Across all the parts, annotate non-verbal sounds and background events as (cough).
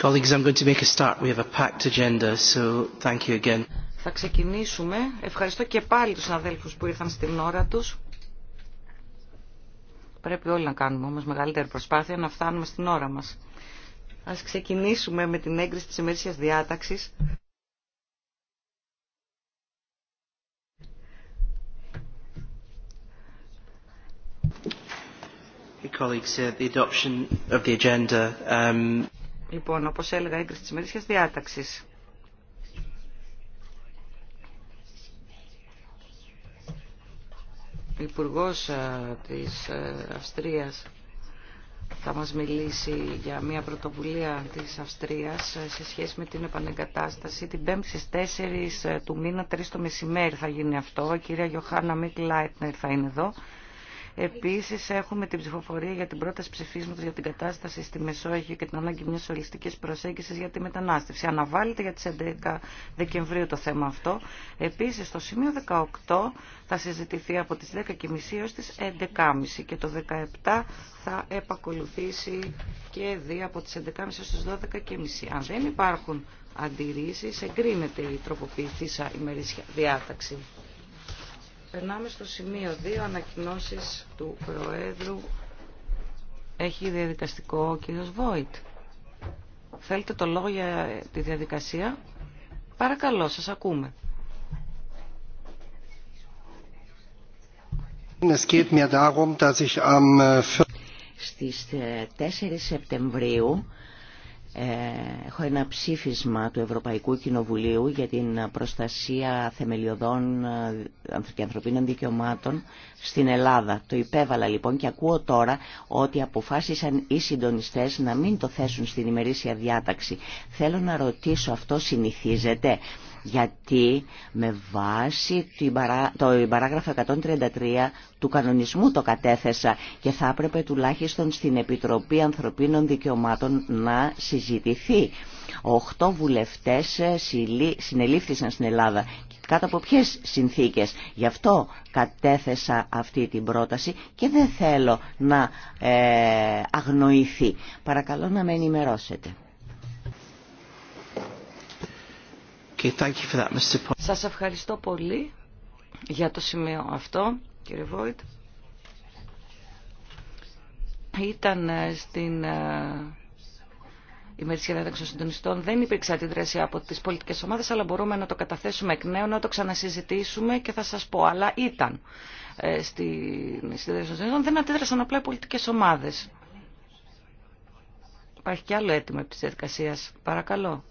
Colleagues, I'm going to make a start. We have a packed agenda, so thank you again. Θα ξεκινήσουμε. Ευχαριστώ και πάλι τους αδέλφους που ήρθαν στην ώρα τους. Πρέπει όλοι να κάνουμε όμως μεγαλύτερη προσπάθεια να φτάνουμε στην ώρα μας. Ας ξεκινήσουμε με την έγκριση της ημερήσιας διάταξης. Hey colleagues, uh, the adoption of the agenda. Um... Λοιπόν, όπως έλεγα, έγκριση της ημερήσιας διάταξης. Ο Υπουργός ε, της ε, Αυστρίας θα μας μιλήσει για μια πρωτοβουλία της Αυστρίας ε, σε σχέση με την επανεγκατάσταση. Την 5η στις 4 του μήνα, 3 το μεσημέρι θα γίνει αυτό. Η κυρία Γιωχάννα Μικ Λάιτνερ θα είναι εδώ. Επίσης έχουμε την ψηφοφορία για την πρόταση ψηφίσματος για την κατάσταση στη Μεσόγειο και την ανάγκη μια ολιστική προσέγγιση για τη μετανάστευση. Αναβάλλεται για τις 11 Δεκεμβρίου το θέμα αυτό. Επίσης στο σημείο 18 θα συζητηθεί από τις 10.30 έω τι 11.30 και το 17 θα επακολουθήσει και δει από τι 11.30 τι 12.30. Αν δεν υπάρχουν αντιρρήσει, εγκρίνεται η τροποποιηθήσα ημερήσια διάταξη. Περνάμε στο σημείο 2, ανακοινώσεις του Προέδρου. Έχει διαδικαστικό ο κύριος Βόιτ. Θέλετε το λόγο για τη διαδικασία. Παρακαλώ, σας ακούμε. Äh, Στις 4 ε, Σεπτεμβρίου ε, έχω ένα ψήφισμα του Ευρωπαϊκού Κοινοβουλίου για την προστασία θεμελιωδών ε, και ανθρωπίνων δικαιωμάτων στην Ελλάδα. Το υπέβαλα λοιπόν και ακούω τώρα ότι αποφάσισαν οι συντονιστές να μην το θέσουν στην ημερήσια διάταξη. Θέλω να ρωτήσω αυτό συνηθίζεται γιατί με βάση το παράγραφο 133 του κανονισμού το κατέθεσα και θα έπρεπε τουλάχιστον στην Επιτροπή Ανθρωπίνων Δικαιωμάτων να συζητηθεί. Οχτώ βουλευτές συνελήφθησαν στην Ελλάδα κάτω από ποιες συνθήκες. Γι' αυτό κατέθεσα αυτή την πρόταση και δεν θέλω να ε, αγνοηθεί. Παρακαλώ να με ενημερώσετε. Σας ευχαριστώ πολύ για το σημείο αυτό, κύριε Βόιτ. Ήταν ε, στην ε, ημερήσια διάταξη των συντονιστών. Δεν υπήρξε αντίδραση από τις πολιτικές ομάδες, αλλά μπορούμε να το καταθέσουμε εκ νέου, να το ξανασυζητήσουμε και θα σας πω. Αλλά ήταν ε, στην συνέντευξη των συντονιστών. Δεν αντίδρασαν απλά οι πολιτικές ομάδες. Υπάρχει και άλλο αίτημα επί της διαδικασίας. Παρακαλώ.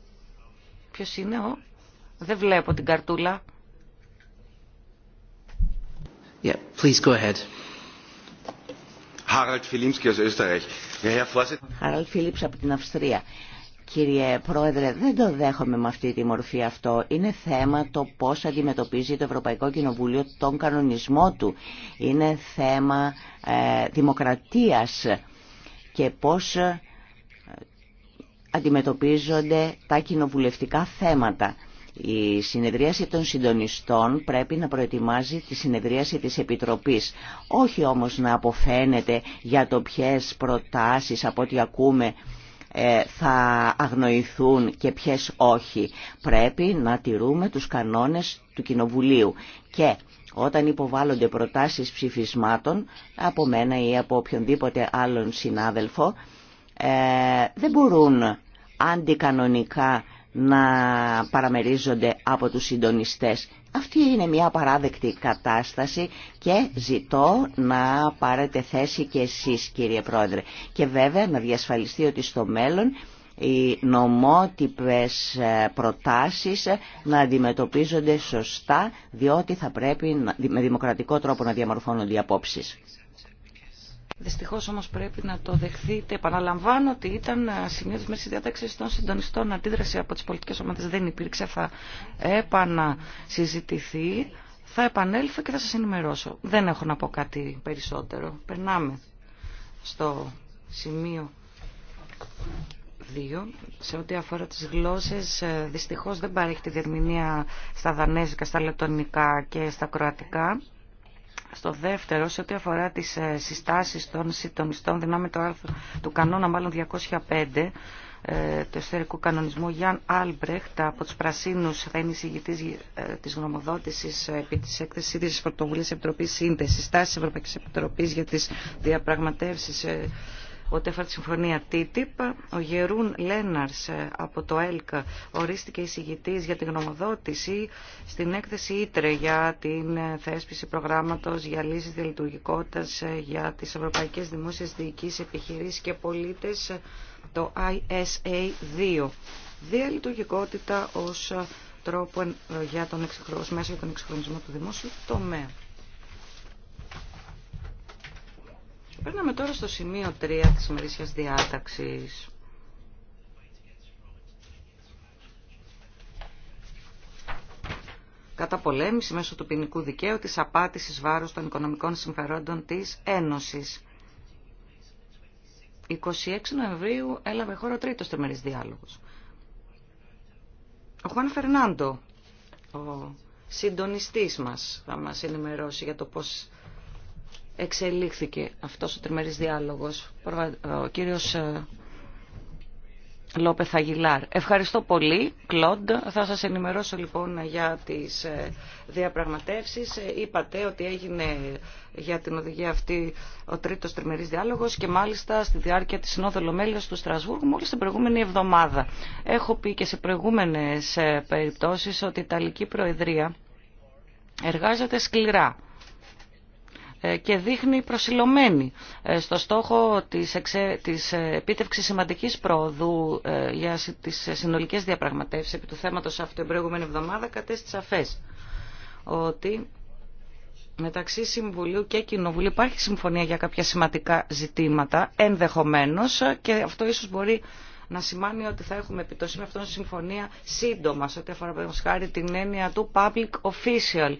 Ποιος είναι ο... Δεν βλέπω την καρτούλα. Yeah, please go ahead. Harald από την Αυστρία. Κύριε Πρόεδρε, δεν το δέχομαι με αυτή τη μορφή αυτό. Είναι θέμα το πώς αντιμετωπίζει το Ευρωπαϊκό Κοινοβούλιο τον κανονισμό του. Είναι θέμα ε, δημοκρατίας και πώς ε, αντιμετωπίζονται τα κοινοβουλευτικά θέματα. Η συνεδρίαση των συντονιστών πρέπει να προετοιμάζει τη συνεδρίαση της Επιτροπής. Όχι όμως να αποφαίνεται για το ποιες προτάσεις από ό,τι ακούμε ε, θα αγνοηθούν και ποιες όχι. Πρέπει να τηρούμε τους κανόνες του Κοινοβουλίου και όταν υποβάλλονται προτάσεις ψηφισμάτων από μένα ή από οποιονδήποτε άλλον συνάδελφο ε, δεν μπορούν αντικανονικά να παραμερίζονται από τους συντονιστές. Αυτή είναι μια παράδεκτη κατάσταση και ζητώ να πάρετε θέση και εσείς κύριε Πρόεδρε. Και βέβαια να διασφαλιστεί ότι στο μέλλον οι νομότυπες ε, προτάσεις να αντιμετωπίζονται σωστά διότι θα πρέπει με δημοκρατικό τρόπο να διαμορφώνονται οι απόψεις. Δυστυχώ όμω πρέπει να το δεχθείτε. Επαναλαμβάνω ότι ήταν ε, σημείο τη μέση διάταξη των συντονιστών. Αντίδραση από τι πολιτικέ ομάδε δεν υπήρξε. Θα επανασυζητηθεί. Θα επανέλθω και θα σα ενημερώσω. Δεν έχω να πω κάτι περισσότερο. Περνάμε στο σημείο 2. Σε ό,τι αφορά τις γλώσσες, ε, δυστυχώς δεν παρέχει τη διερμηνία στα δανέζικα, στα λετωνικά και στα κροατικά. Στο δεύτερο, σε ό,τι αφορά τις ε, συστάσεις των συντονιστών δυνάμει του, του κανόνα μάλλον 205, ε, του εσωτερικού κανονισμού Γιάν Άλμπρεχτ από τους Πρασίνους θα είναι εισηγητής ε, της γνωμοδότησης επί της έκθεσης της πρωτοβουλίας Επιτροπής Σύνδεσης, τάσης Ευρωπαϊκής Επιτροπής για τις διαπραγματεύσεις ότι έφερε τη συμφωνία TTIP. Ο Γερούν Λέναρ ε, από το ΕΛΚΑ ορίστηκε εισηγητή για την γνωμοδότηση στην έκθεση Ήτρε για την ε, θέσπιση προγράμματο για λύσεις διαλειτουργικότητα ε, για τις ευρωπαϊκές δημόσιες διοικήσεις, επιχειρήσεις και πολίτες, το ISA2. Διαλειτουργικότητα ως τρόπο για τον για τον εξυγχρονισμό του δημόσιου τομέα. Παίρναμε τώρα στο σημείο 3 της ημερήσιας διάταξης. Κατά πολέμηση μέσω του ποινικού δικαίου της απάτησης βάρους των οικονομικών συμφερόντων της Ένωσης. 26 Νοεμβρίου έλαβε χώρο τρίτος τριμερής διάλογος. Ο Χουάν Φερνάντο, ο συντονιστής μας, θα μας ενημερώσει για το πώς εξελίχθηκε αυτός ο τριμερής διάλογος. Ε, ο κύριος ε, Λόπεθ Αγιλάρ. Ευχαριστώ πολύ, Κλοντ. Θα σας ενημερώσω λοιπόν για τις ε, διαπραγματεύσεις. Είπατε ότι έγινε για την οδηγία αυτή ο τρίτος τριμερής διάλογος και μάλιστα στη διάρκεια της Συνόδου Λομέλειας του Στρασβούργου μόλις την προηγούμενη εβδομάδα. Έχω πει και σε προηγούμενες περιπτώσεις ότι η Ιταλική Προεδρία εργάζεται σκληρά ε, και δείχνει προσιλωμένη ε, στο στόχο της, εξε, της ε, επίτευξης σημαντικής πρόοδου για τις συνολικές διαπραγματεύσεις επί του θέματος αυτού την προηγούμενη εβδομάδα κατέστησε σαφές ότι μεταξύ Συμβουλίου και Κοινοβουλίου υπάρχει συμφωνία για κάποια σημαντικά ζητήματα ενδεχομένως και αυτό ίσως μπορεί να σημάνει ότι θα έχουμε επιτοσή με αυτόν συμφωνία σύντομα σε ό,τι αφορά την έννοια του public official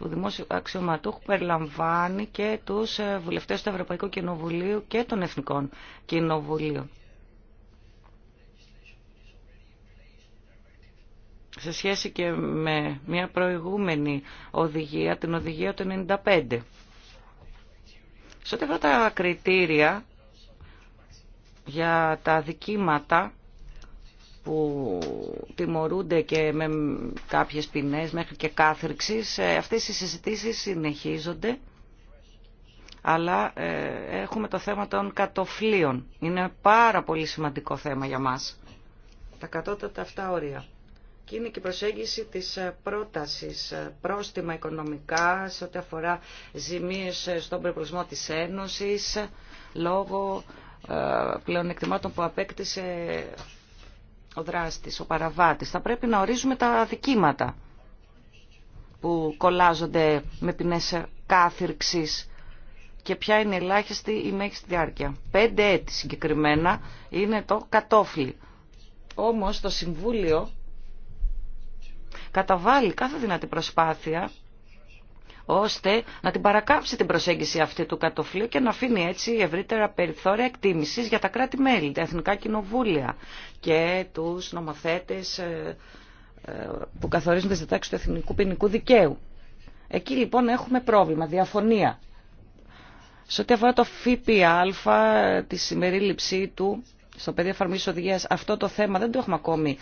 του δημόσιου αξιωματούχου περιλαμβάνει και τους ε, βουλευτές του Ευρωπαϊκού Κοινοβουλίου και των Εθνικών Κοινοβουλίων. Σε σχέση και με μια προηγούμενη οδηγία, την οδηγία του 95. Σε ό,τι αφορά τα κριτήρια για τα δικήματα που τιμωρούνται και με κάποιες ποινές μέχρι και κάθριξης. Ε, αυτές οι συζητήσεις συνεχίζονται, αλλά ε, έχουμε το θέμα των κατοφλίων. Είναι πάρα πολύ σημαντικό θέμα για μας. Τα κατώτατα αυτά όρια. Και είναι και η προσέγγιση της ε, πρότασης πρόστιμα οικονομικά σε ό,τι αφορά ζημίες στον προπολισμό της Ένωσης λόγω πλεονεκτημάτων που απέκτησε ο δράστης, ο παραβάτης. Θα πρέπει να ορίζουμε τα δικήματα που κολλάζονται με ποινές κάθυρξης και ποια είναι η ελάχιστη ή μέγιστη διάρκεια. Πέντε έτη συγκεκριμένα είναι το κατόφλι. Όμως το Συμβούλιο καταβάλει κάθε δυνατή προσπάθεια ώστε να την παρακάμψει την προσέγγιση αυτή του κατοφλίου και να αφήνει έτσι ευρύτερα περιθώρια εκτίμησης για τα κράτη-μέλη, τα εθνικά κοινοβούλια και τους νομοθέτες ε, ε, που καθορίζουν τις διτάξεις του εθνικού ποινικού δικαίου. Εκεί λοιπόν έχουμε πρόβλημα, διαφωνία. Σε ό,τι αφορά το ΦΠΑ, ε, τη λύψης του, στο πεδίο εφαρμογή οδηγία αυτό το θέμα δεν το έχουμε ακόμη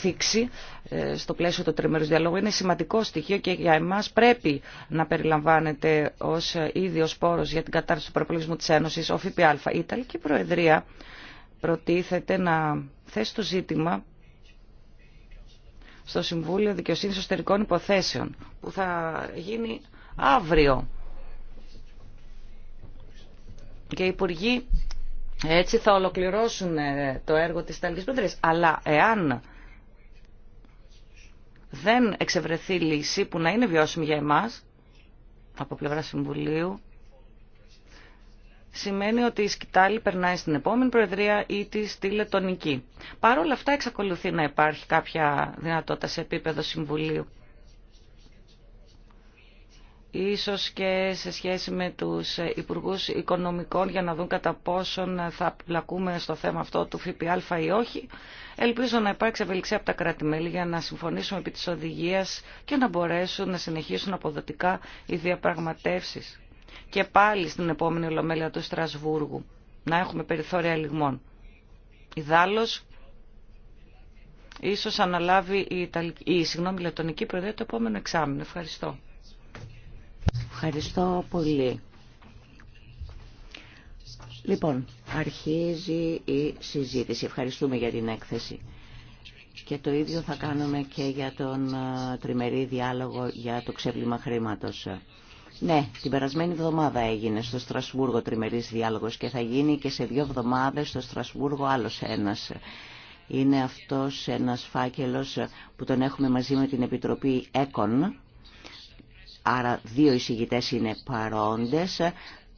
θίξει ε, στο πλαίσιο του τριμερού διαλόγου. Είναι σημαντικό στοιχείο και για εμά πρέπει να περιλαμβάνεται ω ίδιο πόρο για την κατάρτιση του προπολογισμού τη Ένωση, ο ΦΠΑ. Η Ιταλική Προεδρία προτίθεται να θέσει το ζήτημα στο Συμβούλιο Δικαιοσύνης Εσωτερικών Υποθέσεων που θα γίνει αύριο. Και οι υπουργοί έτσι θα ολοκληρώσουν ε, το έργο της Ιταλικής Προεδρίας. Αλλά εάν δεν εξευρεθεί λύση που να είναι βιώσιμη για εμάς, από πλευρά Συμβουλίου, σημαίνει ότι η σκητάλη περνάει στην επόμενη Προεδρία ή τη στη Λετωνική. Παρ' όλα αυτά εξακολουθεί να υπάρχει κάποια δυνατότητα σε επίπεδο Συμβουλίου ίσως και σε σχέση με τους Υπουργούς Οικονομικών για να δουν κατά πόσον θα πλακούμε στο θέμα αυτό του ΦΠΑ ή όχι. Ελπίζω να υπάρξει ευελιξία από τα κράτη-μέλη για να συμφωνήσουμε επί της οδηγίας και να μπορέσουν να συνεχίσουν αποδοτικά οι διαπραγματεύσεις. Και πάλι στην επόμενη ολομέλεια του Στρασβούργου να έχουμε περιθώρια λιγμών. Ιδάλλως, ίσως αναλάβει η, Ιταλική, η συγγνώμη, Λετωνική Προεδρία το επόμενο εξάμεινο. Ευχαριστώ. Ευχαριστώ πολύ. Λοιπόν, αρχίζει η συζήτηση. Ευχαριστούμε για την έκθεση. Και το ίδιο θα κάνουμε και για τον ε, τριμερή διάλογο για το ξέπλυμα χρήματος. Ναι, την περασμένη εβδομάδα έγινε στο Στρασβούργο τριμερής διάλογος και θα γίνει και σε δύο εβδομάδες στο Στρασβούργο άλλος ένας. Είναι αυτός ένας φάκελος που τον έχουμε μαζί με την Επιτροπή ΕΚΟΝ Άρα δύο εισηγητές είναι παρόντες.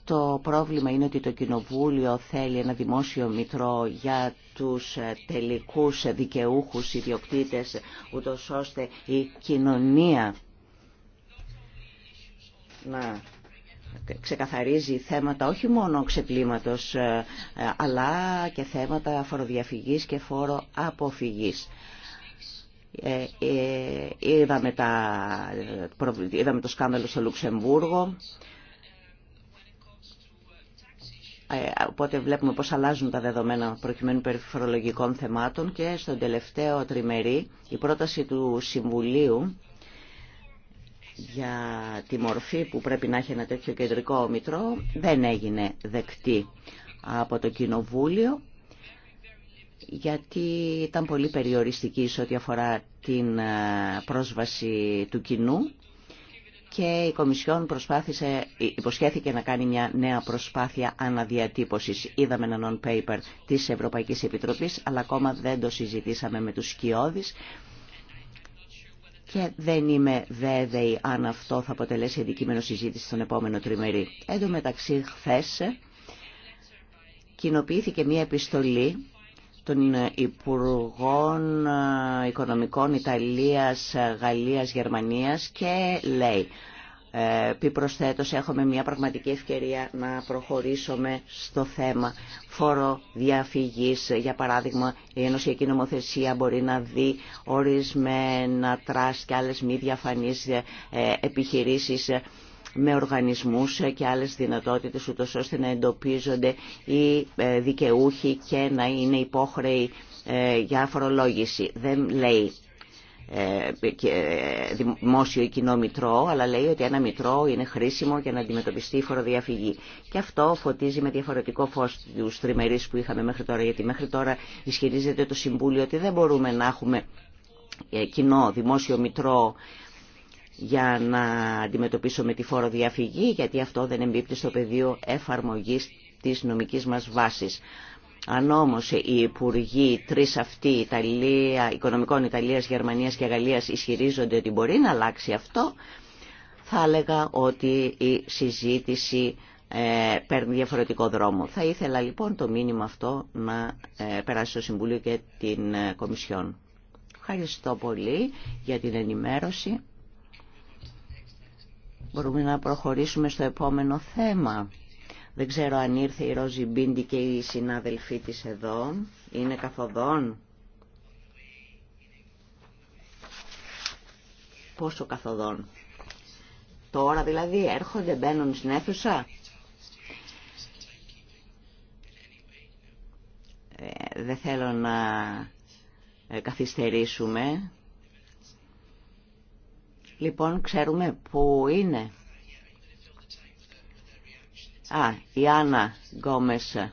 Το πρόβλημα είναι ότι το Κοινοβούλιο θέλει ένα δημόσιο μητρό για τους ε, τελικούς δικαιούχους ιδιοκτήτες, ούτως ώστε η κοινωνία να ξεκαθαρίζει θέματα όχι μόνο ξεπλήματος, ε, ε, αλλά και θέματα φοροδιαφυγής και φόρο αποφυγής. Ε, ε, είδαμε, τα, είδαμε το σκάνδαλο στο Λουξεμβούργο. Ε, οπότε βλέπουμε πώς αλλάζουν τα δεδομένα προκειμένου περιφορολογικών θεμάτων και στο τελευταίο τριμερή η πρόταση του Συμβουλίου για τη μορφή που πρέπει να έχει ένα τέτοιο κεντρικό μητρό δεν έγινε δεκτή από το Κοινοβούλιο γιατί ήταν πολύ περιοριστική σε ό,τι αφορά την ε, πρόσβαση του κοινού και η Κομισιόν προσπάθησε, ε, υποσχέθηκε να κάνει μια νέα προσπάθεια αναδιατύπωσης. Είδαμε ένα non-paper της Ευρωπαϊκής Επιτροπής, αλλά ακόμα δεν το συζητήσαμε με τους σκιώδεις και δεν είμαι βέβαιη αν αυτό θα αποτελέσει αντικείμενο συζήτηση στον επόμενο τριμερή. Εν τω μεταξύ, χθες κοινοποιήθηκε μια επιστολή των Υπουργών Οικονομικών Ιταλίας, Γαλλίας, Γερμανίας και λέει ε, πει έχουμε μια πραγματική ευκαιρία να προχωρήσουμε στο θέμα φόρο διαφυγής. Για παράδειγμα, η ενωσιακή νομοθεσία μπορεί να δει ορισμένα τρας και άλλες μη διαφανείς ε, επιχειρήσεις με οργανισμούς και άλλες δυνατότητες ούτως ώστε να εντοπίζονται οι ε, δικαιούχοι και να είναι υπόχρεοι ε, για αφορολόγηση. Δεν λέει ε, δημόσιο ή κοινό μητρό, αλλά λέει ότι ένα μητρό είναι χρήσιμο για να αντιμετωπιστεί η φοροδιαφυγή. Και αυτό φωτίζει με διαφορετικό φως του τριμερεί που είχαμε μέχρι τώρα, γιατί μέχρι τώρα ισχυρίζεται το Συμβούλιο ότι δεν μπορούμε να έχουμε κοινό δημόσιο μητρό για να αντιμετωπίσουμε τη φοροδιαφυγή, γιατί αυτό δεν εμπίπτει στο πεδίο εφαρμογής της νομικής μας βάσης. Αν όμως οι υπουργοί τρει αυτοί, Ιταλία, οικονομικών Ιταλίας, Γερμανίας και Γαλλίας ισχυρίζονται ότι μπορεί να αλλάξει αυτό, θα έλεγα ότι η συζήτηση ε, παίρνει διαφορετικό δρόμο. Θα ήθελα λοιπόν το μήνυμα αυτό να ε, περάσει στο Συμβούλιο και την ε, Κομισιόν. Ευχαριστώ πολύ για την ενημέρωση. Μπορούμε να προχωρήσουμε στο επόμενο θέμα. Δεν ξέρω αν ήρθε η Ρόζι Μπίντι και η συνάδελφή της εδώ. Είναι καθοδόν. Πόσο καθοδόν. Τώρα δηλαδή έρχονται, μπαίνουν στην αίθουσα. Ε, δεν θέλω να ε, καθυστερήσουμε. Λοιπόν, ξέρουμε πού είναι. Α, η Άννα Γκόμες.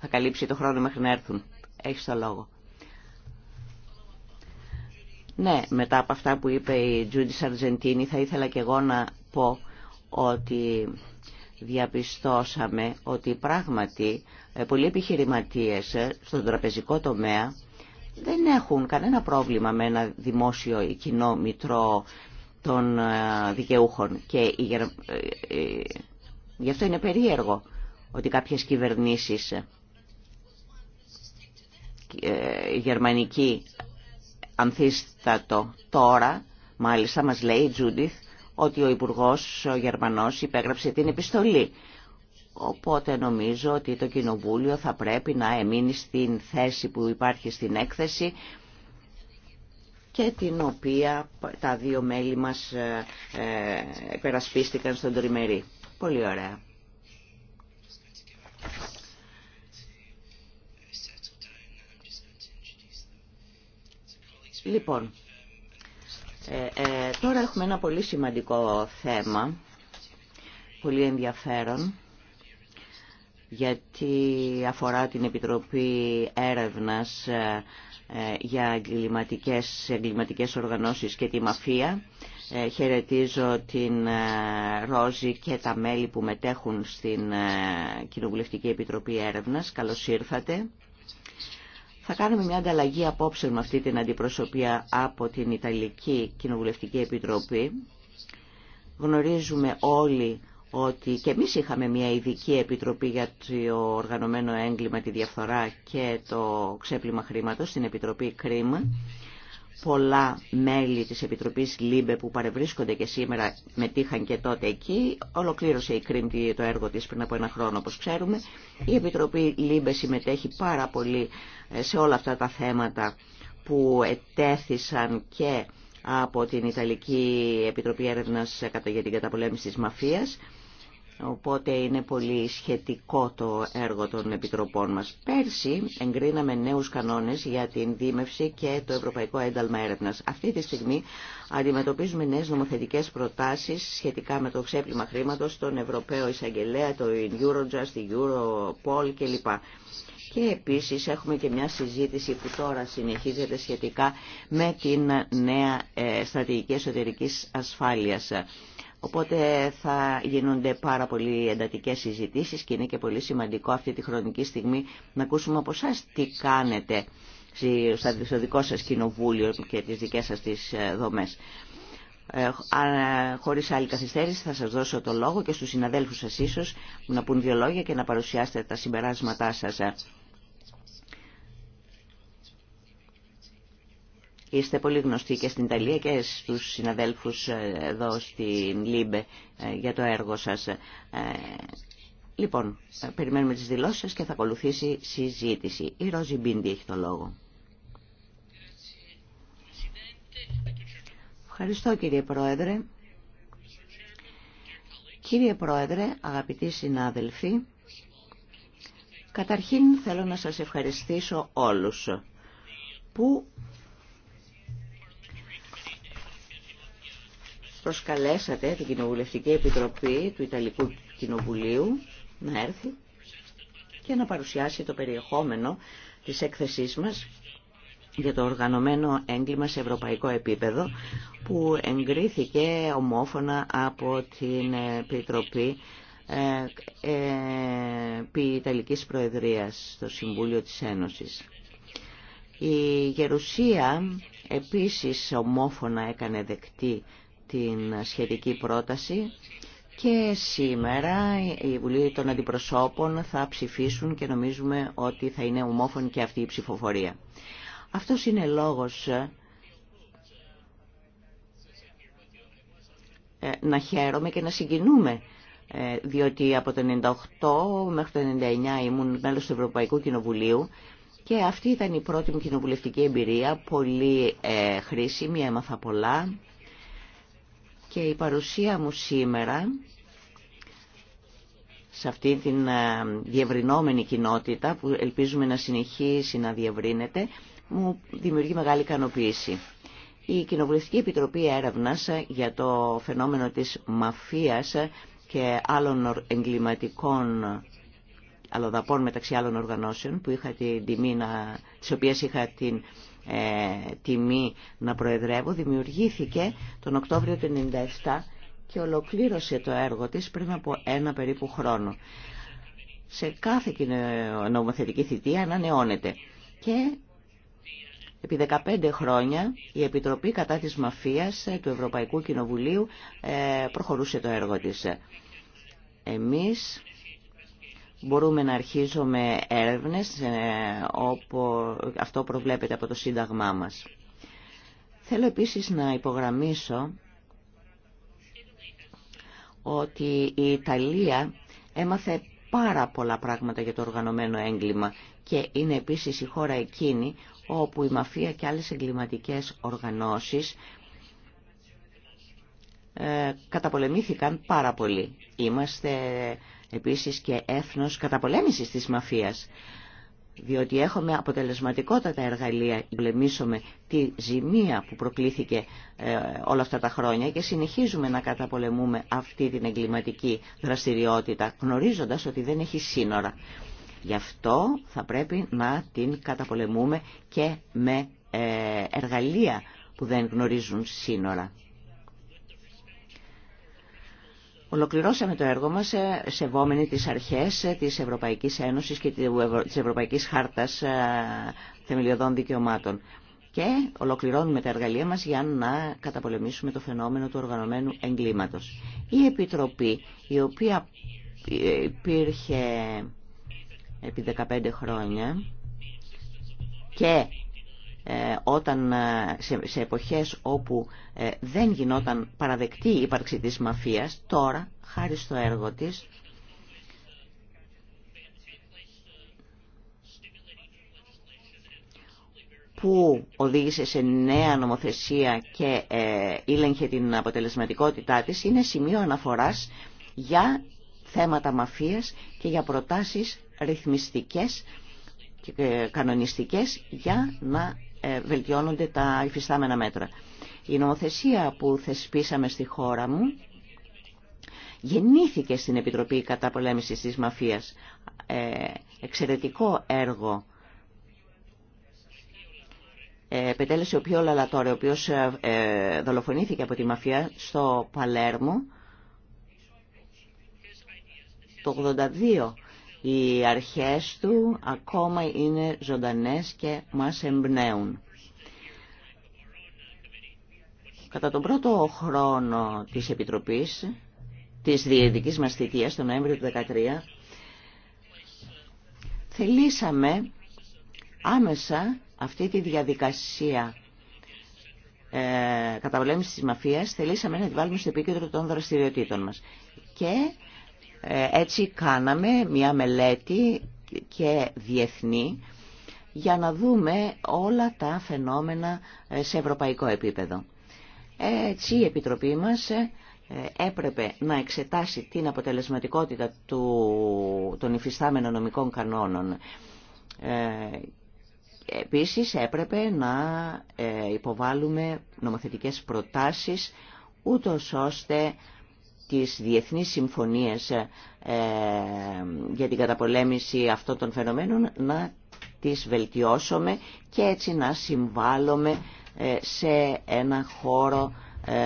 Θα καλύψει το χρόνο μέχρι να έρθουν. Έχεις το λόγο. Ναι, μετά από αυτά που είπε η Τζούντι Αργεντίνη θα ήθελα και εγώ να πω ότι διαπιστώσαμε ότι πράγματι ε, πολλοί επιχειρηματίες ε, στον τραπεζικό τομέα δεν έχουν κανένα πρόβλημα με ένα δημόσιο ή κοινό μητρό των ε, δικαιούχων. Και ε, ε, γι' αυτό είναι περίεργο ότι κάποιες κυβερνήσεις γερμανική ανθίστατο τώρα, μάλιστα μας λέει η Τζούντιθ, ότι ο Υπουργός ο Γερμανός υπέγραψε την επιστολή Οπότε νομίζω ότι το Κοινοβούλιο θα πρέπει να εμείνει στην θέση που υπάρχει στην έκθεση και την οποία τα δύο μέλη μας ε, ε, περασπίστηκαν στον τριμερή. Πολύ ωραία. Λοιπόν, ε, τώρα έχουμε ένα πολύ σημαντικό θέμα, πολύ ενδιαφέρον γιατί αφορά την Επιτροπή Έρευνας ε, ε, για εγκληματικές, εγκληματικές οργανώσεις και τη μαφία. Ε, χαιρετίζω την Ρόζη και τα μέλη που μετέχουν στην Κοινοβουλευτική Επιτροπή Έρευνας. Καλώς ήρθατε. Θα κάνουμε μια ανταλλαγή απόψε με αυτή την αντιπροσωπεία από την Ιταλική Κοινοβουλευτική Επιτροπή. Γνωρίζουμε όλοι ότι και εμείς είχαμε μια ειδική επιτροπή για το οργανωμένο έγκλημα, τη διαφθορά και το ξέπλυμα χρήματος στην Επιτροπή Κρίμα. Πολλά μέλη της Επιτροπής ΛΥΜΠΕ που παρευρίσκονται και σήμερα μετήχαν και τότε εκεί. Ολοκλήρωσε η ΚΡΙΜ το έργο της πριν από ένα χρόνο όπως ξέρουμε. Η Επιτροπή ΛΥΜΠΕ συμμετέχει πάρα πολύ ε, σε όλα αυτά τα θέματα που ετέθησαν και από την Ιταλική Επιτροπή Έρευνας για την Καταπολέμηση της Μαφίας Οπότε είναι πολύ σχετικό το έργο των επιτροπών μας. Πέρσι εγκρίναμε νέους κανόνες για την δίμευση και το Ευρωπαϊκό Ένταλμα Έρευνας. Αυτή τη στιγμή αντιμετωπίζουμε νέες νομοθετικές προτάσεις σχετικά με το ξέπλυμα χρήματος, τον Ευρωπαίο Εισαγγελέα, το Eurojust, την Europol κλπ. Και επίσης έχουμε και μια συζήτηση που τώρα συνεχίζεται σχετικά με την νέα ε, στρατηγική εσωτερικής ασφάλειας. Οπότε θα γίνονται πάρα πολύ εντατικέ συζητήσεις και είναι και πολύ σημαντικό αυτή τη χρονική στιγμή να ακούσουμε από εσά τι κάνετε στο δικό σας κοινοβούλιο και τις δικές σας τις ε, δομές. Ε, χωρίς άλλη καθυστέρηση θα σας δώσω το λόγο και στους συναδέλφους σας ίσως να πούν δύο λόγια και να παρουσιάσετε τα συμπεράσματά σας. Είστε πολύ γνωστοί και στην Ιταλία και στους συναδέλφους ε, εδώ στην ΛΥΜΠΕ ε, για το έργο σας. Ε, λοιπόν, περιμένουμε τις δηλώσεις σας και θα ακολουθήσει συζήτηση. Η Ρόζι Μπίντι έχει το λόγο. Ευχαριστώ κύριε Πρόεδρε. Κύριε Πρόεδρε, αγαπητοί συνάδελφοι, καταρχήν θέλω να σας ευχαριστήσω όλους που προσκαλέσατε την Κοινοβουλευτική Επιτροπή του Ιταλικού Κοινοβουλίου να έρθει και να παρουσιάσει το περιεχόμενο της έκθεσής μας για το οργανωμένο έγκλημα σε ευρωπαϊκό επίπεδο που εγκρίθηκε ομόφωνα από την Επιτροπή ε, ε Προεδρία Προεδρίας στο Συμβούλιο της Ένωσης. Η Γερουσία επίσης ομόφωνα έκανε δεκτή την σχετική πρόταση και σήμερα η Βουλή των Αντιπροσώπων θα ψηφίσουν και νομίζουμε ότι θα είναι ομόφωνη και αυτή η ψηφοφορία. Αυτός είναι λόγος ε, να χαίρομαι και να συγκινούμε ε, διότι από το 98 μέχρι το 99 ήμουν μέλος του Ευρωπαϊκού Κοινοβουλίου και αυτή ήταν η πρώτη μου κοινοβουλευτική εμπειρία, πολύ ε, χρήσιμη, έμαθα πολλά και η παρουσία μου σήμερα σε αυτή την ε, διευρυνόμενη κοινότητα που ελπίζουμε να συνεχίσει να διευρύνεται μου δημιουργεί μεγάλη ικανοποίηση. Η Κοινοβουλευτική Επιτροπή Έρευνας ε, για το φαινόμενο της μαφίας ε, και άλλων εγκληματικών αλλοδαπών μεταξύ άλλων οργανώσεων που είχα την τιμή τις οποίες είχα την ε, τιμή να προεδρεύω δημιουργήθηκε τον Οκτώβριο του 1997 και ολοκλήρωσε το έργο της πριν από ένα περίπου χρόνο. Σε κάθε νομοθετική θητεία ανανεώνεται και επί 15 χρόνια η Επιτροπή κατά της Μαφίας ε, του Ευρωπαϊκού Κοινοβουλίου ε, προχωρούσε το έργο της. Εμείς Μπορούμε να αρχίζουμε έρευνες ε, όπου αυτό προβλέπεται από το Σύνταγμά μας. Θέλω επίσης να υπογραμμίσω ότι η Ιταλία έμαθε πάρα πολλά πράγματα για το οργανωμένο έγκλημα και είναι επίσης η χώρα εκείνη όπου η μαφία και άλλες εγκληματικές οργανώσεις ε, καταπολεμήθηκαν πάρα πολύ. Είμαστε επίσης και έθνος καταπολέμησης της μαφίας. Διότι έχουμε αποτελεσματικότατα εργαλεία για τη ζημία που προκλήθηκε ε, όλα αυτά τα χρόνια και συνεχίζουμε να καταπολεμούμε αυτή την εγκληματική δραστηριότητα γνωρίζοντας ότι δεν έχει σύνορα. Γι' αυτό θα πρέπει να την καταπολεμούμε και με ε, εργαλεία που δεν γνωρίζουν σύνορα. Ολοκληρώσαμε το έργο μας ε, σεβόμενοι τις αρχές ε, της Ευρωπαϊκής Ένωσης και της Ευρωπαϊκής Χάρτας ε, Θεμελιωδών Δικαιωμάτων. Και ολοκληρώνουμε τα εργαλεία μας για να καταπολεμήσουμε το φαινόμενο του οργανωμένου εγκλήματος. Η Επιτροπή, η οποία υπήρχε επί 15 χρόνια και ε, όταν, ε, σε, εποχές όπου ε, δεν γινόταν παραδεκτή η ύπαρξη της μαφίας, τώρα, χάρη στο έργο της, που οδήγησε σε νέα νομοθεσία και ήλεγχε την αποτελεσματικότητά της, είναι σημείο αναφοράς για θέματα μαφίας και για προτάσεις ρυθμιστικές και κανονιστικές για να ε, βελτιώνονται τα υφιστάμενα μέτρα. Η νομοθεσία που θεσπίσαμε στη χώρα μου γεννήθηκε στην Επιτροπή Καταπολέμησης της Μαφίας. Ε, εξαιρετικό έργο επετέλεσε ο πιο λαλατόρε, ο οποίος ε, δολοφονήθηκε από τη μαφία στο Παλέρμο το 82 οι αρχές του ακόμα είναι ζωντανές και μας εμπνέουν. Κατά τον πρώτο χρόνο της Επιτροπής, της διεδικής μας θητείας, τον Νοέμβριο του 2013, θελήσαμε άμεσα αυτή τη διαδικασία ε, της μαφίας, θελήσαμε να τη βάλουμε στο επίκεντρο των δραστηριοτήτων μας. Και ε, έτσι κάναμε μια μελέτη και διεθνή για να δούμε όλα τα φαινόμενα ε, σε ευρωπαϊκό επίπεδο. Έτσι η Επιτροπή μας ε, έπρεπε να εξετάσει την αποτελεσματικότητα του, των υφιστάμενων νομικών κανόνων. Επίσης έπρεπε να υποβάλουμε νομοθετικές προτάσεις ούτως ώστε τις διεθνείς ε, ε, για την καταπολέμηση αυτών των φαινομένων να τις βελτιώσουμε και έτσι να συμβάλλουμε ε, σε ένα χώρο ε,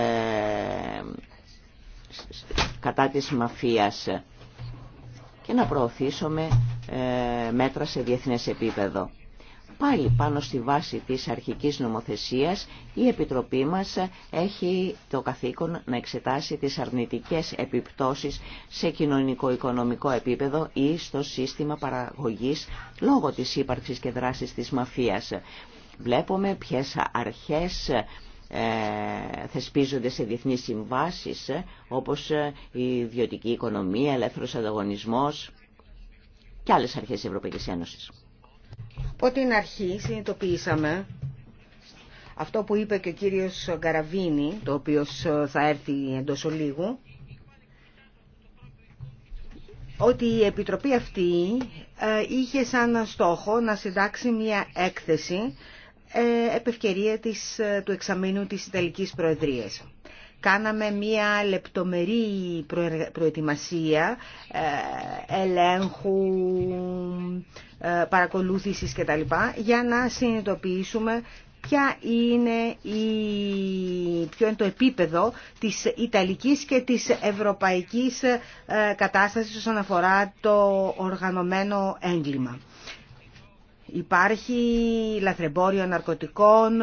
κατά της μαφίας και να προωθήσουμε μέτρα σε διεθνές επίπεδο. Πάλι πάνω στη βάση της αρχικής νομοθεσίας η Επιτροπή μας έχει το καθήκον να εξετάσει τις αρνητικές επιπτώσεις σε κοινωνικό-οικονομικό επίπεδο ή στο σύστημα παραγωγής λόγω της ύπαρξης και δράσης της μαφίας. Βλέπουμε ποιες αρχές ε, θεσπίζονται σε διεθνείς συμβάσεις όπως η ιδιωτική οικονομία, ελεύθερος ανταγωνισμός και άλλες αρχές της Ευρωπαϊκής Ένωσης. Από την αρχή συνειδητοποιήσαμε αυτό που είπε και ο κύριος Γκαραβίνη, το οποίο ε, θα έρθει εντός ολίγου, ότι η Επιτροπή αυτή ε, είχε σαν στόχο να συντάξει μια έκθεση ε, επευκαιρία της, του εξαμήνου της Ιταλικής Προεδρίας κάναμε μία λεπτομερή προετοιμασία ε, ελέγχου, ε, παρακολούθησης κτλ. για να συνειδητοποιήσουμε ποια είναι η, ποιο είναι το επίπεδο της Ιταλικής και της Ευρωπαϊκής ε, κατάστασης όσον αφορά το οργανωμένο έγκλημα. Υπάρχει λαθρεμπόριο ναρκωτικών,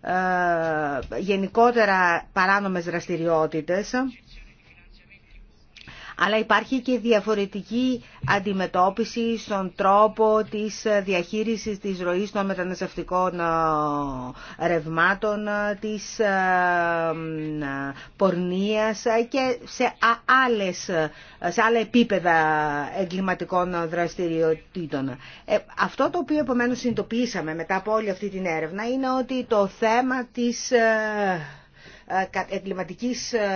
ε, γενικότερα παράνομες δραστηριότητες αλλά υπάρχει και διαφορετική αντιμετώπιση στον τρόπο της διαχείρισης της ροής των μεταναστευτικών ε, ρευμάτων, ε, της ε, πορνείας και σε, άλλες, σε άλλα επίπεδα εγκληματικών δραστηριοτήτων. αυτό το οποίο επομένως συνειδητοποιήσαμε μετά από όλη αυτή την έρευνα είναι ότι το θέμα της ε, εγκληματικής, ε,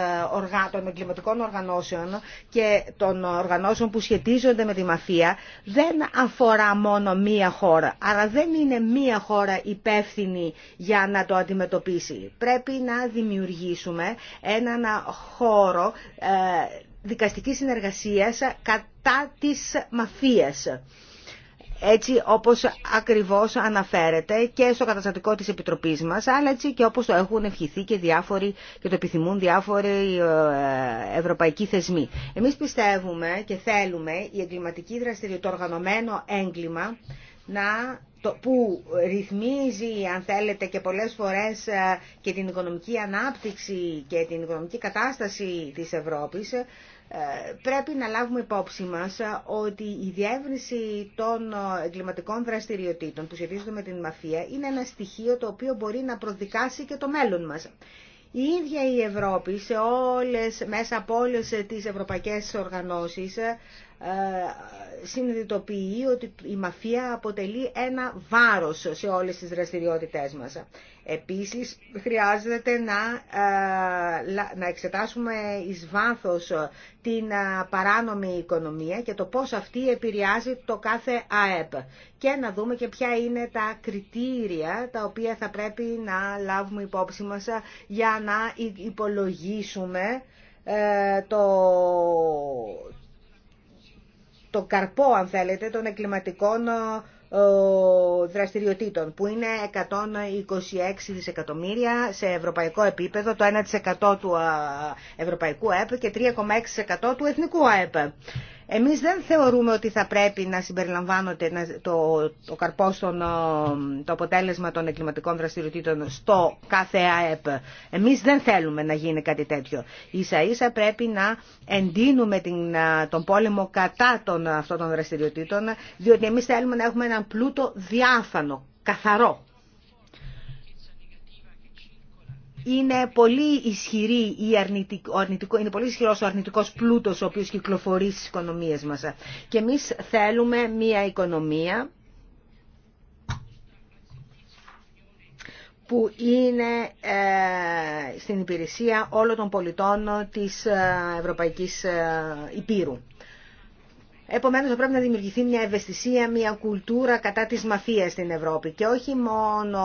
των εγκληματικών οργανώσεων και των οργανώσεων που σχετίζονται με τη μαφία δεν αφορά μόνο μία χώρα. Άρα δεν είναι μία χώρα υπεύθυνη για να το αντιμετωπίσει. Πρέπει να δημιουργήσουμε έναν χώρο ε, δικαστικής συνεργασίας κατά της μαφίας έτσι όπως ακριβώς αναφέρεται και στο καταστατικό της Επιτροπής μας, αλλά έτσι και όπως το έχουν ευχηθεί και, διάφοροι, και το επιθυμούν διάφοροι ε, ευρωπαϊκοί θεσμοί. Εμείς πιστεύουμε και θέλουμε η εγκληματική δραστηριότητα, το οργανωμένο έγκλημα, να που ρυθμίζει, αν θέλετε, και πολλές φορές ε, και την οικονομική ανάπτυξη και την οικονομική κατάσταση της Ευρώπης, πρέπει να λάβουμε υπόψη μας ότι η διεύρυνση των εγκληματικών δραστηριοτήτων που σχετίζονται με την μαφία είναι ένα στοιχείο το οποίο μπορεί να προδικάσει και το μέλλον μας. Η ίδια η Ευρώπη σε όλες, μέσα από όλες τις ευρωπαϊκές οργανώσεις ε, συνειδητοποιεί ότι η μαφία αποτελεί ένα βάρος σε όλες τις δραστηριότητές μας. Επίσης, χρειάζεται να, ε, να εξετάσουμε εις βάθος την ε, παράνομη οικονομία και το πώς αυτή επηρεάζει το κάθε ΑΕΠ και να δούμε και ποια είναι τα κριτήρια τα οποία θα πρέπει να λάβουμε υπόψη μας για να υπολογίσουμε το, το καρπό, αν θέλετε, των εγκληματικών ε, ε, δραστηριοτήτων που είναι 126 δισεκατομμύρια σε ευρωπαϊκό επίπεδο, το 1% του ε, ευρωπαϊκού ΑΕΠ και 3,6% του εθνικού ΑΕΠ. Εμείς δεν θεωρούμε ότι θα πρέπει να συμπεριλαμβάνονται το, το καρπό το αποτέλεσμα των εγκληματικών δραστηριοτήτων στο κάθε ΑΕΠ. Εμείς δεν θέλουμε να γίνει κάτι τέτοιο. Ίσα ίσα πρέπει να εντείνουμε την, τον πόλεμο κατά των, αυτών των δραστηριοτήτων, διότι εμείς θέλουμε να έχουμε έναν πλούτο διάφανο, καθαρό. είναι πολύ ισχυρή η αρνητικό, αρνητικό, είναι πολύ ισχυρός ο αρνητικός πλούτος ο οποίος κυκλοφορεί στις οικονομίες μας. Και εμείς θέλουμε μια οικονομία που είναι ε, στην υπηρεσία όλων των πολιτών της ε, Ευρωπαϊκής ε, Υπήρου. Επομένως, θα πρέπει να δημιουργηθεί μια ευαισθησία, μια κουλτούρα κατά της μαφίας στην Ευρώπη. Και όχι μόνο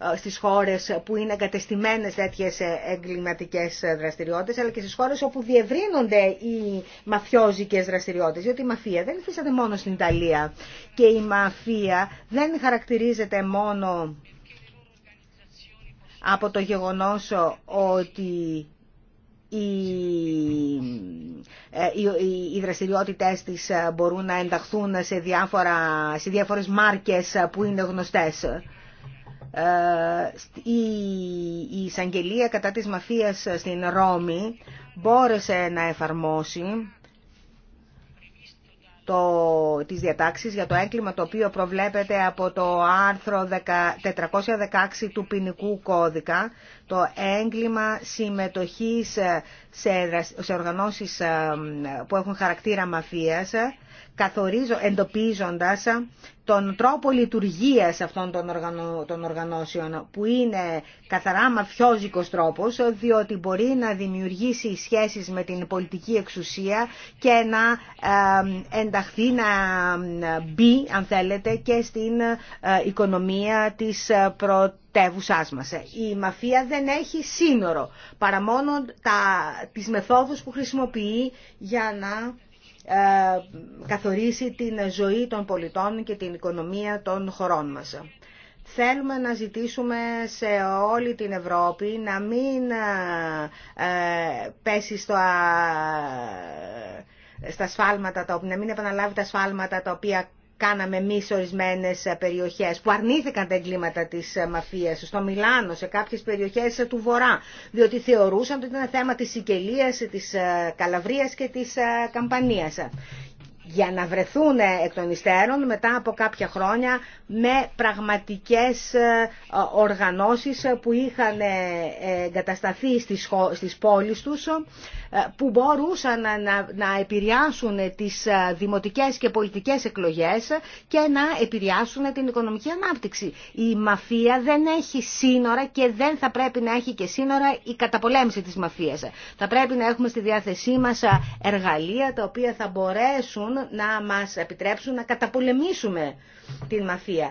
ε, στις χώρες που είναι εγκατεστημένες τέτοιες ε, εγκληματικές δραστηριότητες, αλλά και στις χώρες όπου διευρύνονται οι μαφιόζικες δραστηριότητες, διότι η μαφία δεν υφίσταται μόνο στην Ιταλία και η μαφία δεν χαρακτηρίζεται μόνο από το γεγονός ότι οι ε, δραστηριότητες της μπορούν να ενταχθούν σε, διάφορα, σε διάφορες μάρκες που είναι γνωστές. Ε, η εισαγγελία κατά της μαφίας στην Ρώμη μπόρεσε να εφαρμόσει το, τις διατάξεις για το έγκλημα το οποίο προβλέπεται από το άρθρο 416 του ποινικού κώδικα, το έγκλημα συμμετοχής σε, σε οργανώσεις ε, που έχουν χαρακτήρα μαφίας, καθορίζω, εντοπίζοντας τον τρόπο λειτουργίας αυτών των, οργανώσεων, που είναι καθαρά μαφιόζικος τρόπος, διότι μπορεί να δημιουργήσει σχέσεις με την πολιτική εξουσία και να ενταχθεί, να μπει, αν θέλετε, και στην ε, οικονομία της ε, πρωτεύουσάς μας. Η μαφία δεν έχει σύνορο, παρά μόνο τα, τις μεθόδους που χρησιμοποιεί για να ε, καθορίσει την ζωή των πολιτών και την οικονομία των χωρών μας. Θέλουμε να ζητήσουμε σε όλη την Ευρώπη να μην ε, ε, πέσει στο στα σφάλματα, να μην επαναλάβει τα σφάλματα τα οποία κάναμε εμεί ορισμένε ε, περιοχέ που αρνήθηκαν τα εγκλήματα τη ε, μαφία, στο Μιλάνο, σε κάποιε περιοχέ ε, του Βορρά, διότι θεωρούσαν ότι ήταν θέμα τη Σικελία, τη Καλαβρία και τη Καμπανία για να βρεθούν εκ των υστέρων μετά από κάποια χρόνια με πραγματικές ε, οργανώσεις που είχαν ε, εγκατασταθεί στις πόλεις τους ε, που μπορούσαν να επηρεάσουν τις δημοτικές και πολιτικές εκλογές και να επηρεάσουν την οικονομική ανάπτυξη. Η μαφία δεν έχει σύνορα και δεν θα πρέπει να έχει και σύνορα η καταπολέμηση της μαφίας. Θα πρέπει να έχουμε στη διάθεσή μας εργαλεία τα οποία θα μπορέσουν να μας επιτρέψουν να καταπολεμήσουμε την μαφία.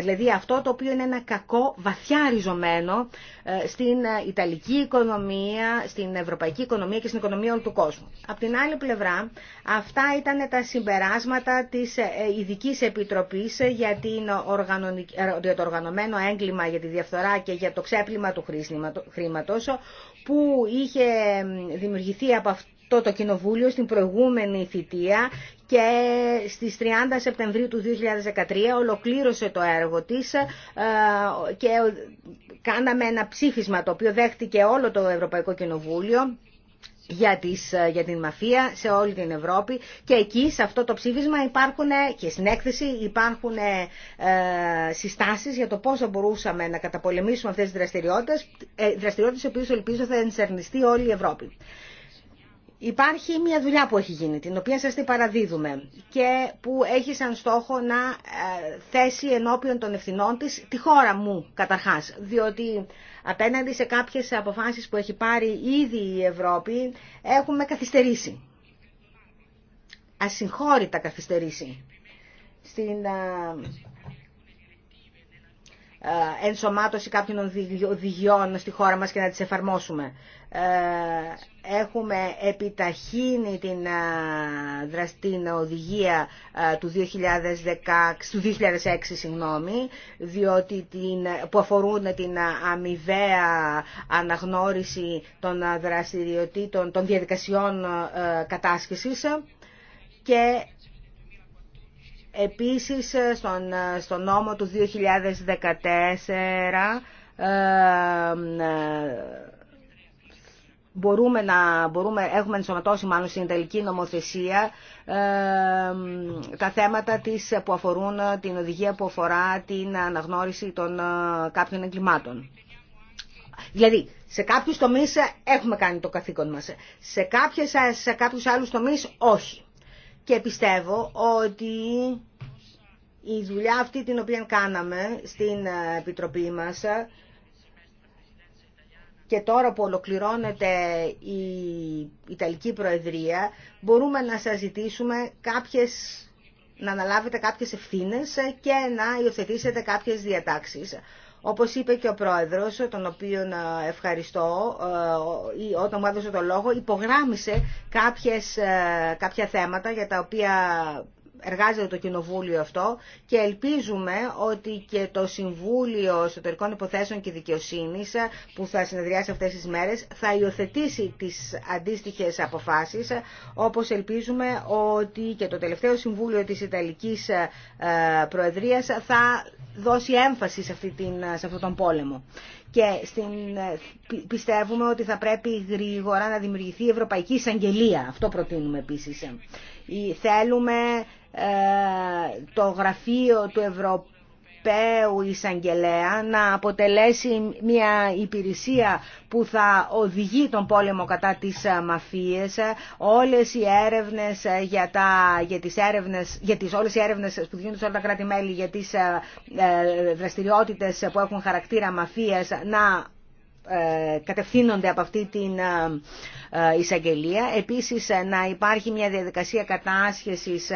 Δηλαδή αυτό το οποίο είναι ένα κακό βαθιά ριζωμένο ε, στην ε, Ιταλική οικονομία, στην Ευρωπαϊκή οικονομία και στην οικονομία όλου του κόσμου. Από την άλλη πλευρά, αυτά ήταν τα συμπεράσματα της ε, ειδική Επιτροπής για, το οργανωμένο έγκλημα για τη διαφθορά και για το ξέπλυμα του χρήματος, που είχε δημιουργηθεί από αυτό το, το κοινοβούλιο στην προηγούμενη θητεία και στις 30 Σεπτεμβρίου του 2013 ολοκλήρωσε το έργο της ε, και κάναμε ένα ψήφισμα το οποίο δέχτηκε όλο το Ευρωπαϊκό Κοινοβούλιο για, τις, ε, για την μαφία σε όλη την Ευρώπη και εκεί σε αυτό το ψήφισμα υπάρχουν και στην έκθεση υπάρχουν ε, συστάσεις για το πώς θα μπορούσαμε να καταπολεμήσουμε αυτές τις δραστηριότητες, ε, δραστηριότητες οι οποίες ελπίζω θα ενσερνιστεί όλη η Ευρώπη. Υπάρχει μια δουλειά που έχει γίνει, την οποία σας την παραδίδουμε και που έχει σαν στόχο να ε, θέσει ενώπιον των ευθυνών της τη χώρα μου καταρχάς, διότι απέναντι σε κάποιες αποφάσεις που έχει πάρει ήδη η Ευρώπη έχουμε καθυστερήσει, ασυγχώρητα καθυστερήσει. Στην ε, ε, ενσωμάτωση κάποιων οδηγιών στη χώρα μας και να τις εφαρμόσουμε. Ε, έχουμε επιταχύνει την, ε, δραστή οδηγία του, 2016, του 2006, συγγνώμη, διότι την, που αφορούν την αμοιβαία αναγνώριση των δραστηριοτήτων, των διαδικασιών κατάσχεσης και Επίσης ε, στον, ε, στον νόμο του 2014 ε, μπορούμε να μπορούμε, έχουμε ενσωματώσει μάλλον στην Ιταλική νομοθεσία τα θέματα της, που αφορούν την οδηγία που αφορά την αναγνώριση των κάποιων εγκλημάτων. Δηλαδή, σε κάποιου τομεί έχουμε κάνει το καθήκον μας, σε, κάποιες, σε κάποιους άλλους τομείς όχι. Και πιστεύω ότι η δουλειά αυτή την οποία κάναμε στην ε, Επιτροπή μας ε, και τώρα που ολοκληρώνεται η Ιταλική Προεδρία, μπορούμε να σας ζητήσουμε κάποιες, να αναλάβετε κάποιες ευθύνες ε, και να υιοθετήσετε κάποιες διατάξεις. Όπως είπε και ο πρόεδρος, τον οποίο ευχαριστώ, όταν μου έδωσε το λόγο, υπογράμμισε κάποιες, κάποια θέματα για τα οποία εργάζεται το Κοινοβούλιο αυτό και ελπίζουμε ότι και το Συμβούλιο Εσωτερικών Υποθέσεων και Δικαιοσύνης που θα συνεδριάσει αυτές τις μέρες θα υιοθετήσει τις αντίστοιχες αποφάσεις όπως ελπίζουμε ότι και το τελευταίο Συμβούλιο της Ιταλικής ε, Προεδρίας θα δώσει έμφαση σε, αυτή την, σε αυτόν τον πόλεμο. Και στην, ε, πιστεύουμε ότι θα πρέπει γρήγορα να δημιουργηθεί η Ευρωπαϊκή Εισαγγελία. Αυτό προτείνουμε επίσης. Θέλουμε ε, το γραφείο του Ευρωπαίου εισαγγελέα να αποτελέσει μια υπηρεσία που θα οδηγεί τον πόλεμο κατά τις ε, μαφίες όλες οι έρευνες ε, για, τα, για τις έρευνες για όλες οι έρευνες που γίνονται σε όλα τα κράτη-μέλη για τις δραστηριότητες που έχουν χαρακτήρα μαφίας να ε, κατευθύνονται από αυτή την ε, ε, εισαγγελία. Επίσης να υπάρχει μια διαδικασία κατάσχεσης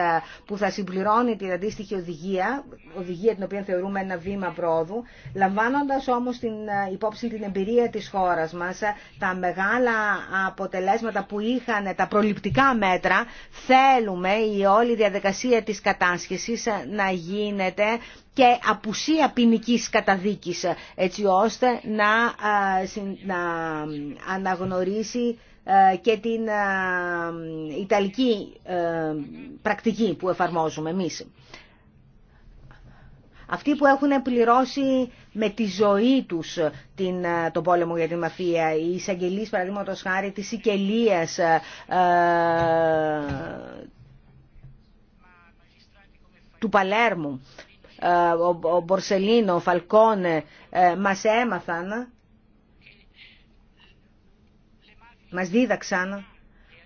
που θα συμπληρώνει την αντίστοιχη οδηγία, οδηγία την οποία θεωρούμε ένα βήμα πρόοδου, λαμβάνοντας όμως την υπόψη την εμπειρία της χώρας μας, τα μεγάλα αποτελέσματα που είχαν τα προληπτικά μέτρα, θέλουμε η όλη διαδικασία της κατάσχεσης να γίνεται και απουσία ποινική καταδίκης, έτσι ώστε να, να αναγνωρίσει και την Ιταλική πρακτική που εφαρμόζουμε εμείς. Αυτοί που έχουν πληρώσει με τη ζωή τους την, τον πόλεμο για τη μαφία, οι εισαγγελείς παραδείγματος χάρη της Σικελίας, του Παλέρμου, ο Μπορσελίνο, ο Φαλκόνε ε, μας έμαθαν, μας δίδαξαν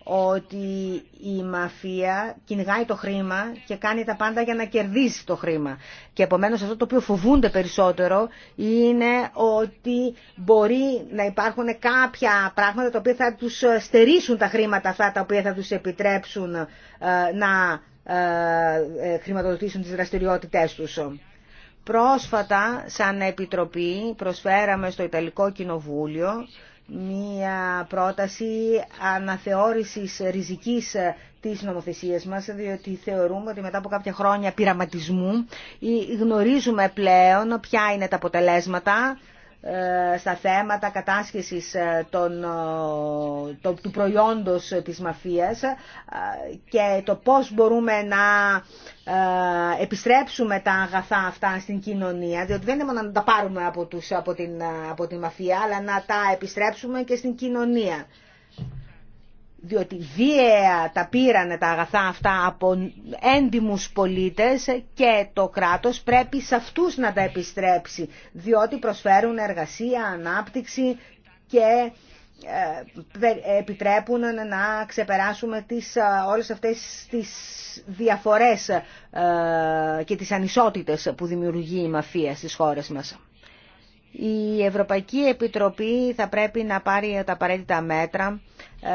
ότι η μαφία κυνηγάει το χρήμα και κάνει τα πάντα για να κερδίσει το χρήμα. Και επομένως αυτό το οποίο φοβούνται περισσότερο είναι ότι μπορεί να υπάρχουν κάποια πράγματα τα οποία θα τους στερήσουν τα χρήματα αυτά τα οποία θα τους επιτρέψουν ε, να ε, ε, χρηματοδοτήσουν τις δραστηριότητές τους. Πρόσφατα, σαν Επιτροπή, προσφέραμε στο Ιταλικό Κοινοβούλιο μία πρόταση αναθεώρησης ριζικής της νομοθεσίας μας, διότι θεωρούμε ότι μετά από κάποια χρόνια πειραματισμού γνωρίζουμε πλέον ποια είναι τα αποτελέσματα ε, στα θέματα κατάσχεσης ε, ε, του προϊόντος της μαφίας και το πώς μπορούμε να επιστρέψουμε τα αγαθά αυτά στην κοινωνία, διότι δεν είναι μόνο να τα πάρουμε από, τους, από, την, από τη μαφία, αλλά να τα επιστρέψουμε και στην κοινωνία διότι βίαια τα πήρανε τα αγαθά αυτά από έντιμους πολίτες και το κράτος πρέπει σε αυτούς να τα επιστρέψει, διότι προσφέρουν εργασία, ανάπτυξη και ε, επιτρέπουν να ξεπεράσουμε τις, ε, όλες αυτές τις διαφορές ε, και τις ανισότητες που δημιουργεί η μαφία στις χώρες μας. Η Ευρωπαϊκή Επιτροπή θα πρέπει να πάρει τα απαραίτητα μέτρα, ε,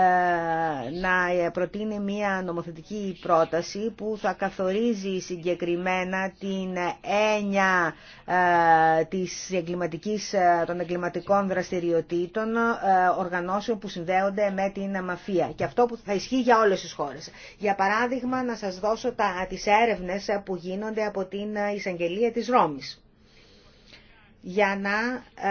να προτείνει μια νομοθετική πρόταση που θα καθορίζει συγκεκριμένα την έννοια ε, της εγκληματικής, ε, των εγκληματικών δραστηριοτήτων οργανώσεων που συνδέονται με την μαφία. Και αυτό που θα ισχύει για όλες τις χώρες. Για παράδειγμα, να σας δώσω τα, τις έρευνες που γίνονται από την εισαγγελία της Ρώμης για να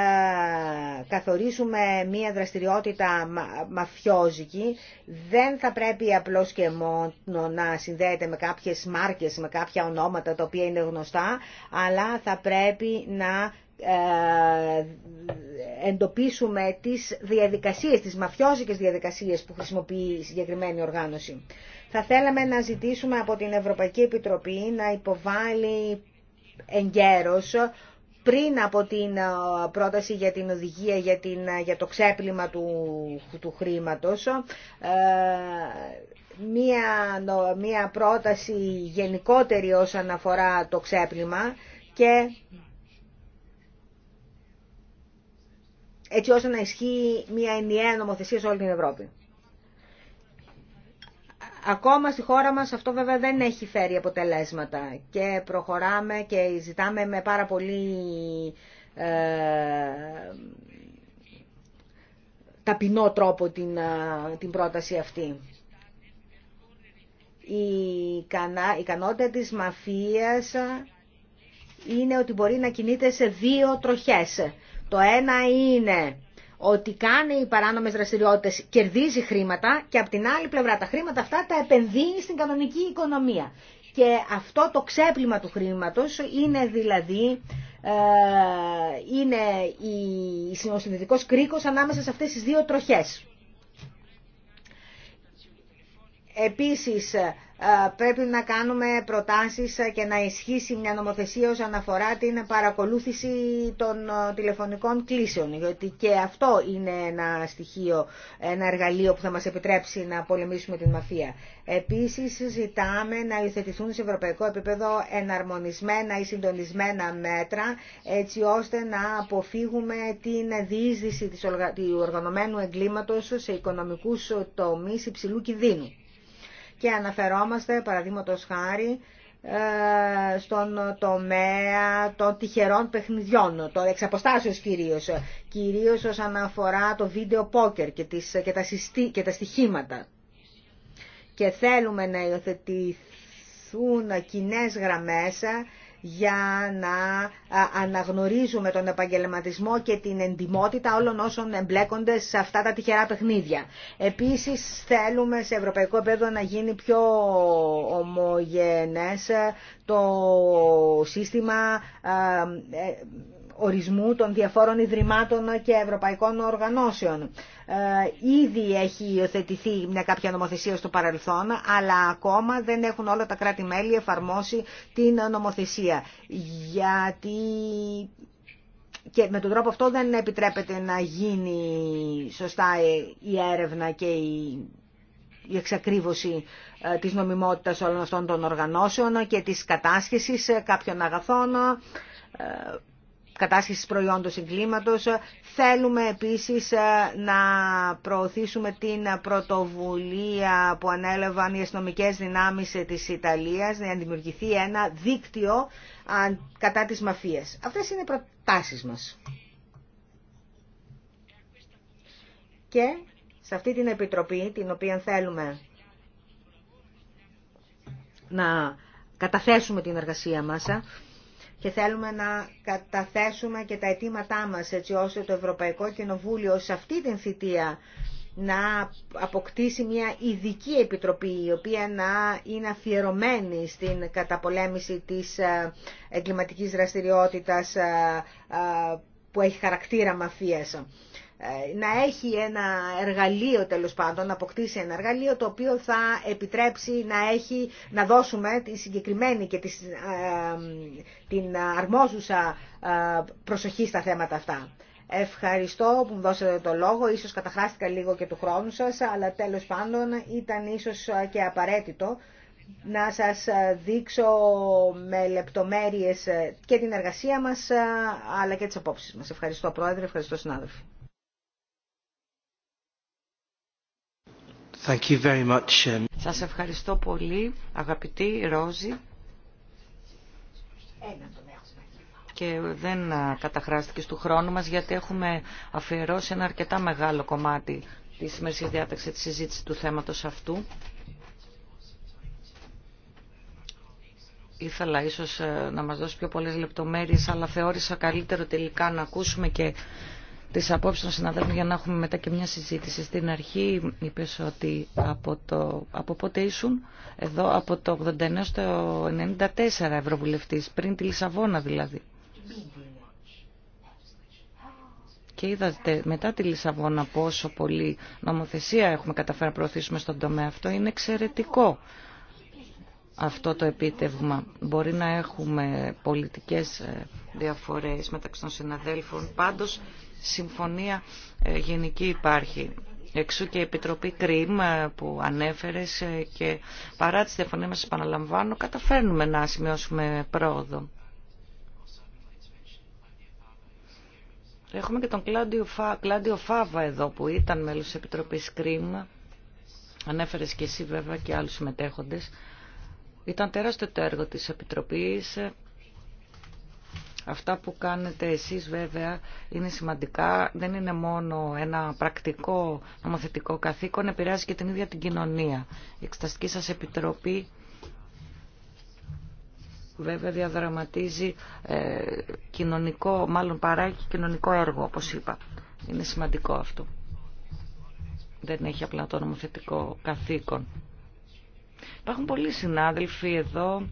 ε, καθορίσουμε μία δραστηριότητα μαφιόζικη δεν θα πρέπει απλώς και μόνο να συνδέεται με κάποιες μάρκες, με κάποια ονόματα τα οποία είναι γνωστά, αλλά θα πρέπει να ε, εντοπίσουμε τις διαδικασίες, τις μαφιόζικες διαδικασίες που χρησιμοποιεί η συγκεκριμένη οργάνωση. Θα θέλαμε να ζητήσουμε από την Ευρωπαϊκή Επιτροπή να υποβάλει εγκαίρως πριν από την ε, πρόταση για την οδηγία για, την, ε, για το ξέπλυμα του, του χρήματος, ε, μία, μία πρόταση γενικότερη όσον αφορά το ξέπλυμα και έτσι ώστε να ισχύει μία ενιαία νομοθεσία σε όλη την Ευρώπη. Ακόμα στη χώρα μας αυτό βέβαια δεν έχει φέρει αποτελέσματα και προχωράμε και ζητάμε με πάρα πολύ ε, ταπεινό τρόπο την, ε, την πρόταση αυτή. Η, η ικανότητα της μαφίας είναι ότι μπορεί να κινείται σε δύο τροχές. Το ένα είναι ότι κάνει οι παράνομες δραστηριότητες, κερδίζει χρήματα και από την άλλη πλευρά τα χρήματα αυτά τα επενδύει στην κανονική οικονομία. Και αυτό το ξέπλυμα του χρήματος είναι δηλαδή ε, είναι η συνοσυνδετικός κρίκος ανάμεσα σε αυτές τις δύο τροχές. Επίσης, ε, πρέπει να κάνουμε προτάσεις και να ισχύσει μια νομοθεσία όσον αφορά την παρακολούθηση των ε, τηλεφωνικών κλήσεων. Γιατί και αυτό είναι ένα στοιχείο, ένα εργαλείο που θα μας επιτρέψει να πολεμήσουμε την μαφία. Επίσης ζητάμε να υιοθετηθούν σε ευρωπαϊκό επίπεδο εναρμονισμένα ή συντονισμένα μέτρα έτσι ώστε να αποφύγουμε την διείσδυση του οργανωμένου εγκλήματος σε οικονομικούς τομείς υψηλού κινδύνου και αναφερόμαστε παραδείγματο χάρη ε, στον τομέα των τυχερών παιχνιδιών, των εξαποστάσεως κυρίως, κυρίως όσον αφορά το βίντεο πόκερ και, τις, και, τα, συστή, και τα στοιχήματα. Και θέλουμε να υιοθετηθούν κοινέ γραμμές για να αναγνωρίζουμε τον επαγγελματισμό και την εντιμότητα όλων όσων εμπλέκονται σε αυτά τα τυχερά παιχνίδια. Επίσης θέλουμε σε ευρωπαϊκό επίπεδο να γίνει πιο ομογενές το σύστημα ε, ορισμού των διαφόρων ιδρυμάτων και ευρωπαϊκών οργανώσεων. Ε, ήδη έχει υιοθετηθεί μια κάποια νομοθεσία στο παρελθόν, αλλά ακόμα δεν έχουν όλα τα κράτη-μέλη εφαρμόσει την νομοθεσία. Γιατί και με τον τρόπο αυτό δεν επιτρέπεται να γίνει σωστά η έρευνα και η η εξακρίβωση ε, της νομιμότητας όλων αυτών των οργανώσεων και της κατάσχεσης ε, κάποιων αγαθών κατάσχεσης προϊόντος εγκλήματος. Θέλουμε επίσης ε, να προωθήσουμε την πρωτοβουλία που ανέλαβαν οι αστυνομικέ δυνάμεις της Ιταλίας να δημιουργηθεί ένα δίκτυο κατά της μαφίας. Αυτές είναι οι προτάσεις μας. Και σε αυτή την επιτροπή, την οποία θέλουμε να καταθέσουμε την εργασία μας, και θέλουμε να καταθέσουμε και τα αιτήματά μας έτσι ώστε το Ευρωπαϊκό Κοινοβούλιο σε αυτή την θητεία να αποκτήσει μια ειδική επιτροπή η οποία να είναι αφιερωμένη στην καταπολέμηση της ε, εγκληματικής δραστηριότητας ε, ε, που έχει χαρακτήρα μαφίας. Ε, να έχει ένα εργαλείο τέλος πάντων, να αποκτήσει ένα εργαλείο το οποίο θα επιτρέψει να, έχει, να δώσουμε τη συγκεκριμένη και ε, την αρμόζουσα ε, προσοχή στα θέματα αυτά. Ευχαριστώ που μου δώσατε το λόγο, ίσως καταχράστηκα λίγο και του χρόνου σας, αλλά τέλος πάντων ήταν ίσως και απαραίτητο να σας δείξω με λεπτομέρειες και την εργασία μας, αλλά και τις απόψεις μας. Ευχαριστώ Πρόεδρε, ευχαριστώ συνάδελφοι. Thank um, Σας ευχαριστώ πολύ, αγαπητή Ρόζη. Και δεν καταχράστηκε του χρόνου μας, γιατί έχουμε αφιερώσει ένα αρκετά μεγάλο κομμάτι της σημερινή διάταξη της συζήτησης του θέματος αυτού. ήθελα ίσως ε, να μας δώσει πιο πολλές λεπτομέρειες, αλλά θεώρησα καλύτερο τελικά να ακούσουμε και τις απόψεις των συναδέλφων για να έχουμε μετά και μια συζήτηση. Στην αρχή είπε ότι από, το, από πότε ήσουν εδώ από το 89 στο 94 ευρωβουλευτής, πριν τη Λισαβόνα δηλαδή. Και είδατε μετά τη Λισαβόνα πόσο πολύ νομοθεσία έχουμε καταφέρει να προωθήσουμε στον τομέα αυτό. Είναι εξαιρετικό αυτό το επίτευγμα. Μπορεί να έχουμε πολιτικές ε, διαφορές μεταξύ των συναδέλφων. Πάντως συμφωνία ε, γενική υπάρχει. Εξού και η Επιτροπή ΚΡΙΜ ε, που ανέφερες ε, και παρά τη διαφωνία μας, επαναλαμβάνω, καταφέρνουμε να σημειώσουμε πρόοδο. Έχουμε και τον Κλάντιο, Κλάντιο Φάβα εδώ που ήταν μέλος της Επιτροπής ΚΡΙΜ. Ανέφερες και εσύ βέβαια και άλλους συμμετέχοντες. Ήταν τεράστιο το έργο της Επιτροπής Αυτά που κάνετε εσείς βέβαια είναι σημαντικά, δεν είναι μόνο ένα πρακτικό νομοθετικό καθήκον, επηρεάζει και την ίδια την κοινωνία. Η Εξεταστική σας Επιτροπή βέβαια διαδραματίζει ε, κοινωνικό, μάλλον παράγει κοινωνικό έργο όπως είπα. Είναι σημαντικό αυτό. Δεν έχει απλά το νομοθετικό καθήκον. Υπάρχουν πολλοί συνάδελφοι εδώ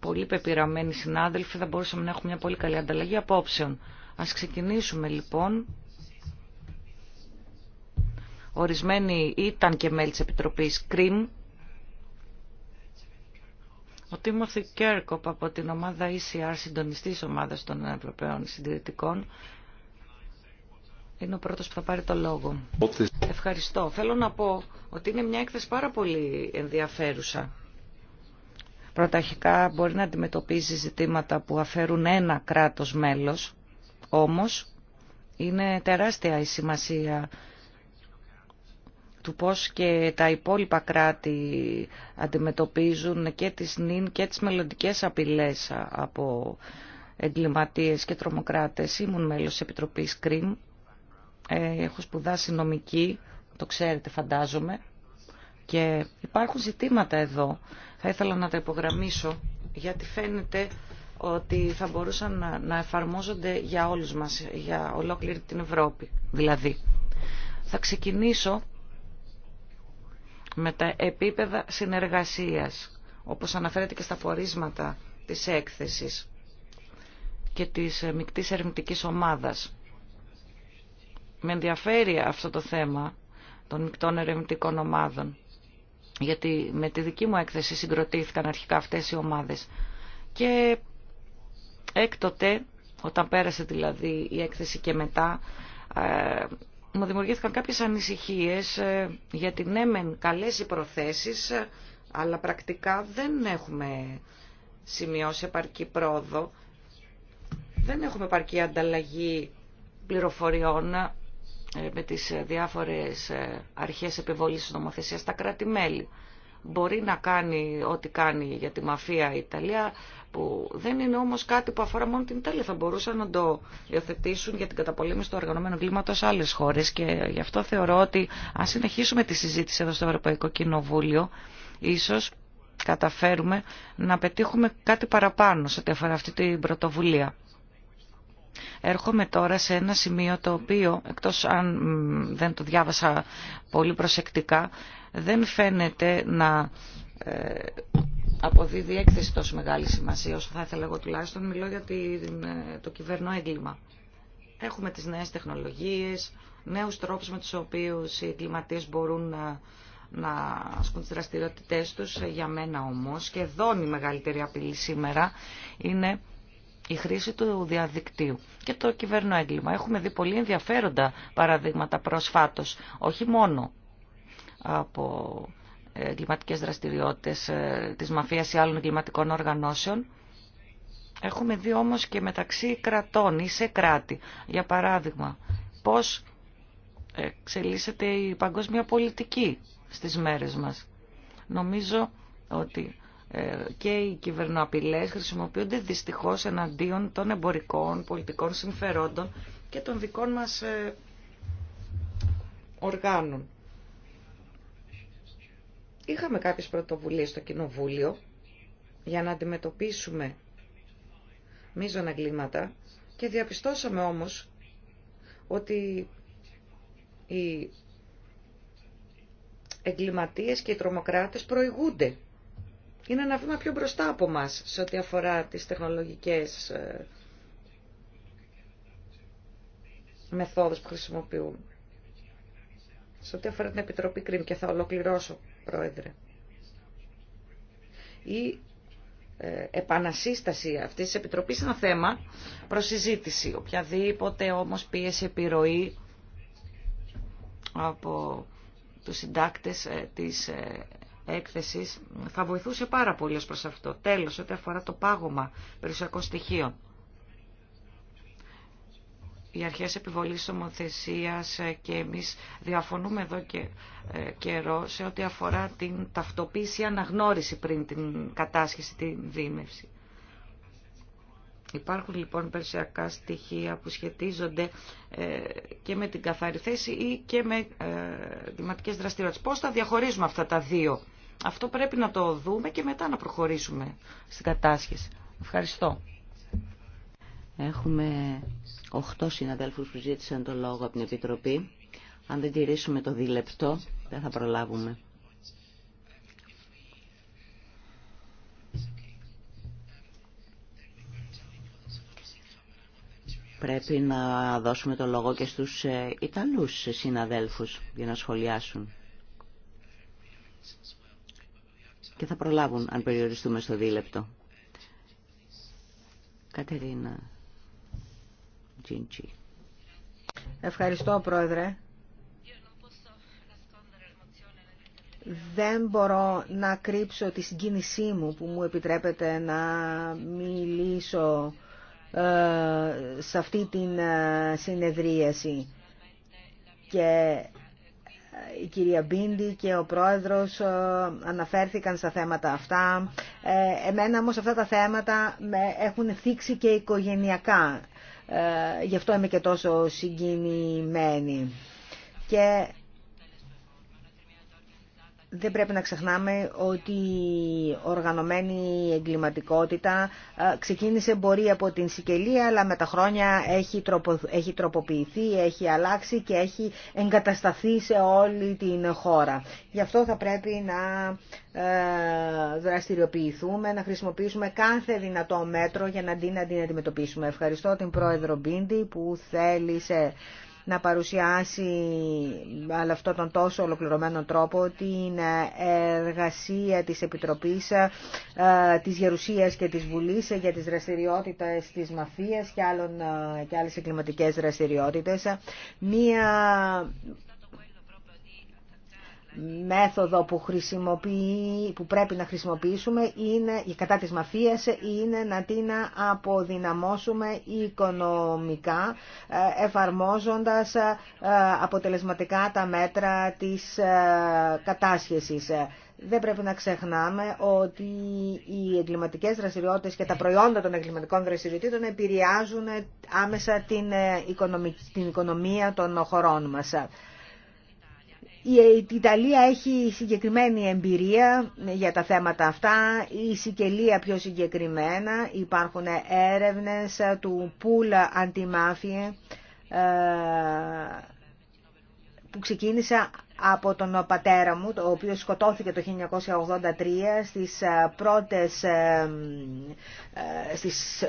πολύ πεπειραμένοι συνάδελφοι θα μπορούσαμε να έχουμε μια πολύ καλή ανταλλαγή απόψεων. Ας ξεκινήσουμε λοιπόν. Ορισμένοι ήταν και μέλη της Επιτροπής ΚΡΙΜ. Ο Τίμωθη Κέρκοπ από την ομάδα ECR, συντονιστής ομάδας των Ευρωπαίων Συντηρητικών, είναι ο πρώτος που θα πάρει το λόγο. Ευχαριστώ. Θέλω να πω ότι είναι μια έκθεση πάρα πολύ ενδιαφέρουσα πρωταρχικά μπορεί να αντιμετωπίζει ζητήματα που αφαιρούν ένα κράτος μέλος, όμως είναι τεράστια η σημασία του πώς και τα υπόλοιπα κράτη αντιμετωπίζουν και τις νυν και τις μελλοντικές απειλές από εγκληματίες και τρομοκράτες. Ήμουν μέλος της Επιτροπής ΚΡΙΜ, ε, έχω σπουδάσει νομική, το ξέρετε φαντάζομαι, και υπάρχουν ζητήματα εδώ θα ήθελα να τα υπογραμμίσω γιατί φαίνεται ότι θα μπορούσαν να, εφαρμόζονται για όλους μας, για ολόκληρη την Ευρώπη. Δηλαδή, θα ξεκινήσω με τα επίπεδα συνεργασίας, όπως αναφέρεται και στα πορίσματα της έκθεσης και της ε, μικτής ερευνητικής ομάδας. Με ενδιαφέρει αυτό το θέμα των μικτών ερευνητικών ομάδων γιατί με τη δική μου έκθεση συγκροτήθηκαν αρχικά αυτές οι ομάδες. Και έκτοτε, όταν πέρασε δηλαδή η έκθεση και μετά, ε, μου δημιουργήθηκαν κάποιες ανησυχίες ε, γιατί ναι μεν καλές οι προθέσεις, ε, αλλά πρακτικά δεν έχουμε σημειώσει επαρκή πρόοδο, δεν έχουμε επαρκή ανταλλαγή πληροφοριών ε, με τις ε, διάφορες ε, αρχές επιβολής της νομοθεσίας στα κράτη-μέλη. Μπορεί να κάνει ό,τι κάνει για τη μαφία η Ιταλία, που δεν είναι όμως κάτι που αφορά μόνο την Ιταλία. Θα μπορούσαν να το υιοθετήσουν για την καταπολέμηση του οργανωμένου κλίματος σε άλλες χώρες και γι' αυτό θεωρώ ότι αν συνεχίσουμε τη συζήτηση εδώ στο Ευρωπαϊκό Κοινοβούλιο, ίσως καταφέρουμε να πετύχουμε κάτι παραπάνω σε ό,τι αφορά αυτή την πρωτοβουλία. Έρχομαι τώρα σε ένα σημείο το οποίο, εκτός αν δεν το διάβασα πολύ προσεκτικά, δεν φαίνεται να ε, αποδίδει έκθεση τόσο μεγάλη σημασία όσο θα ήθελα εγώ τουλάχιστον. Μιλώ για ε, το κυβερνό έγκλημα. Έχουμε τις νέες τεχνολογίες, νέους τρόπους με τους οποίους οι εγκληματίες μπορούν να, να ασκούν τις δραστηριότητές τους. Ε, για μένα όμως, σχεδόν η μεγαλύτερη απειλή σήμερα είναι η χρήση του διαδικτύου και το κυβερνό έγκλημα. Έχουμε δει πολύ ενδιαφέροντα παραδείγματα προσφάτως, όχι μόνο από εγκληματικές δραστηριότητες ε, της μαφίας ή άλλων εγκληματικών οργανώσεων, Έχουμε δει όμως και μεταξύ κρατών ή σε κράτη. Για παράδειγμα, πώς εξελίσσεται η παγκόσμια πολιτική στις μέρες μας. Νομίζω ότι ε, και οι κυβερνοαπειλές χρησιμοποιούνται δυστυχώς εναντίον των εμπορικών, πολιτικών συμφερόντων και των δικών μας ε, οργάνων. Είχαμε κάποιες πρωτοβουλίες στο Κοινοβούλιο για να αντιμετωπίσουμε μίζων εγκλήματα και διαπιστώσαμε όμως ότι οι εγκληματίες και οι τρομοκράτες προηγούνται είναι ένα βήμα πιο μπροστά από μας σε ό,τι αφορά τις τεχνολογικές ε, μεθόδους που χρησιμοποιούν. Σε ό,τι αφορά την Επιτροπή κρίμη και θα ολοκληρώσω, Πρόεδρε. Η ε, επανασύσταση αυτής της Επιτροπής είναι ένα θέμα προς συζήτηση. Οποιαδήποτε όμως πίεση επιρροή από τους συντάκτες ε, της θα βοηθούσε πάρα πολύ ω προ αυτό. Τέλο, ό,τι αφορά το πάγωμα περιουσιακών στοιχείων. Οι αρχέ επιβολή ομοθεσία και εμεί διαφωνούμε εδώ και ε, καιρό σε ό,τι αφορά την ταυτοποίηση αναγνώριση πριν την κατάσχεση, την δίμευση. Υπάρχουν λοιπόν περσιακά στοιχεία που σχετίζονται ε, και με την καθαρή θέση ή και με ε, δηματικές δραστηριότητες. Πώς θα διαχωρίζουμε αυτά τα δύο αυτό πρέπει να το δούμε και μετά να προχωρήσουμε στην κατάσχεση. Ευχαριστώ. Έχουμε 8 συναδέλφους που ζήτησαν το λόγο από την Επιτροπή. Αν δεν τηρήσουμε το δίλεπτο, δεν θα προλάβουμε. Πρέπει να δώσουμε το λόγο και στους ε, Ιταλούς συναδέλφους για να σχολιάσουν. και θα προλάβουν αν περιοριστούμε στο δίλεπτο. Κατερίνα Τζίντσι. Ευχαριστώ, Πρόεδρε. Δεν μπορώ να κρύψω τη συγκίνησή μου που μου επιτρέπεται να μιλήσω ε, σε αυτή την ε, συνεδρίαση. Και η κυρία Μπίντι και ο πρόεδρος ε, αναφέρθηκαν στα θέματα αυτά. Ε, εμένα όμως αυτά τα θέματα με έχουν θίξει και οικογενειακά. Ε, γι' αυτό είμαι και τόσο συγκινημένη. Και δεν πρέπει να ξεχνάμε ότι η οργανωμένη εγκληματικότητα ε, ξεκίνησε μπορεί από την Σικελία, αλλά με τα χρόνια έχει, έχει τροποποιηθεί, έχει αλλάξει και έχει εγκατασταθεί σε όλη την χώρα. Γι' αυτό θα πρέπει να ε, δραστηριοποιηθούμε, να χρησιμοποιήσουμε κάθε δυνατό μέτρο για να την αντιμετωπίσουμε. Ευχαριστώ την πρόεδρο Μπίντι που θέλησε να παρουσιάσει αλλά αυτόν τον τόσο ολοκληρωμένο τρόπο την ε, εργασία της Επιτροπής ε, της Γερουσίας και της Βουλής για τις δραστηριότητες της μαφίας και, άλλων, ε, και άλλες εγκληματικές δραστηριότητες. Μία μέθοδο που, που πρέπει να χρησιμοποιήσουμε είναι, η κατά της μαφίας είναι να την αποδυναμώσουμε οικονομικά ε, εφαρμόζοντας ε, αποτελεσματικά τα μέτρα της ε, κατάσχεσης. Δεν πρέπει να ξεχνάμε ότι οι εγκληματικές δραστηριότητες και τα προϊόντα των εγκληματικών δραστηριοτήτων επηρεάζουν άμεσα την οικονομία των χωρών μας. Η Ιταλία έχει συγκεκριμένη εμπειρία για τα θέματα αυτά, η Σικελία πιο συγκεκριμένα, υπάρχουν έρευνες του Πούλα Αντιμάφιε ε, που ξεκίνησα από τον πατέρα μου, ο οποίος σκοτώθηκε το 1983 στις ε, πρώτες, ε, ε, στις,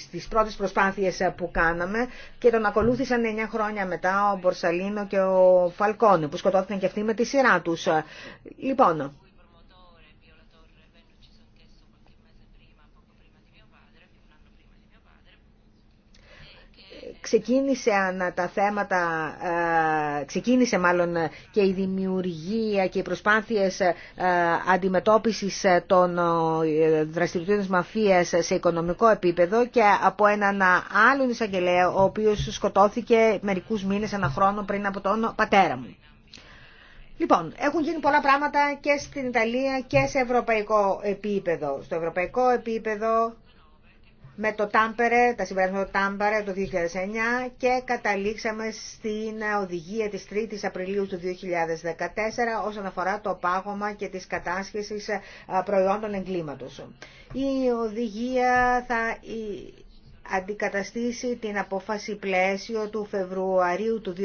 στις πρώτες προσπάθειες που κάναμε και τον ακολούθησαν 9 χρόνια μετά ο Μπορσαλίνο και ο Φαλκόνε που σκοτώθηκαν και αυτοί με τη σειρά τους. Λοιπόν, ξεκίνησε ανα τα θέματα, ε, ξεκίνησε μάλλον και η δημιουργία και οι προσπάθειες ε, αντιμετώπισης ε, των δραστηριοτήτων της μαφίας σε οικονομικό επίπεδο και από έναν άλλον εισαγγελέα ο οποίος σκοτώθηκε μερικούς μήνες, ένα χρόνο πριν από τον πατέρα μου. Λοιπόν, έχουν γίνει πολλά πράγματα και στην Ιταλία και σε ευρωπαϊκό επίπεδο. Στο ευρωπαϊκό επίπεδο με το Τάμπερε, τα συμπεράσματα του Τάμπερε το 2009 και καταλήξαμε στην οδηγία της 3ης Απριλίου του 2014 όσον αφορά το πάγωμα και τις κατάσχεσης ε, προϊόντων εγκλήματος. Η οδηγία θα αντικαταστήσει την απόφαση πλαίσιο του Φεβρουαρίου του 2005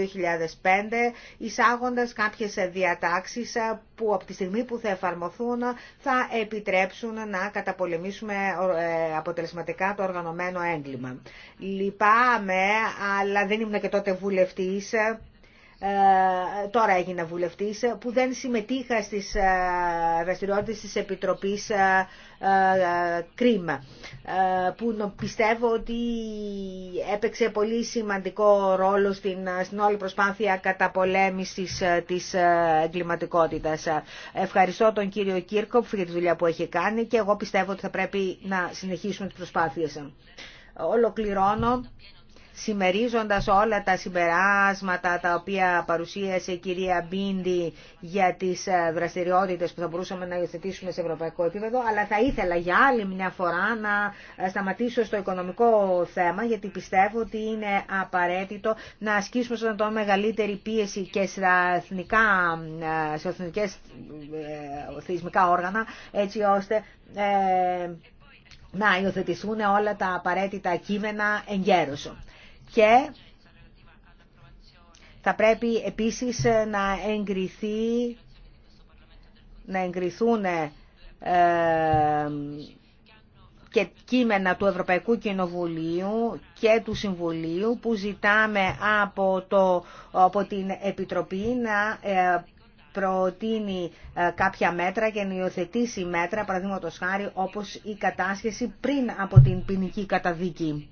εισάγοντας κάποιες διατάξεις που από τη στιγμή που θα εφαρμοθούν θα επιτρέψουν να καταπολεμήσουμε ε, αποτελεσματικά το οργανωμένο έγκλημα. Λυπάμαι, αλλά δεν ήμουν και τότε βουλευτής ε, τώρα έγινα βουλευτής, που δεν συμμετείχα στις ε, δραστηριότητες της Επιτροπής ε, Κρίμα, που πιστεύω ότι έπαιξε πολύ σημαντικό ρόλο στην, όλη προσπάθεια καταπολέμησης της εγκληματικότητας. Ευχαριστώ τον κύριο Κίρκοφ για τη δουλειά που έχει κάνει και εγώ πιστεύω ότι θα πρέπει να συνεχίσουμε τις προσπάθειες. Ολοκληρώνω συμμερίζοντας όλα τα συμπεράσματα τα οποία παρουσίασε η κυρία Μπίντι για τις ε, δραστηριότητες που θα μπορούσαμε να υιοθετήσουμε σε ευρωπαϊκό επίπεδο, αλλά θα ήθελα για άλλη μια φορά να ε, σταματήσω στο οικονομικό θέμα, γιατί πιστεύω ότι είναι απαραίτητο να ασκήσουμε στον το μεγαλύτερη πίεση και στα εθνικά, ε, σε εθνικές θεσμικά όργανα, έτσι ώστε να υιοθετηθούν όλα τα απαραίτητα κείμενα εγκαίρωσο και θα πρέπει επίσης να εγκριθεί να εγκριθούν ε, και κείμενα του Ευρωπαϊκού Κοινοβουλίου και του Συμβουλίου που ζητάμε από, το, από την Επιτροπή να ε, προτείνει ε, κάποια μέτρα και να υιοθετήσει μέτρα, παραδείγματος χάρη, όπως η κατάσχεση πριν από την ποινική καταδίκη.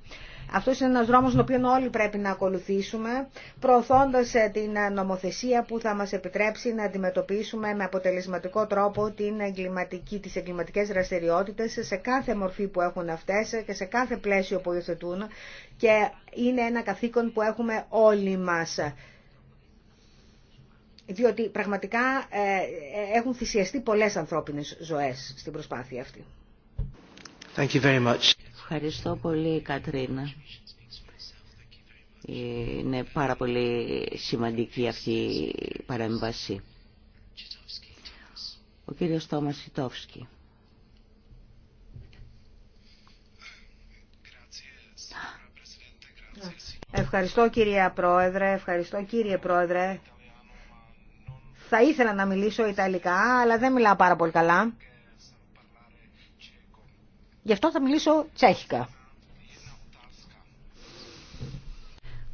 Αυτός είναι ένας δρόμος τον οποίο όλοι πρέπει να ακολουθήσουμε, προωθώντας ε, την ε, νομοθεσία που θα μας επιτρέψει να αντιμετωπίσουμε με αποτελεσματικό τρόπο την εγκληματική, τις εγκληματικές δραστηριότητες σε κάθε μορφή που έχουν αυτές ε, και σε κάθε πλαίσιο που υιοθετούν και είναι ένα καθήκον που έχουμε όλοι μας διότι πραγματικά έχουν θυσιαστεί πολλές ανθρώπινες ζωές στην προσπάθεια αυτή. Thank you very much. Ευχαριστώ πολύ Κατρίνα. Είναι πάρα πολύ σημαντική αυτή η παρέμβαση. Ο κύριος Τόμας Σιτόφσκι. Ευχαριστώ κύριε Πρόεδρε, ευχαριστώ κύριε Πρόεδρε. Θα ήθελα να μιλήσω Ιταλικά, αλλά δεν μιλάω πάρα πολύ καλά. Γι' αυτό θα μιλήσω τσέχικα.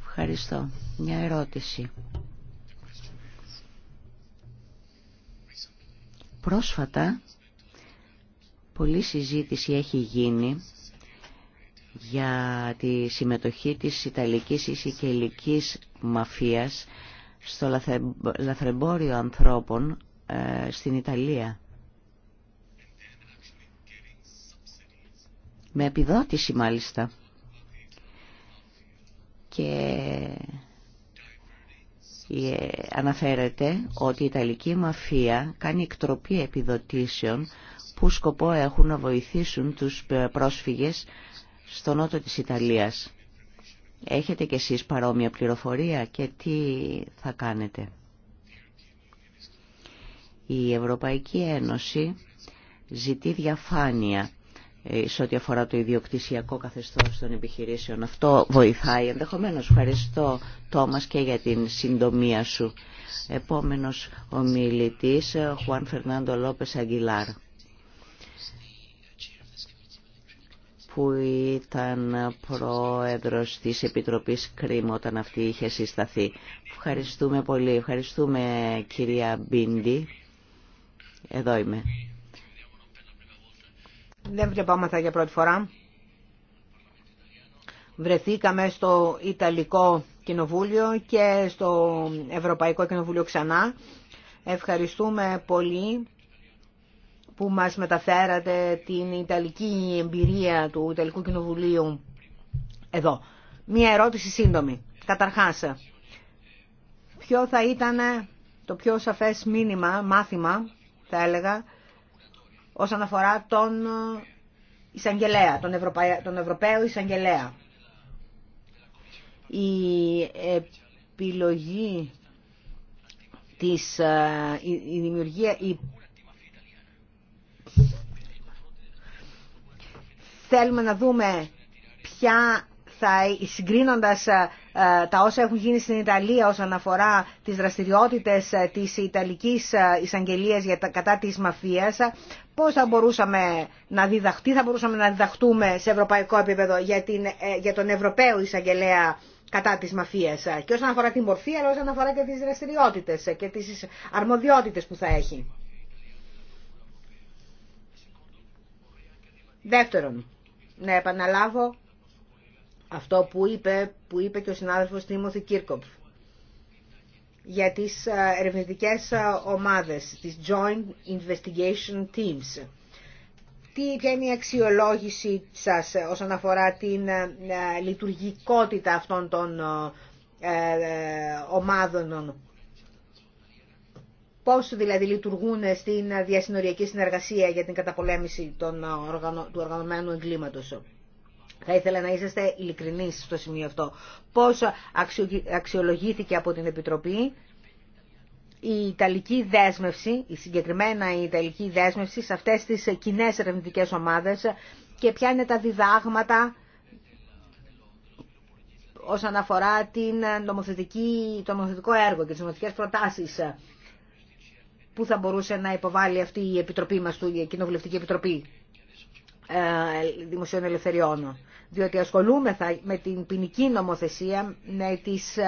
Ευχαριστώ. Μια ερώτηση. Πρόσφατα, πολλή συζήτηση έχει γίνει για τη συμμετοχή της Ιταλικής Ισικελικής μαφίας στο λαθρεμπόριο ανθρώπων ε, στην Ιταλία. με επιδότηση μάλιστα. Και ε, αναφέρεται ότι η Ιταλική μαφία κάνει εκτροπή επιδοτήσεων που σκοπό έχουν να βοηθήσουν τους ε, πρόσφυγες στο νότο της Ιταλίας. Έχετε κι εσείς παρόμοια πληροφορία και τι θα κάνετε. Η Ευρωπαϊκή Ένωση ζητεί διαφάνεια ε, σε ό,τι αφορά το ιδιοκτησιακό καθεστώς των επιχειρήσεων. Αυτό βοηθάει ενδεχομένως. Ευχαριστώ Τόμας και για την συντομία σου. Επόμενος ο ε, Χουάν Φερνάντο Λόπες Αγγιλάρ που ήταν πρόεδρος της Επιτροπής Κρίμ όταν αυτή είχε συσταθεί. Ευχαριστούμε πολύ. Ευχαριστούμε κυρία Μπίντι. Εδώ είμαι δεν βλεπόμαθα για πρώτη φορά. Βρεθήκαμε στο Ιταλικό Κοινοβούλιο και στο Ευρωπαϊκό Κοινοβούλιο ξανά. Ευχαριστούμε πολύ που μας μεταφέρατε την Ιταλική εμπειρία του Ιταλικού Κοινοβουλίου εδώ. Μία ερώτηση σύντομη. Καταρχάς, ποιο θα ήταν το πιο σαφές μήνυμα, μάθημα θα έλεγα, όσον αφορά τον εισαγγελέα, τον, Ευρωπαϊ... τον Ευρωπαίο εισαγγελέα. Η επιλογή της, ε, η, δημιουργία, η... θέλουμε να δούμε ποια θα συγκρίνοντας ε, ε, τα όσα έχουν γίνει στην Ιταλία όσον αφορά τις δραστηριότητες ε, της Ιταλικής εισαγγελίας κατά της μαφίας, πώς θα μπορούσαμε να διδαχτεί, θα μπορούσαμε να διδαχτούμε σε ευρωπαϊκό επίπεδο για, τον Ευρωπαίο εισαγγελέα κατά της μαφίας και όσον αφορά την μορφή αλλά όσον αφορά και τις δραστηριότητες και τις αρμοδιότητες που θα έχει. Δεύτερον, να επαναλάβω αυτό που είπε, που είπε και ο συνάδελφος Τίμωθη Κίρκοπ για τις ε, ερευνητικές ε, ομάδες, τις Joint Investigation Teams. Τι, ποια είναι η αξιολόγηση σας ε, όσον αφορά την λειτουργικότητα αυτών των ομάδων. Πώς δηλαδή λειτουργούν στην διασυνοριακή συνεργασία για την καταπολέμηση των, του οργανωμένου εγκλήματος. Θα ήθελα να είσαστε ειλικρινείς στο σημείο αυτό. Πώς αξιολογήθηκε από την Επιτροπή η Ιταλική δέσμευση, η συγκεκριμένα η Ιταλική δέσμευση σε αυτές τις κοινέ ερευνητικέ ομάδες και ποια είναι τα διδάγματα όσον αφορά την νομοθετική, το νομοθετικό έργο και τις νομοθετικές προτάσεις που θα μπορούσε να υποβάλει αυτή η Επιτροπή μας, η Κοινοβουλευτική Επιτροπή. Ε, δημοσίων ελευθεριών. Διότι ασχολούμεθα με την ποινική νομοθεσία, με τις, ε,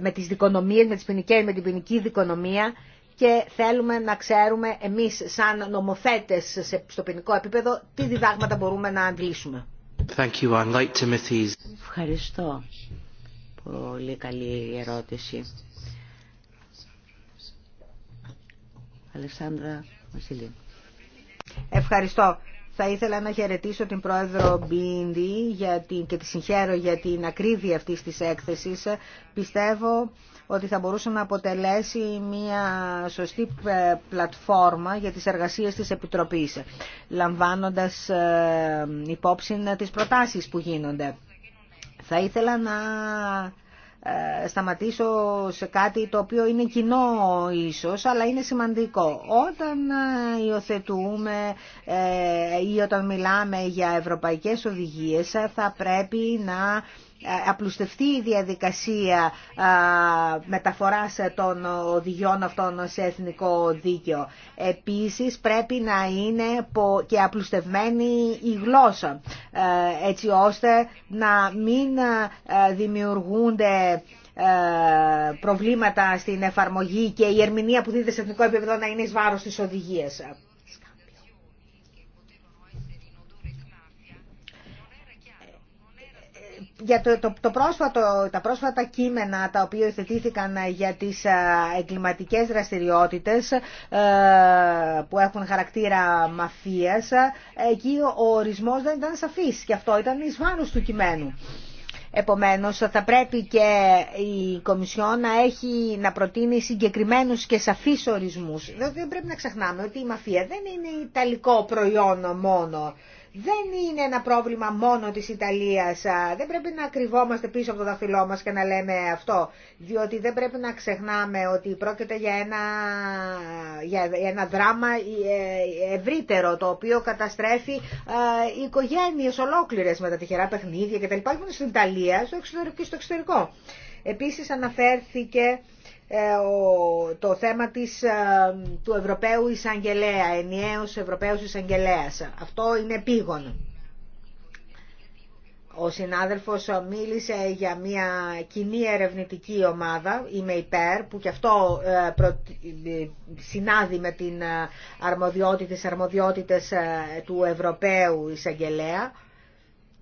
με τις δικονομίες, με τις ποινικέ, με την ποινική δικονομία και θέλουμε να ξέρουμε εμείς σαν νομοθέτες στο ποινικό επίπεδο τι διδάγματα μπορούμε να αντλήσουμε. Ευχαριστώ. Πολύ καλή ερώτηση. Αλεξάνδρα Βασιλή. Ευχαριστώ. Θα ήθελα να χαιρετήσω την πρόεδρο Μπίνδη για την, και τη συγχαίρω για την ακρίβεια αυτής της έκθεση. Πιστεύω ότι θα μπορούσε να αποτελέσει μια σωστή ε, πλατφόρμα για τις εργασίες της Επιτροπής, λαμβάνοντας ε, υπόψη τις προτάσεις που γίνονται. Θα ήθελα να ε, σταματήσω σε κάτι το οποίο είναι κοινό ίσως, αλλά είναι σημαντικό. Όταν ε, υιοθετούμε ε, ή όταν μιλάμε για ευρωπαϊκές οδηγίες, θα πρέπει να ε, απλουστευτεί η διαδικασία ε, μεταφοράς των οδηγιών αυτών σε εθνικό δίκαιο. Επίσης πρέπει να είναι και απλουστευμένη η γλώσσα ε, έτσι ώστε να μην δημιουργούνται προβλήματα στην εφαρμογή και η ερμηνεία που δίνεται σε εθνικό επίπεδο να είναι εις βάρος της οδηγίας. για το, το, το, πρόσφατο, τα πρόσφατα κείμενα τα οποία υιοθετήθηκαν ε, για τις ε, εγκληματικές δραστηριότητες ε, που έχουν χαρακτήρα μαφίας, εκεί ο ορισμός δεν ήταν σαφής και αυτό ήταν εις βάρος του κειμένου. Επομένως θα πρέπει και η Κομισιόν να, έχει, να προτείνει συγκεκριμένους και σαφείς ορισμούς. Δεν πρέπει να ξεχνάμε ότι η μαφία δεν είναι ιταλικό προϊόν μόνο δεν είναι ένα πρόβλημα μόνο της Ιταλίας. Δεν πρέπει να κρυβόμαστε πίσω από το δαχτυλό μας και να λέμε αυτό, διότι δεν πρέπει να ξεχνάμε ότι πρόκειται για ένα, για ένα δράμα ε, ευρύτερο, το οποίο καταστρέφει οι ε, οικογένειες ολόκληρες με τα τυχερά παιχνίδια κτλ. Υπάρχουν στην Ιταλία στο εξωτερικό, και στο εξωτερικό. Επίσης αναφέρθηκε ε, το θέμα της, ε, του Ευρωπαίου Εισαγγελέα, ενιαίος Ευρωπαίος Εισαγγελέας. Αυτό είναι πήγον. Ο συνάδελφος μίλησε για μια κοινή ερευνητική ομάδα, η υπέρ, που και αυτό ε, συνάδει με την αρμοδιότητα, αρμοδιότητες του Ευρωπαίου Εισαγγελέα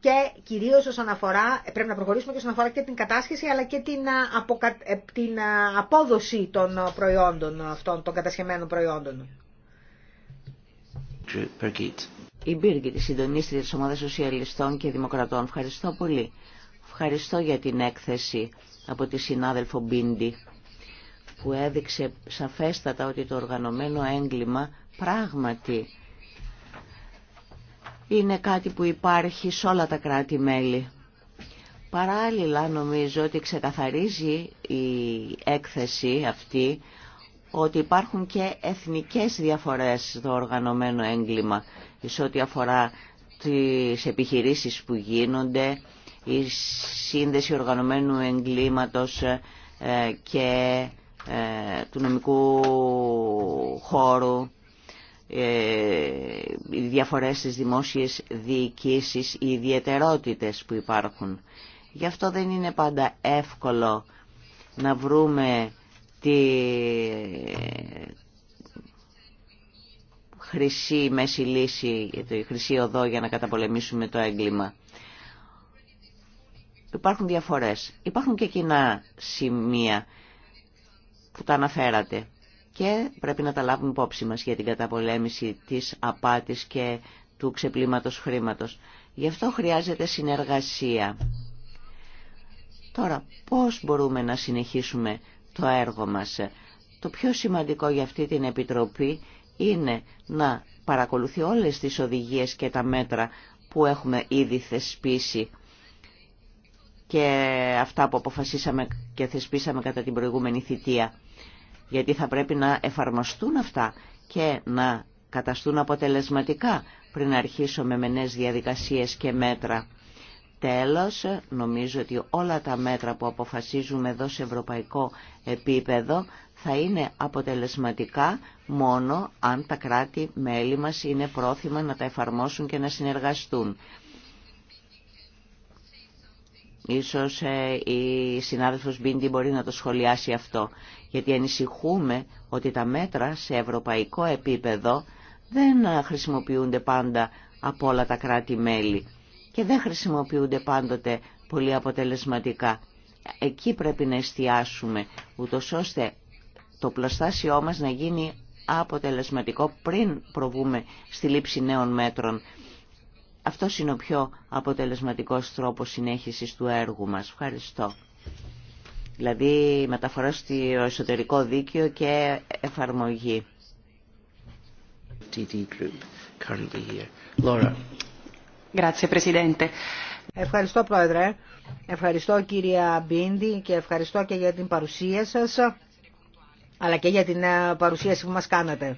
και κυρίως όσον αφορά, πρέπει να προχωρήσουμε και όσον αφορά και την κατάσχεση αλλά και την, ε, την απόδοση των προϊόντων αυτών, των κατασχεμένων προϊόντων. Η Μπίργκη, η συντονίστρια της Ομάδας Σοσιαλιστών και Δημοκρατών. Ευχαριστώ πολύ. Ευχαριστώ για την έκθεση από τη συνάδελφο Μπίντι που έδειξε σαφέστατα ότι το οργανωμένο έγκλημα πράγματι είναι κάτι που υπάρχει σε όλα τα κράτη-μέλη. Παράλληλα νομίζω ότι ξεκαθαρίζει η έκθεση αυτή ότι υπάρχουν και εθνικές διαφορές στο οργανωμένο έγκλημα σε ό,τι αφορά τις επιχειρήσεις που γίνονται, η σύνδεση οργανωμένου εγκλήματος ε, και ε, του νομικού χώρου ε, οι διαφορές στις δημόσιες διοικήσεις, οι ιδιαιτερότητες που υπάρχουν. Γι' αυτό δεν είναι πάντα εύκολο να βρούμε τη χρυσή μέση λύση, τη χρυσή οδό για να καταπολεμήσουμε το έγκλημα. Υπάρχουν διαφορές. Υπάρχουν και κοινά σημεία που τα αναφέρατε και πρέπει να τα λάβουμε υπόψη μας για την καταπολέμηση της απάτης και του ξεπλήματος χρήματος. Γι' αυτό χρειάζεται συνεργασία. Τώρα, πώς μπορούμε να συνεχίσουμε το έργο μας. Το πιο σημαντικό για αυτή την Επιτροπή είναι να παρακολουθεί όλες τις οδηγίες και τα μέτρα που έχουμε ήδη θεσπίσει και αυτά που αποφασίσαμε και θεσπίσαμε κατά την προηγούμενη θητεία γιατί θα πρέπει να εφαρμοστούν αυτά και να καταστούν αποτελεσματικά πριν αρχίσουμε με νέες διαδικασίες και μέτρα. Τέλος, νομίζω ότι όλα τα μέτρα που αποφασίζουμε εδώ σε ευρωπαϊκό επίπεδο θα είναι αποτελεσματικά μόνο αν τα κράτη-μέλη μας είναι πρόθυμα να τα εφαρμόσουν και να συνεργαστούν. Ίσως ε, η συνάδελφος Μπίντι μπορεί να το σχολιάσει αυτό γιατί ανησυχούμε ότι τα μέτρα σε ευρωπαϊκό επίπεδο δεν χρησιμοποιούνται πάντα από όλα τα κράτη-μέλη και δεν χρησιμοποιούνται πάντοτε πολύ αποτελεσματικά. Εκεί πρέπει να εστιάσουμε, ούτω ώστε το πλαστάσιό μας να γίνει αποτελεσματικό πριν προβούμε στη λήψη νέων μέτρων. Αυτό είναι ο πιο αποτελεσματικός τρόπος συνέχισης του έργου μας. Ευχαριστώ δηλαδή μεταφορά στο εσωτερικό δίκαιο και εφαρμογή. Ευχαριστώ Πρόεδρε, ευχαριστώ κυρία Μπίντι και ευχαριστώ και για την παρουσία σας αλλά και για την ε, παρουσίαση που μας κάνατε.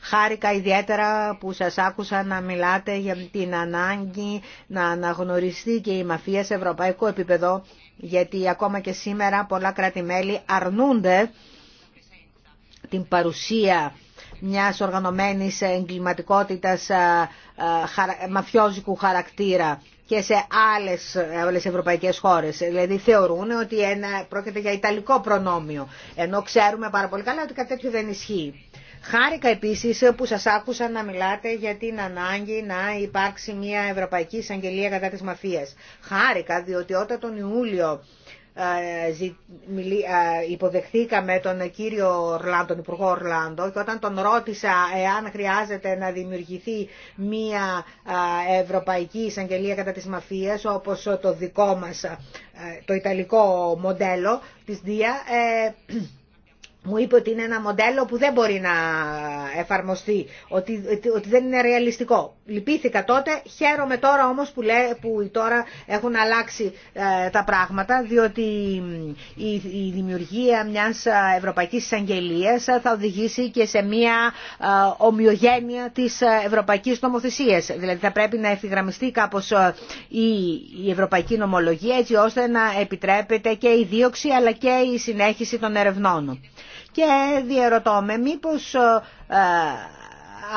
Χάρηκα ιδιαίτερα που σας άκουσα να μιλάτε για την ανάγκη να αναγνωριστεί και η μαφία σε ευρωπαϊκό επίπεδο γιατί ακόμα και σήμερα πολλά κράτη-μέλη αρνούνται την παρουσία μιας οργανωμένης εγκληματικότητας μαφιόζικου χαρακτήρα και σε άλλες, άλλες ευρωπαϊκές χώρες. Δηλαδή θεωρούν ότι ένα, πρόκειται για ιταλικό προνόμιο, ενώ ξέρουμε πάρα πολύ καλά ότι κάτι τέτοιο δεν ισχύει. Χάρηκα επίσης που σας άκουσα να μιλάτε για την ανάγκη να υπάρξει μια Ευρωπαϊκή Εισαγγελία κατά της μαφίας. Χάρηκα διότι όταν τον Ιούλιο ε, ε, υποδεχθήκαμε τον κύριο Ορλάντο, τον Υπουργό Ορλάντο και όταν τον ρώτησα εάν χρειάζεται να δημιουργηθεί μια ε, ευρωπαϊκή εισαγγελία κατά της μαφίας όπως το δικό μας το ιταλικό μοντέλο της ΔΙΑ μου είπε ότι είναι ένα μοντέλο που δεν μπορεί να εφαρμοστεί, ότι, ότι δεν είναι ρεαλιστικό. Λυπήθηκα τότε, χαίρομαι τώρα όμως που, λέ, που τώρα έχουν αλλάξει ε, τα πράγματα, διότι η, δημιουργία μιας ε, Ευρωπαϊκής Εισαγγελίας ε, θα οδηγήσει και σε μια ε, ομοιογένεια της Ευρωπαϊκής Νομοθεσίας. Δηλαδή θα πρέπει να ευθυγραμμιστεί κάπως η, η Ευρωπαϊκή Νομολογία έτσι ώστε να επιτρέπεται και η δίωξη αλλά και η συνέχιση των ερευνών και διαρωτώ με μήπως ε,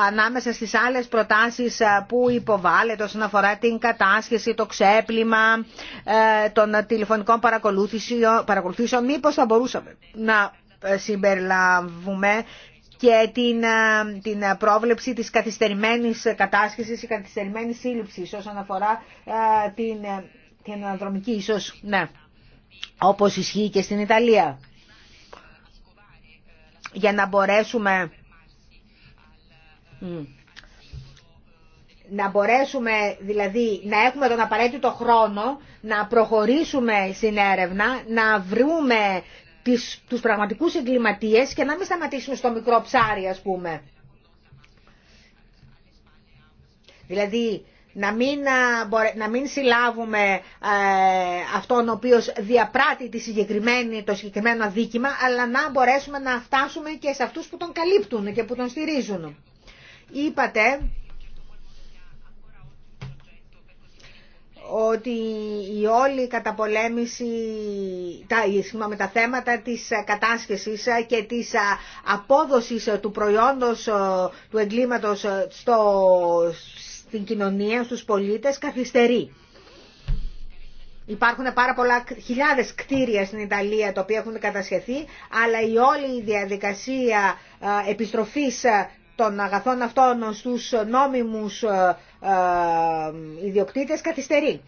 ανάμεσα στις άλλες προτάσεις ε, που υποβάλλεται όσον αφορά την κατάσχεση, το ξέπλυμα ε, των τηλεφωνικών παρακολουθήσεων, μήπως θα μπορούσαμε να συμπεριλαμβούμε και την, την πρόβλεψη της καθυστερημένης κατάσχεσης ή καθυστερημένης σύλληψης όσον αφορά την, την αναδρομική ίσως, ναι, όπως ισχύει και στην Ιταλία για να μπορέσουμε να μπορέσουμε δηλαδή να έχουμε τον απαραίτητο χρόνο να προχωρήσουμε στην έρευνα, να βρούμε τις, τους πραγματικούς εγκληματίες και να μην σταματήσουμε στο μικρό ψάρι ας πούμε. Δηλαδή να μην, να μην συλλάβουμε ε, αυτόν ο οποίος διαπράττει τη συγκεκριμένη, το συγκεκριμένο αδίκημα, αλλά να μπορέσουμε να φτάσουμε και σε αυτούς που τον καλύπτουν και που τον στηρίζουν. Είπατε ότι η όλη καταπολέμηση, τα, με τα θέματα της ε, κατάσχεσης ε, και της απόδοσης του προϊόντος του εγκλήματος στο, την κοινωνία, στους πολίτες, καθυστερεί. Υπάρχουν πάρα πολλά χιλιάδες κτίρια στην Ιταλία τα οποία έχουν κατασχεθεί, αλλά η όλη η διαδικασία επιστροφής των αγαθών αυτών στους νόμιμους ιδιοκτήτες καθυστερεί.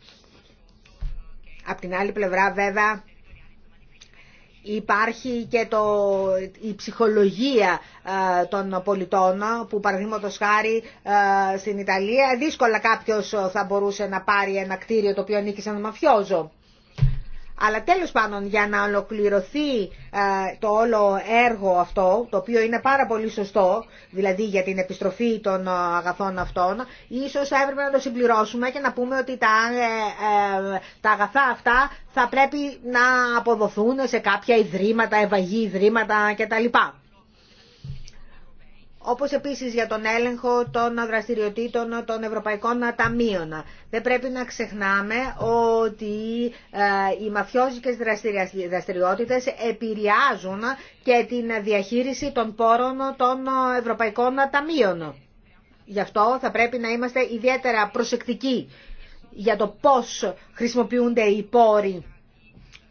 Απ' την άλλη πλευρά βέβαια Υπάρχει και το, η ψυχολογία ε, των πολιτών που παραδείγματο χάρη ε, στην Ιταλία δύσκολα κάποιος θα μπορούσε να πάρει ένα κτίριο το οποίο ανήκει σε ένα μαφιόζο. Αλλά τέλος πάντων για να ολοκληρωθεί ε, το όλο έργο αυτό, το οποίο είναι πάρα πολύ σωστό, δηλαδή για την επιστροφή των ε, αγαθών αυτών, ίσως θα έπρεπε να το συμπληρώσουμε και να πούμε ότι τα, ε, τα αγαθά αυτά θα πρέπει να αποδοθούν σε κάποια ιδρύματα, ευαγή ιδρύματα κτλ όπως επίσης για τον έλεγχο των δραστηριοτήτων των Ευρωπαϊκών Ταμείων. Δεν πρέπει να ξεχνάμε ότι ε, οι μαφιόζικες δραστηριότητες επηρεάζουν και την διαχείριση των πόρων των Ευρωπαϊκών Ταμείων. Γι' αυτό θα πρέπει να είμαστε ιδιαίτερα προσεκτικοί για το πώς χρησιμοποιούνται οι πόροι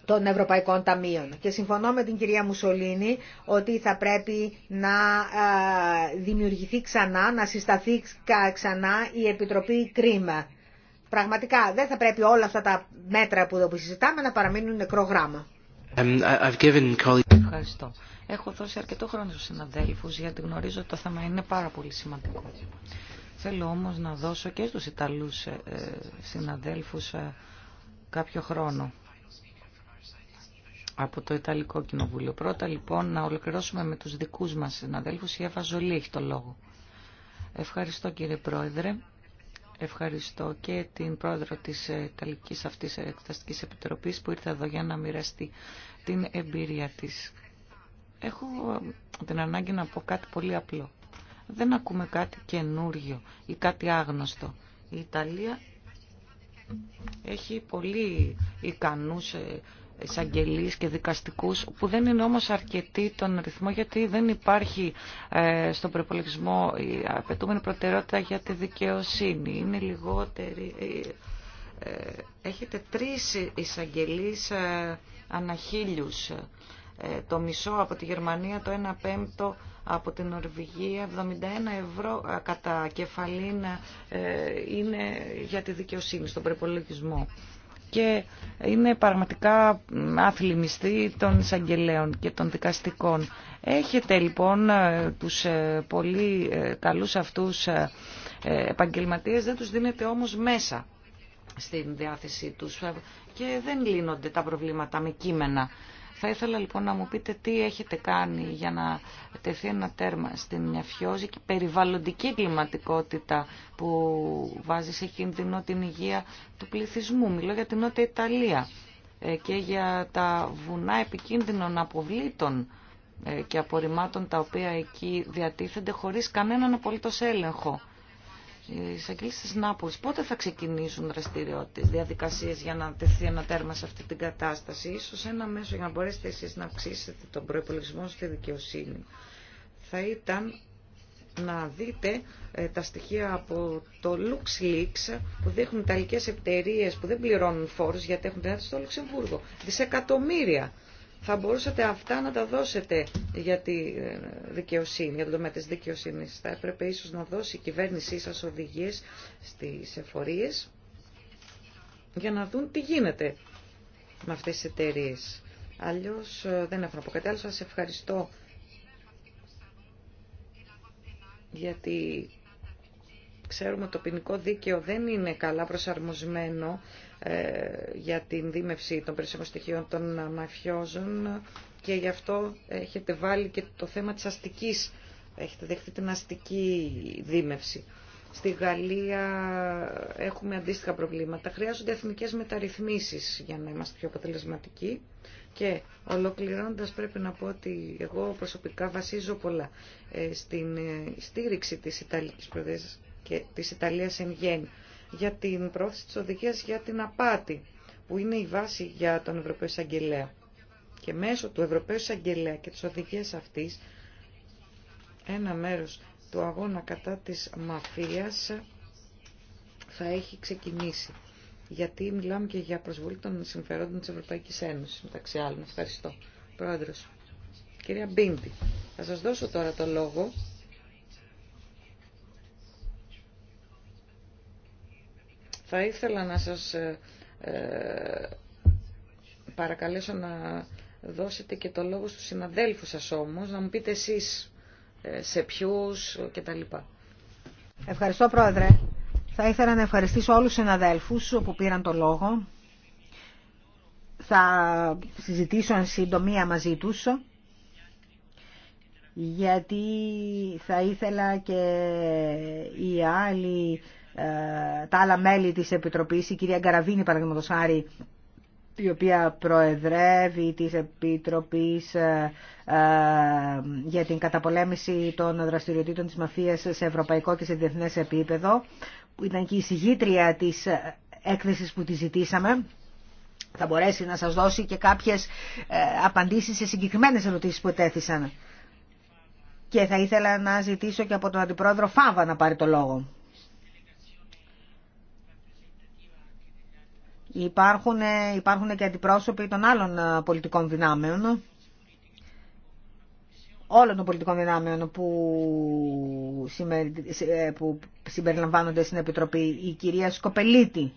των Ευρωπαϊκών Ταμείων. Και συμφωνώ με την κυρία Μουσολίνη ότι θα πρέπει να ε, δημιουργηθεί ξανά, να συσταθεί ξανά η Επιτροπή Κρίμα. Πραγματικά δεν θα πρέπει όλα αυτά τα μέτρα που εδώ συζητάμε να παραμείνουν νεκρό γράμμα. Ευχαριστώ. Έχω δώσει αρκετό χρόνο στους συναδέλφους γιατί γνωρίζω ότι το θέμα είναι πάρα πολύ σημαντικό. Θέλω όμως να δώσω και στους Ιταλούς ε, ε, συναδέλφους κάποιο χρόνο από το Ιταλικό Κοινοβούλιο. Πρώτα λοιπόν να ολοκληρώσουμε με τους δικούς μας συναδέλφους. Η Εύα Ζολή έχει το λόγο. Ευχαριστώ κύριε Πρόεδρε. Ευχαριστώ και την πρόεδρο της ε, Ιταλικής αυτής ε, Εκταστικής Επιτροπής που ήρθε εδώ για να μοιραστεί την εμπειρία της. Έχω ε, την ανάγκη να πω κάτι πολύ απλό. Δεν ακούμε κάτι καινούριο ή κάτι άγνωστο. Η Ιταλία έχει πολύ ικανούς εισαγγελεί και δικαστικού, που δεν είναι όμως αρκετοί τον ρυθμό γιατί δεν υπάρχει ε, στον προπολογισμό η απαιτούμενη προτεραιότητα για τη δικαιοσύνη. Είναι λιγότερη... Ε, ε, έχετε τρεις εισαγγελείς Ε, το μισό από τη Γερμανία, το 1 πέμπτο από την Νορβηγία, 71 ευρώ κατά κεφαλήνα είναι για τη δικαιοσύνη στον προπολογισμό και είναι πραγματικά άθλημιστή των εισαγγελέων και των δικαστικών. Έχετε λοιπόν ε, τους ε, πολύ ε, καλούς αυτούς επαγγελματίες, δεν τους δίνετε όμως μέσα στην διάθεσή τους και δεν λύνονται τα προβλήματα με κείμενα. Θα ήθελα λοιπόν να μου πείτε τι έχετε κάνει για να τεθεί ένα τέρμα στην φιόζικη περιβαλλοντική κλιματικότητα που βάζει σε κίνδυνο την υγεία του πληθυσμού. Μιλώ για την Νότια Ιταλία ε, και για τα βουνά επικίνδυνων αποβλήτων ε, και απορριμμάτων τα οποία εκεί διατίθενται χωρίς κανέναν απολύτως έλεγχο εισαγγελίε τη Νάπολη. Πότε θα ξεκινήσουν δραστηριότητε, διαδικασίες για να τεθεί ένα τέρμα σε αυτή την κατάσταση. Ίσως ένα μέσο για να μπορέσετε εσεί να αυξήσετε τον προϋπολογισμό στη δικαιοσύνη. Θα ήταν να δείτε ε, τα στοιχεία από το LuxLeaks που δείχνουν ιταλικές εταιρείε που δεν πληρώνουν φόρους γιατί έχουν την στο Λουξεμβούργο. Δισεκατομμύρια θα μπορούσατε αυτά να τα δώσετε για τη ε, δικαιοσύνη, για το τομέα της δικαιοσύνης. Θα έπρεπε ίσως να δώσει η κυβέρνησή σας οδηγίες στις εφορίες για να δουν τι γίνεται με αυτές τις εταιρείε. Αλλιώς ε, δεν έχω να πω κάτι άλλο. Σας ευχαριστώ γιατί ξέρουμε ότι το ποινικό δίκαιο δεν είναι καλά προσαρμοσμένο ε, για την δίμευση των περισσότερων στοιχείων των μαφιόζων και γι' αυτό έχετε βάλει και το θέμα της αστικής, έχετε δεχτεί την αστική δίμευση. Στη Γαλλία έχουμε αντίστοιχα προβλήματα. Χρειάζονται εθνικές μεταρρυθμίσεις για να είμαστε πιο αποτελεσματικοί. Και ολοκληρώνοντας πρέπει να πω ότι εγώ προσωπικά βασίζω πολλά ε, στην ε, στήριξη της Ιταλικής Προεδρίας και της Ιταλίας εν γέννη για την πρόθεση της οδηγίας για την απάτη, που είναι η βάση για τον Ευρωπαίο Εισαγγελέα. Και μέσω του Ευρωπαίου Εισαγγελέα και της οδηγίας αυτής, ένα μέρος του αγώνα κατά της μαφίας θα έχει ξεκινήσει. Γιατί μιλάμε και για προσβολή των συμφερόντων της Ευρωπαϊκής Ένωσης, μεταξύ άλλων. Ευχαριστώ. Πρόεδρος. Κυρία Μπίντη, θα σας δώσω τώρα το λόγο Θα ήθελα να σας ε, ε, παρακαλέσω να δώσετε και το λόγο στους συναδέλφους σας όμως, να μου πείτε εσείς ε, σε ποιους λοιπά. Ευχαριστώ Πρόεδρε. Θα ήθελα να ευχαριστήσω όλους τους συναδέλφους που πήραν το λόγο. Θα συζητήσω εν συντομία μαζί τους γιατί θα ήθελα και οι άλλοι ε, τα άλλα μέλη της Επιτροπής, η κυρία Γκαραβίνη παραδείγματος χάρη, η οποία προεδρεύει της Επιτροπής ε, ε, για την καταπολέμηση των δραστηριοτήτων της μαφίας σε ευρωπαϊκό και σε διεθνές επίπεδο, που ήταν και η συγγήτρια της έκθεσης που τη ζητήσαμε, θα μπορέσει να σας δώσει και κάποιες απαντήσεις σε συγκεκριμένες ερωτήσεις που ετέθησαν. Και θα ήθελα να ζητήσω και από τον Αντιπρόεδρο Φάβα να πάρει το λόγο. Υπάρχουν, ε, υπάρχουν και αντιπρόσωποι των άλλων ε, πολιτικών δυνάμεων, όλων των πολιτικών δυνάμεων που, ε, που συμπεριλαμβάνονται στην Επιτροπή. Η κυρία Σκοπελίτη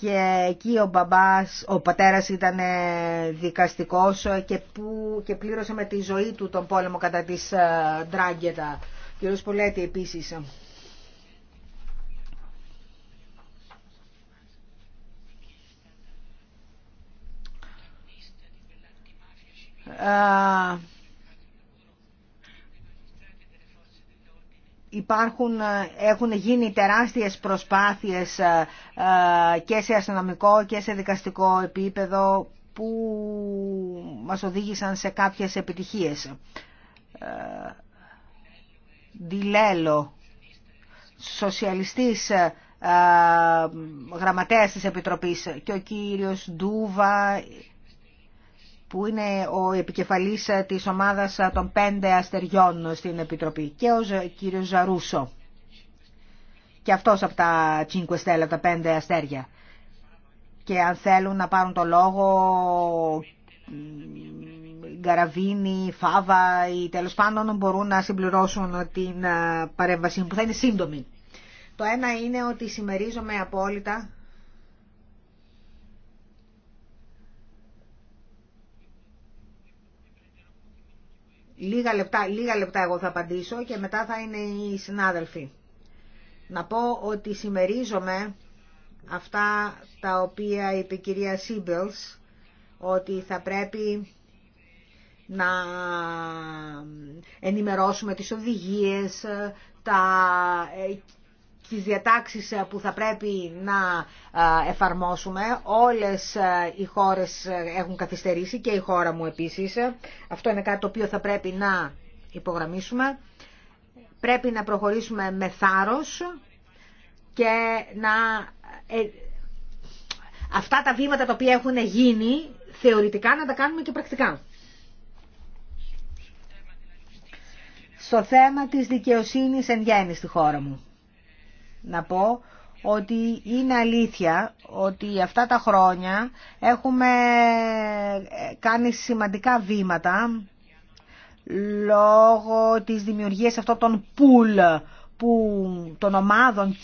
και εκεί ο μπαμπάς, ο πατέρας ήταν δικαστικός και, που, και πλήρωσε με τη ζωή του τον πόλεμο κατά της Ντράγκετα. Κύριος Πολέτη επίσης. Ε, υπάρχουν, έχουν γίνει τεράστιες προσπάθειες ε, και σε αστυνομικό και σε δικαστικό επίπεδο που μας οδήγησαν σε κάποιες επιτυχίες. Ε, Διλέλο, σοσιαλιστής γραμματέας της Επιτροπής και ο κύριος Ντούβα που είναι ο επικεφαλής ε, της ομάδας ε, των πέντε αστεριών στην Επιτροπή και ο κύριος Ζαρούσο. Και αυτός από τα 5 Stella, τα πέντε αστέρια. Και αν θέλουν να πάρουν το λόγο Γκαραβίνη, Φάβα ή τέλος πάντων μπορούν να συμπληρώσουν την ε, παρέμβαση που θα είναι σύντομη. Το ένα είναι ότι συμμερίζομαι απόλυτα Λίγα λεπτά, λίγα λεπτά εγώ θα απαντήσω και μετά θα είναι οι συνάδελφοι. Να πω ότι συμμερίζομαι αυτά τα οποία είπε η κυρία Σίμπελς, ότι θα πρέπει να ενημερώσουμε τις οδηγίες, τα στις διατάξεις ε, που θα πρέπει να ε, εφαρμόσουμε. Όλες ε, οι χώρες έχουν καθυστερήσει και η χώρα μου επίσης. Αυτό είναι κάτι το οποίο θα πρέπει να υπογραμμίσουμε. Πρέπει να προχωρήσουμε με θάρρος και να... Αυτά τα βήματα τα οποία έχουν γίνει θεωρητικά να τα κάνουμε και πρακτικά. στο θέμα της δικαιοσύνης εν γέννη στη χώρα μου να πω ότι είναι αλήθεια ότι αυτά τα χρόνια έχουμε κάνει σημαντικά βήματα λόγω της δημιουργίας αυτών των πουλ που, των, ομάδων,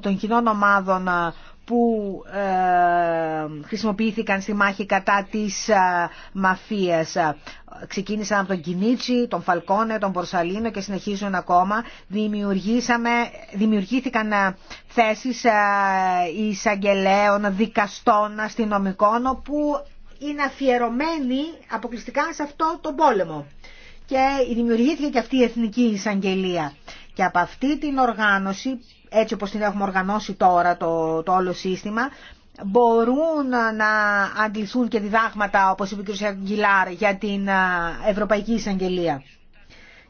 των κοινών ομάδων που ε, χρησιμοποιήθηκαν στη μάχη κατά της ε, μαφίας. Ξεκίνησαν από τον Κινίτσι, τον Φαλκόνε, τον Πορσαλίνο και συνεχίζουν ακόμα. Δημιουργήσαμε, δημιουργήθηκαν ε, θέσεις εισαγγελέων, δικαστών, αστυνομικών που είναι αφιερωμένοι αποκλειστικά σε αυτό τον πόλεμο. Και δημιουργήθηκε και αυτή η Εθνική Εισαγγελία. Και από αυτή την οργάνωση έτσι όπως την έχουμε οργανώσει τώρα το, όλο σύστημα, μπορούν να αντιληφθούν και διδάγματα, όπως είπε ο κ. Αγγιλάρ, για την Ευρωπαϊκή Εισαγγελία.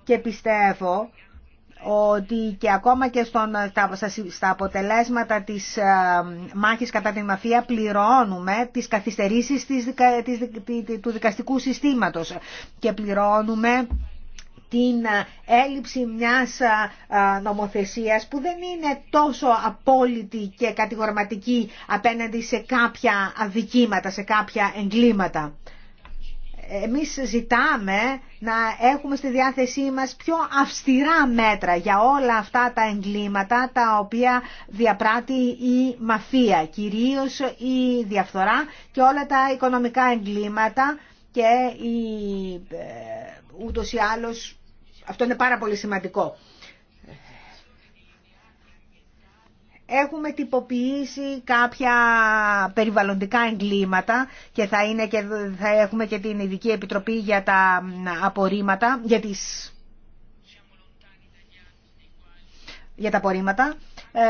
Και πιστεύω ότι και ακόμα και στα, αποτελέσματα της μάχης κατά την μαφία πληρώνουμε τις καθυστερήσεις του δικαστικού συστήματος και πληρώνουμε την ε, έλλειψη μιας ε, ε, νομοθεσίας που δεν είναι τόσο απόλυτη και κατηγορηματική απέναντι σε κάποια αδικήματα, σε κάποια εγκλήματα. Εμείς ζητάμε να έχουμε στη διάθεσή μας πιο αυστηρά μέτρα για όλα αυτά τα εγκλήματα τα οποία διαπράττει η μαφία, κυρίως η διαφθορά και όλα τα οικονομικά εγκλήματα και η, ε, ούτως ή άλλως αυτό είναι πάρα πολύ σημαντικό. Έχουμε τυποποιήσει κάποια περιβαλλοντικά εγκλήματα και θα, είναι και θα έχουμε και την Ειδική Επιτροπή για τα απορρίμματα, για, για τα απορρίμματα. Ε,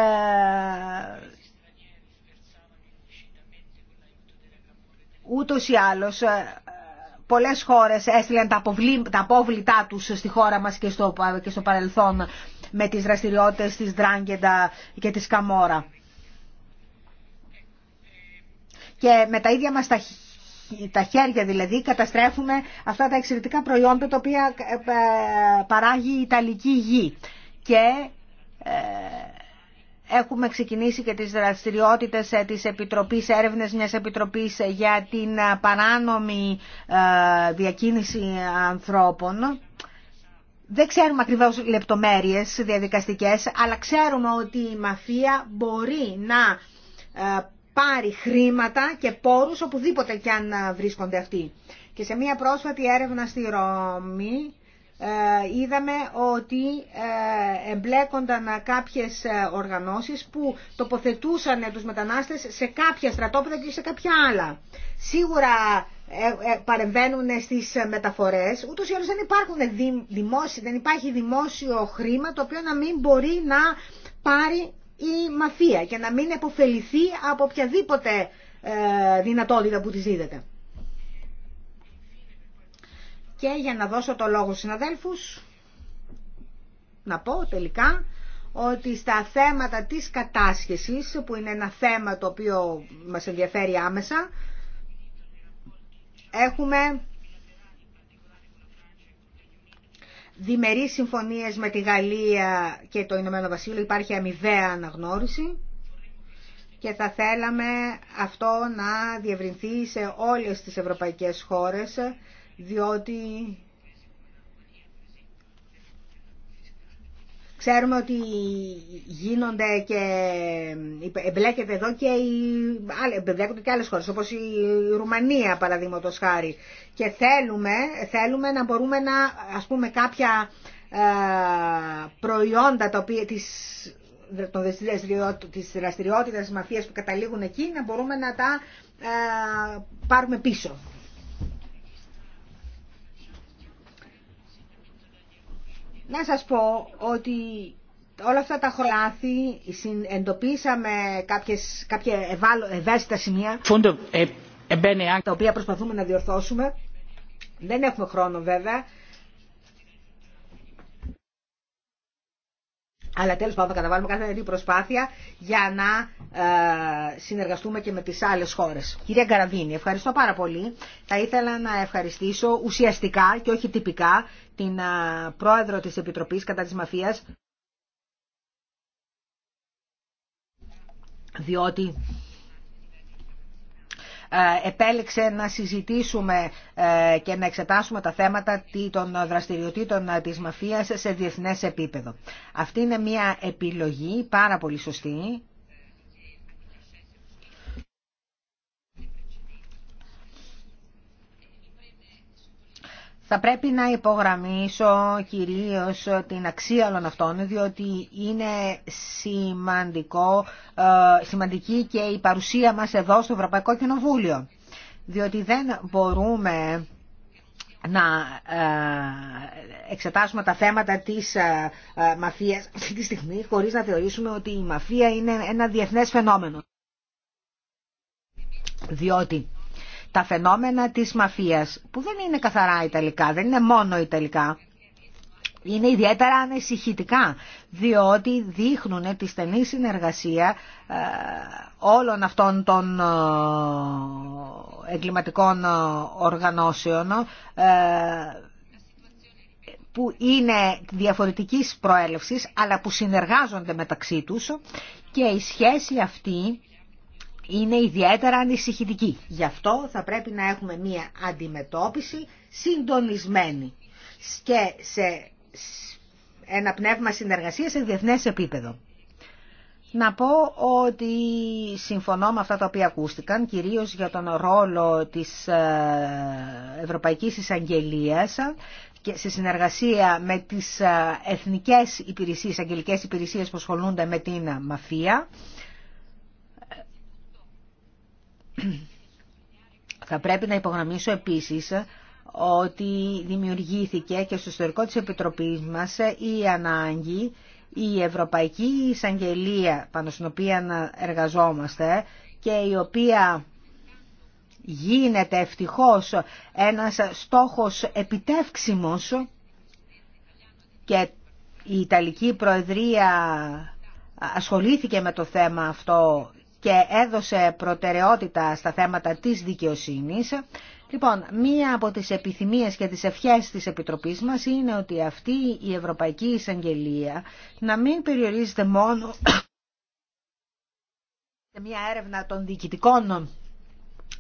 ούτως ή άλλως ε, πολλές χώρες έστειλαν τα, απόβλητά τους στη χώρα μας και στο, και στο παρελθόν με τις δραστηριότητες της Δράγκεντα και της Καμόρα. Και με τα ίδια μας τα τα χέρια δηλαδή καταστρέφουμε αυτά τα εξαιρετικά προϊόντα τα οποία ε, παράγει η Ιταλική γη και ε, Έχουμε ξεκινήσει και τις δραστηριότητες ε, της Επιτροπής Έρευνες, μιας Επιτροπής για την ε, παράνομη ε, διακίνηση ανθρώπων. Δεν ξέρουμε ακριβώς λεπτομέρειες διαδικαστικές, αλλά ξέρουμε ότι η μαφία μπορεί να πάρει χρήματα και πόρους οπουδήποτε κι αν βρίσκονται αυτοί. Και σε μια πρόσφατη έρευνα στη Ρώμη ε, είδαμε ότι ε, εμπλέκονταν κάποιες ε, οργανώσεις που τοποθετούσαν τους μετανάστες σε κάποια στρατόπεδα και σε κάποια άλλα. Σίγουρα παρεμβαίνουν στις μεταφορές, ούτως ή άλλως δεν, υπάρχουν δημόσιο, δεν υπάρχει δημόσιο χρήμα το οποίο να μην μπορεί να πάρει η μαφία και να μην επωφεληθεί από οποιαδήποτε δυνατότητα που τη δίδεται. Και για να δώσω το λόγο στους συναδέλφους, να πω τελικά ότι στα θέματα της κατάσχεσης, που είναι ένα θέμα το οποίο μας ενδιαφέρει άμεσα, έχουμε διμερείς συμφωνίες με τη Γαλλία και το Ηνωμένο Βασίλειο, υπάρχει αμοιβαία αναγνώριση και θα θέλαμε αυτό να διευρυνθεί σε όλες τις ευρωπαϊκές χώρες διότι Ξέρουμε ότι γίνονται και εμπλέκεται εδώ και οι, εμπλέκονται και άλλες χώρες, όπως η Ρουμανία παραδείγματο χάρη. Και θέλουμε, θέλουμε να μπορούμε να, ας πούμε, κάποια ε, προϊόντα τα οποία, της, της δραστηριότητας της μαφίας που καταλήγουν εκεί, να μπορούμε να τα ε, πάρουμε πίσω. Να σας πω ότι όλα αυτά τα χωλάθη εντοπίσαμε κάποιες, κάποια ευαίσθητα σημεία ε, τα οποία προσπαθούμε να διορθώσουμε. Δεν έχουμε χρόνο βέβαια Αλλά τέλο πάντων θα καταβάλουμε κάθε δυνατή προσπάθεια για να ε, συνεργαστούμε και με τι άλλε χώρε. Κυρία Καραβίνη, ευχαριστώ πάρα πολύ. Θα ήθελα να ευχαριστήσω ουσιαστικά και όχι τυπικά την ε, πρόεδρο τη Επιτροπής κατά τη μαφία. διότι ε, επέλεξε να συζητήσουμε ε, και να εξετάσουμε τα θέματα των δραστηριοτήτων ε, της μαφίας σε διεθνές επίπεδο. Αυτή είναι μια επιλογή πάρα πολύ σωστή Θα πρέπει να υπογραμμίσω κυρίως την αξία όλων αυτών, διότι είναι σημαντικό, ε, σημαντική και η παρουσία μας εδώ στο Ευρωπαϊκό Κοινοβούλιο. Διότι δεν μπορούμε να ε, εξετάσουμε τα θέματα της ε, μαφίας (laughs) αυτή τη στιγμή, χωρίς να θεωρήσουμε ότι η μαφία είναι ένα διεθνές φαινόμενο. Διότι τα φαινόμενα της μαφίας, που δεν είναι καθαρά ιταλικά, δεν είναι μόνο ιταλικά. Είναι ιδιαίτερα ανησυχητικά, διότι δείχνουν τη στενή συνεργασία ε, όλων αυτών των ε, εγκληματικών ε, οργανώσεων που είναι διαφορετικής προέλευσης αλλά που συνεργάζονται μεταξύ τους και η σχέση αυτή είναι ιδιαίτερα ανησυχητική. Γι' αυτό θα πρέπει να έχουμε μία αντιμετώπιση συντονισμένη και σε ένα πνεύμα συνεργασίας σε διεθνές επίπεδο. Να πω ότι συμφωνώ με αυτά τα οποία ακούστηκαν, κυρίως για τον ρόλο της ε, Ευρωπαϊκής Εισαγγελίας και σε συνεργασία με τις ε, εθνικές υπηρεσίες, αγγελικές υπηρεσίες που ασχολούνται με την μαφία. Θα πρέπει να υπογραμμίσω επίσης ότι δημιουργήθηκε και στο ιστορικό της Επιτροπής μας η ανάγκη η Ευρωπαϊκή Εισαγγελία πάνω στην οποία εργαζόμαστε και η οποία γίνεται ευτυχώς ένας στόχος επιτεύξιμος και η Ιταλική Προεδρία ασχολήθηκε με το θέμα αυτό και έδωσε προτεραιότητα στα θέματα της δικαιοσύνης. Λοιπόν, μία από τις επιθυμίες και τις ευχές της Επιτροπής μας είναι ότι αυτή η Ευρωπαϊκή Εισαγγελία να μην περιορίζεται μόνο (coughs) σε μία έρευνα των διοικητικών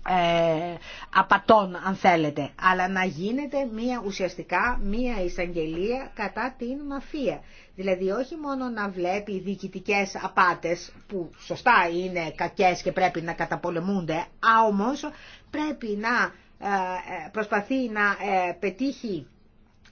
ε, απατών αν θέλετε αλλά να γίνεται μια, ουσιαστικά μια εισαγγελία κατά την μαφία δηλαδή όχι μόνο να βλέπει διοικητικέ απάτες που σωστά είναι κακές και πρέπει να καταπολεμούνται α, όμως πρέπει να ε, ε, προσπαθεί να πετύχει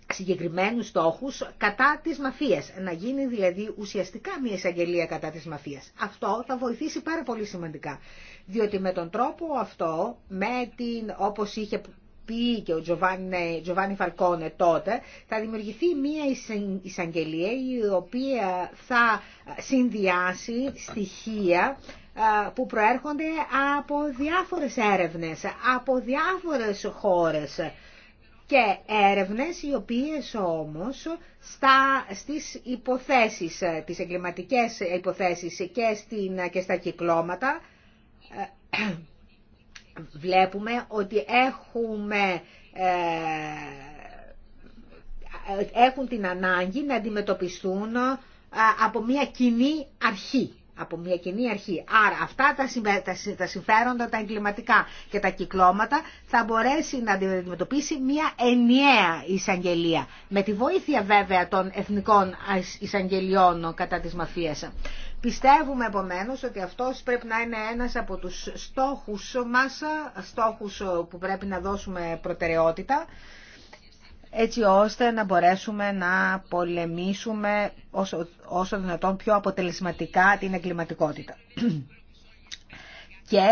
συγκεκριμένους στόχους κατά της μαφίας. Να γίνει δηλαδή ουσιαστικά μια εισαγγελία κατά της μαφίας. Αυτό θα βοηθήσει πάρα πολύ σημαντικά. Διότι με τον τρόπο αυτό, με την, όπως είχε πει και ο Τζοβάνι, Φαλκόνε τότε, θα δημιουργηθεί μία εισαγγελία η οποία θα συνδυάσει στοιχεία ε, που προέρχονται από διάφορες έρευνες, από διάφορες χώρες και έρευνες οι οποίες όμως στα, στις υποθέσεις, ε, τις εγκληματικές υποθέσεις και, στην, και στα κυκλώματα βλέπουμε ότι έχουμε ε, έχουν την ανάγκη να αντιμετωπιστούν ε, από μια κοινή αρχή. Από μια κοινή αρχή. Άρα αυτά τα συμφέροντα, τα εγκληματικά και τα κυκλώματα θα μπορέσει να αντιμετωπίσει μια ενιαία εισαγγελία. Με τη βοήθεια βέβαια των εθνικών εισαγγελιών κατά της μαφίας. Πιστεύουμε επομένως ότι αυτός πρέπει να είναι ένας από τους στόχους μας, στόχους ε, που πρέπει να δώσουμε προτεραιότητα, έτσι ώστε να μπορέσουμε να πολεμήσουμε όσο, όσο δυνατόν πιο αποτελεσματικά την εγκληματικότητα. (clears throat) Και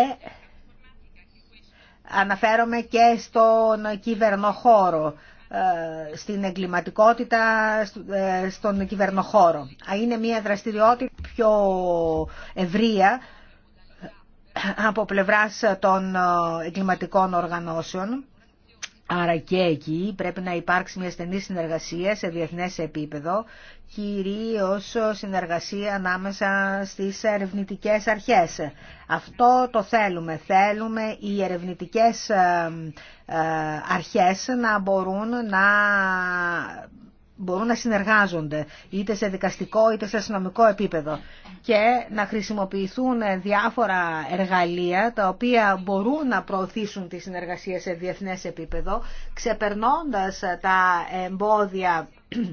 αναφέρομαι και στον κυβερνοχώρο ε, στην εγκληματικότητα ε, στον κυβερνοχώρο. Είναι μια δραστηριότητα πιο ευρεία ε, από πλευράς των εγκληματικών οργανώσεων Άρα και εκεί πρέπει να υπάρξει μια στενή συνεργασία σε διεθνές επίπεδο, κυρίως συνεργασία ανάμεσα στις ερευνητικές αρχές. Αυτό το θέλουμε. Θέλουμε οι ερευνητικές ε, ε, αρχές να μπορούν να μπορούν να συνεργάζονται είτε σε δικαστικό είτε σε αστυνομικό επίπεδο και να χρησιμοποιηθούν ε, διάφορα εργαλεία τα οποία μπορούν να προωθήσουν τη συνεργασία σε διεθνές επίπεδο ξεπερνώντας ε, τα εμπόδια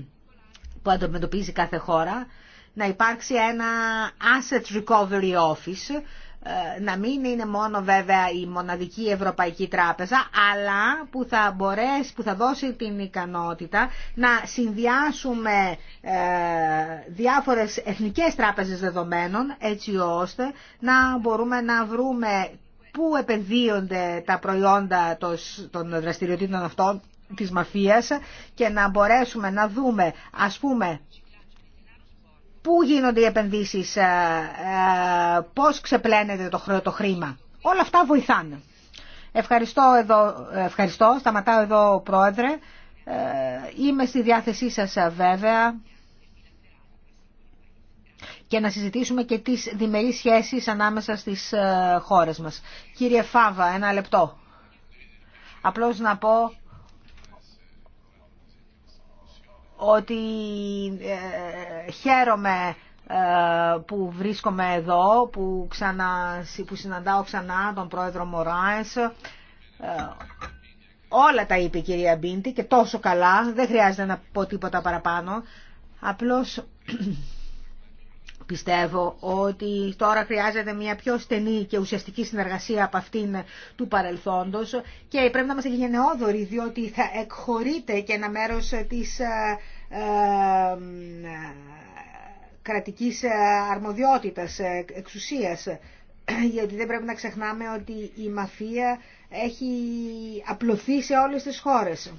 (clears throat) που αντιμετωπίζει κάθε χώρα να υπάρξει ένα Asset Recovery Office ε, να μην είναι μόνο βέβαια η μοναδική Ευρωπαϊκή Τράπεζα, αλλά που θα μπορέσει, που θα δώσει την ικανότητα να συνδυάσουμε ε, διάφορες εθνικές τράπεζες δεδομένων, έτσι ώστε να μπορούμε να βρούμε πού επενδύονται τα προϊόντα των δραστηριοτήτων αυτών της μαφίας και να μπορέσουμε να δούμε, ας πούμε, πού γίνονται οι επενδύσεις, ε, ε, πώς ξεπλένεται το χρήμα. Όλα αυτά βοηθάνε. Ευχαριστώ, εδώ, ε, ευχαριστώ. Σταματάω εδώ, Πρόεδρε. Είμαι στη διάθεσή σας βέβαια και να συζητήσουμε και τις διμερείς σχέσεις ανάμεσα στις χώρες μας. Κύριε Φάβα, ένα λεπτό. Απλώς να πω ότι ε, χαίρομαι ε, που βρίσκομαι εδώ, που, ξανά, που συναντάω ξανά τον πρόεδρο Μωράες. Ε, όλα τα είπε η κυρία Μπίντη και τόσο καλά, δεν χρειάζεται να πω τίποτα παραπάνω. Απλώς Πιστεύω ότι τώρα χρειάζεται μια πιο στενή και ουσιαστική συνεργασία από αυτήν του παρελθόντος και πρέπει να είμαστε γενναιόδοροι διότι θα εκχωρείται και ένα μέρος της ε, ε, ε, κρατικής αρμοδιότητας, εξουσίας γιατί δεν πρέπει να ξεχνάμε ότι η μαφία έχει απλωθεί σε όλες τις χώρες.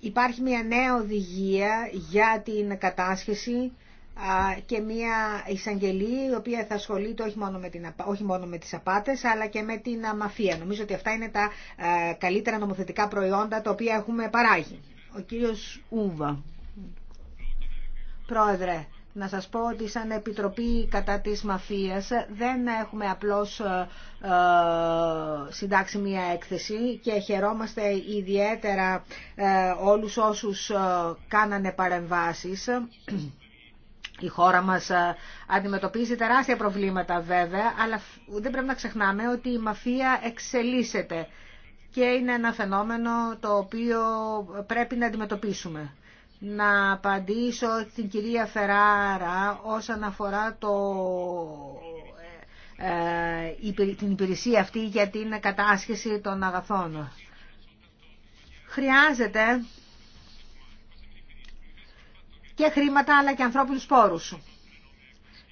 υπάρχει μια νέα οδηγία για την κατάσχεση και μια εισαγγελία η οποία θα ασχολείται όχι μόνο, με την, όχι μόνο με τις απάτες αλλά και με την αμαφία. Νομίζω ότι αυτά είναι τα καλύτερα νομοθετικά προϊόντα τα οποία έχουμε παράγει. Ο κύριος Ούβα. Πρόεδρε, να σας πω ότι σαν Επιτροπή κατά της μαφίας δεν έχουμε απλώς ε, ε, συντάξει μία έκθεση και χαιρόμαστε ιδιαίτερα ε, όλους όσους κάνανε παρεμβάσεις. Η χώρα μας αντιμετωπίζει τεράστια προβλήματα βέβαια, αλλά δεν πρέπει να ξεχνάμε ότι η μαφία εξελίσσεται και είναι ένα φαινόμενο το οποίο πρέπει να αντιμετωπίσουμε να απαντήσω την κυρία Φεράρα όσον αφορά το, ε, ε, την υπηρεσία αυτή για την κατάσχεση των αγαθών. Χρειάζεται και χρήματα αλλά και ανθρώπινους πόρους.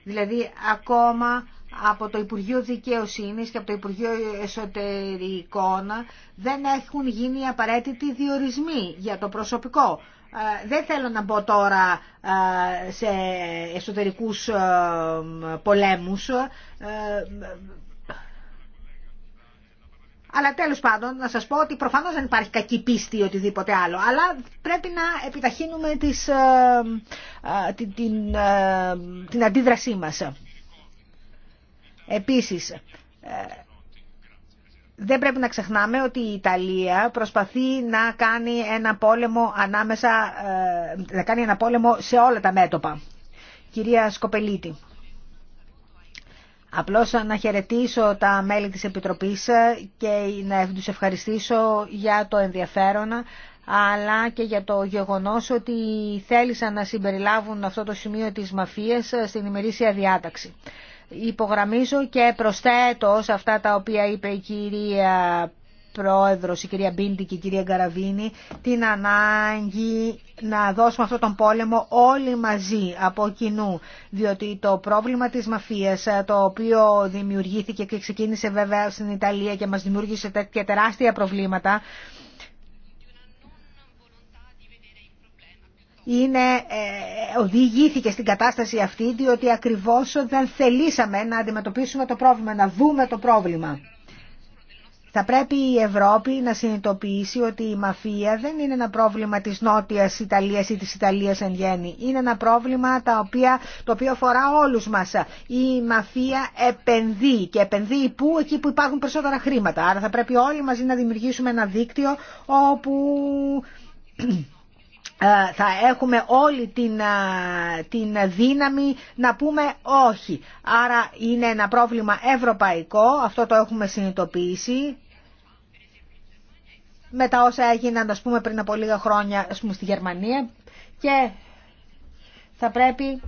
Δηλαδή ακόμα από το Υπουργείο Δικαιοσύνης και από το Υπουργείο Εσωτερικών δεν έχουν γίνει απαραίτητοι διορισμοί για το προσωπικό. Ε, δεν θέλω να μπω τώρα ε, σε εσωτερικούς ε, πολέμους, αλλά τέλος πάντων να σας πω ότι προφανώς δεν υπάρχει κακή πίστη ή οτιδήποτε άλλο. Αλλά πρέπει να επιταχύνουμε την, την, την αντίδρασή μας. Επίσης, δεν πρέπει να ξεχνάμε ότι η Ιταλία προσπαθεί να κάνει ένα πόλεμο ανάμεσα, ε, να κάνει ένα πόλεμο σε όλα τα μέτωπα. Κυρία Σκοπελίτη. Απλώς να χαιρετήσω τα μέλη της Επιτροπής και να τους ευχαριστήσω για το ενδιαφέρον αλλά και για το γεγονός ότι θέλησαν να συμπεριλάβουν αυτό το σημείο της μαφίας στην ημερήσια διάταξη υπογραμμίζω και προσθέτω σε αυτά τα οποία είπε η κυρία Πρόεδρος, η κυρία Μπίντι και η κυρία Γκαραβίνη, την ανάγκη να δώσουμε αυτόν τον πόλεμο όλοι μαζί από κοινού. Διότι το πρόβλημα της μαφίας, το οποίο δημιουργήθηκε και ξεκίνησε βέβαια στην Ιταλία και μας δημιούργησε τέτοια τεράστια προβλήματα, είναι, ε, οδηγήθηκε στην κατάσταση αυτή διότι ακριβώς δεν θελήσαμε να αντιμετωπίσουμε το πρόβλημα, να δούμε το πρόβλημα. Θα πρέπει η Ευρώπη να συνειδητοποιήσει ότι η μαφία δεν είναι ένα πρόβλημα της Νότιας Ιταλίας ή της Ιταλίας εν γέννη. Είναι ένα πρόβλημα τα οποία, το οποίο αφορά όλους μας. Η μαφία επενδύει και επενδύει πού, εκεί που υπάρχουν περισσότερα χρήματα. Άρα θα πρέπει όλοι μαζί να δημιουργήσουμε ένα δίκτυο όπου ε, θα έχουμε όλη την, ε, την δύναμη να πούμε όχι. Άρα είναι ένα πρόβλημα ευρωπαϊκό, αυτό το έχουμε συνειδητοποιήσει. Με τα όσα έγιναν, ας πούμε, πριν από λίγα χρόνια στη Γερμανία και θα πρέπει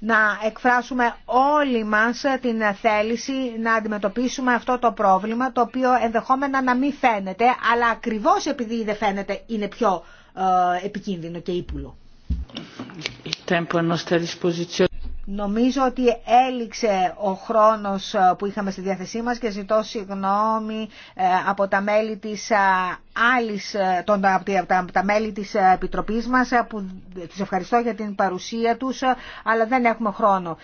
να εκφράσουμε όλοι μας ε, την θέληση να αντιμετωπίσουμε αυτό το πρόβλημα το οποίο ενδεχόμενα να μην φαίνεται αλλά ακριβώς επειδή δεν φαίνεται είναι πιο ε, επικίνδυνο και ύπουλο. Νομίζω ότι έληξε ο χρόνος ε, που είχαμε στη διάθεσή μας και ζητώ συγγνώμη ε, από τα μέλη της ε, άλλης, τον, από τα, μέλη της Επιτροπής μας που τους ευχαριστώ για την παρουσία τους αλλά δεν έχουμε χρόνο.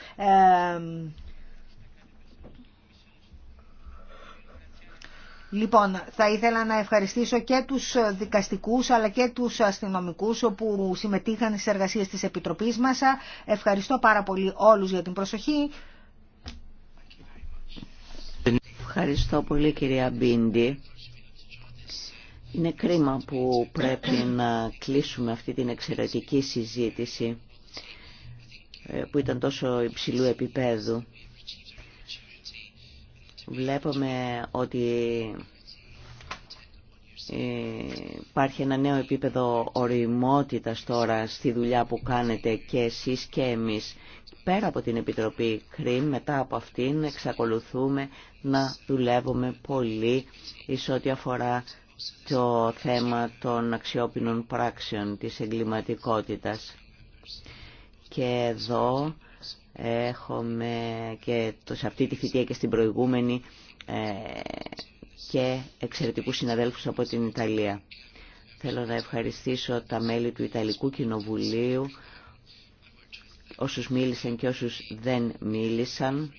Λοιπόν, θα ήθελα να ευχαριστήσω και τους δικαστικούς αλλά και τους αστυνομικούς που συμμετείχαν στις εργασίες της Επιτροπής μας. Ευχαριστώ πάρα πολύ όλους για την προσοχή. Ευχαριστώ πολύ κυρία Μπίντι. Είναι κρίμα που πρέπει να κλείσουμε αυτή την εξαιρετική συζήτηση ε, που ήταν τόσο υψηλού επίπεδου. Βλέπουμε ότι υπάρχει ένα νέο επίπεδο οριμότητας τώρα στη δουλειά που κάνετε και εσείς και εμείς. Πέρα από την Επιτροπή ΚΡΙΜ, μετά από αυτήν εξακολουθούμε να δουλεύουμε πολύ εις ό,τι αφορά το θέμα των αξιόπινων πράξεων της εγκληματικότητας. Και εδώ Έχουμε και σε αυτή τη θητεία και στην προηγούμενη ε, και εξαιρετικούς συναδέλφους από την Ιταλία. Θέλω να ευχαριστήσω τα μέλη του Ιταλικού Κοινοβουλίου, όσους μίλησαν και όσους δεν μίλησαν.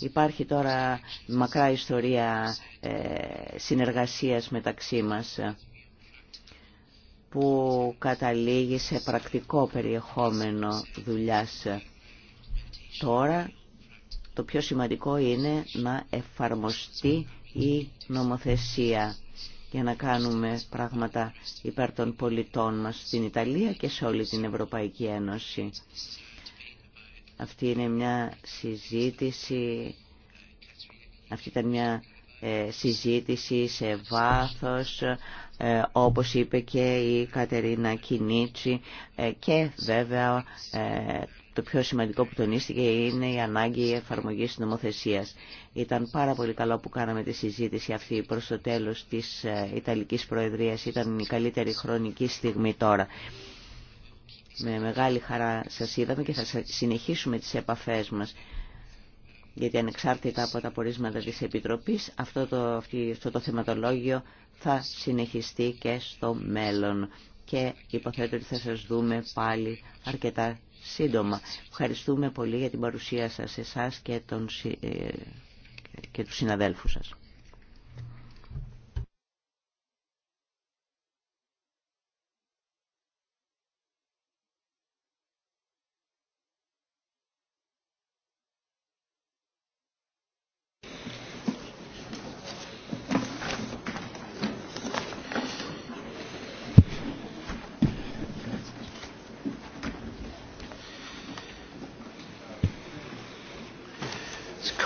Υπάρχει τώρα μακρά ιστορία ε, συνεργασίας μεταξύ μας που καταλήγει σε πρακτικό περιεχόμενο δουλειάς. Τώρα το πιο σημαντικό είναι να εφαρμοστεί η νομοθεσία για να κάνουμε πράγματα υπέρ των πολιτών μας στην Ιταλία και σε όλη την Ευρωπαϊκή Ένωση. Αυτή είναι μια συζήτηση, αυτή ήταν μια ε, συζήτηση σε βάθος ε, όπως είπε και η Κατερίνα Κινίτσι ε, και βέβαια ε, το πιο σημαντικό που τονίστηκε είναι η ανάγκη εφαρμογής νομοθεσίας. Ήταν πάρα πολύ καλό που κάναμε τη συζήτηση αυτή προς το τέλος της Ιταλικής Προεδρίας. Ήταν η καλύτερη χρονική στιγμή τώρα. Με μεγάλη χαρά σας είδαμε και θα συνεχίσουμε τις επαφές μας. Γιατί ανεξάρτητα από τα πορίσματα της Επιτροπής, αυτό αυτό το θεματολόγιο θα συνεχιστεί και στο μέλλον και υποθέτω ότι θα σας δούμε πάλι αρκετά σύντομα. Ευχαριστούμε πολύ για την παρουσία σας εσάς και, τον, ε, και τους συναδέλφους σας.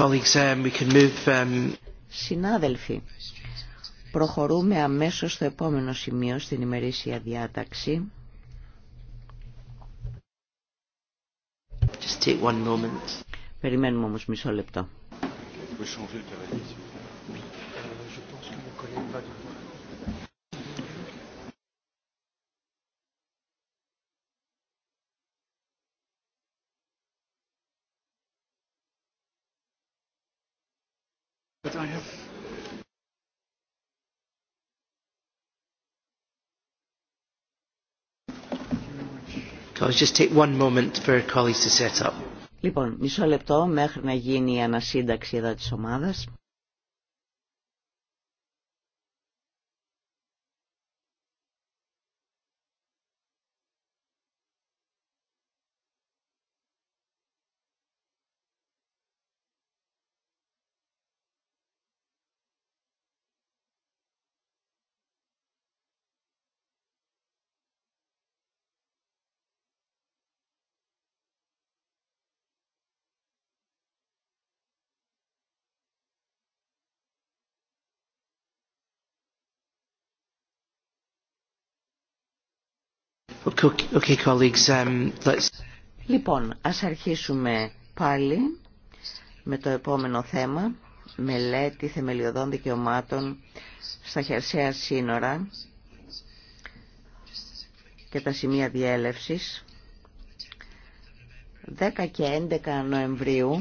Um, um, Συνάδελφοι, προχωρούμε αμέσως στο επόμενο σημείο στην ημερήσια διάταξη. Περιμένουμε όμως μισό λεπτό. Λοιπόν, μισό λεπτό μέχρι να γίνει η ανασύνταξη εδώ της ομάδας. Um, λοιπόν, ας αρχίσουμε πάλι με το επόμενο θέμα, μελέτη θεμελιωδών δικαιωμάτων στα χερσαία σύνορα και τα σημεία διέλευσης. 10 και 11 Νοεμβρίου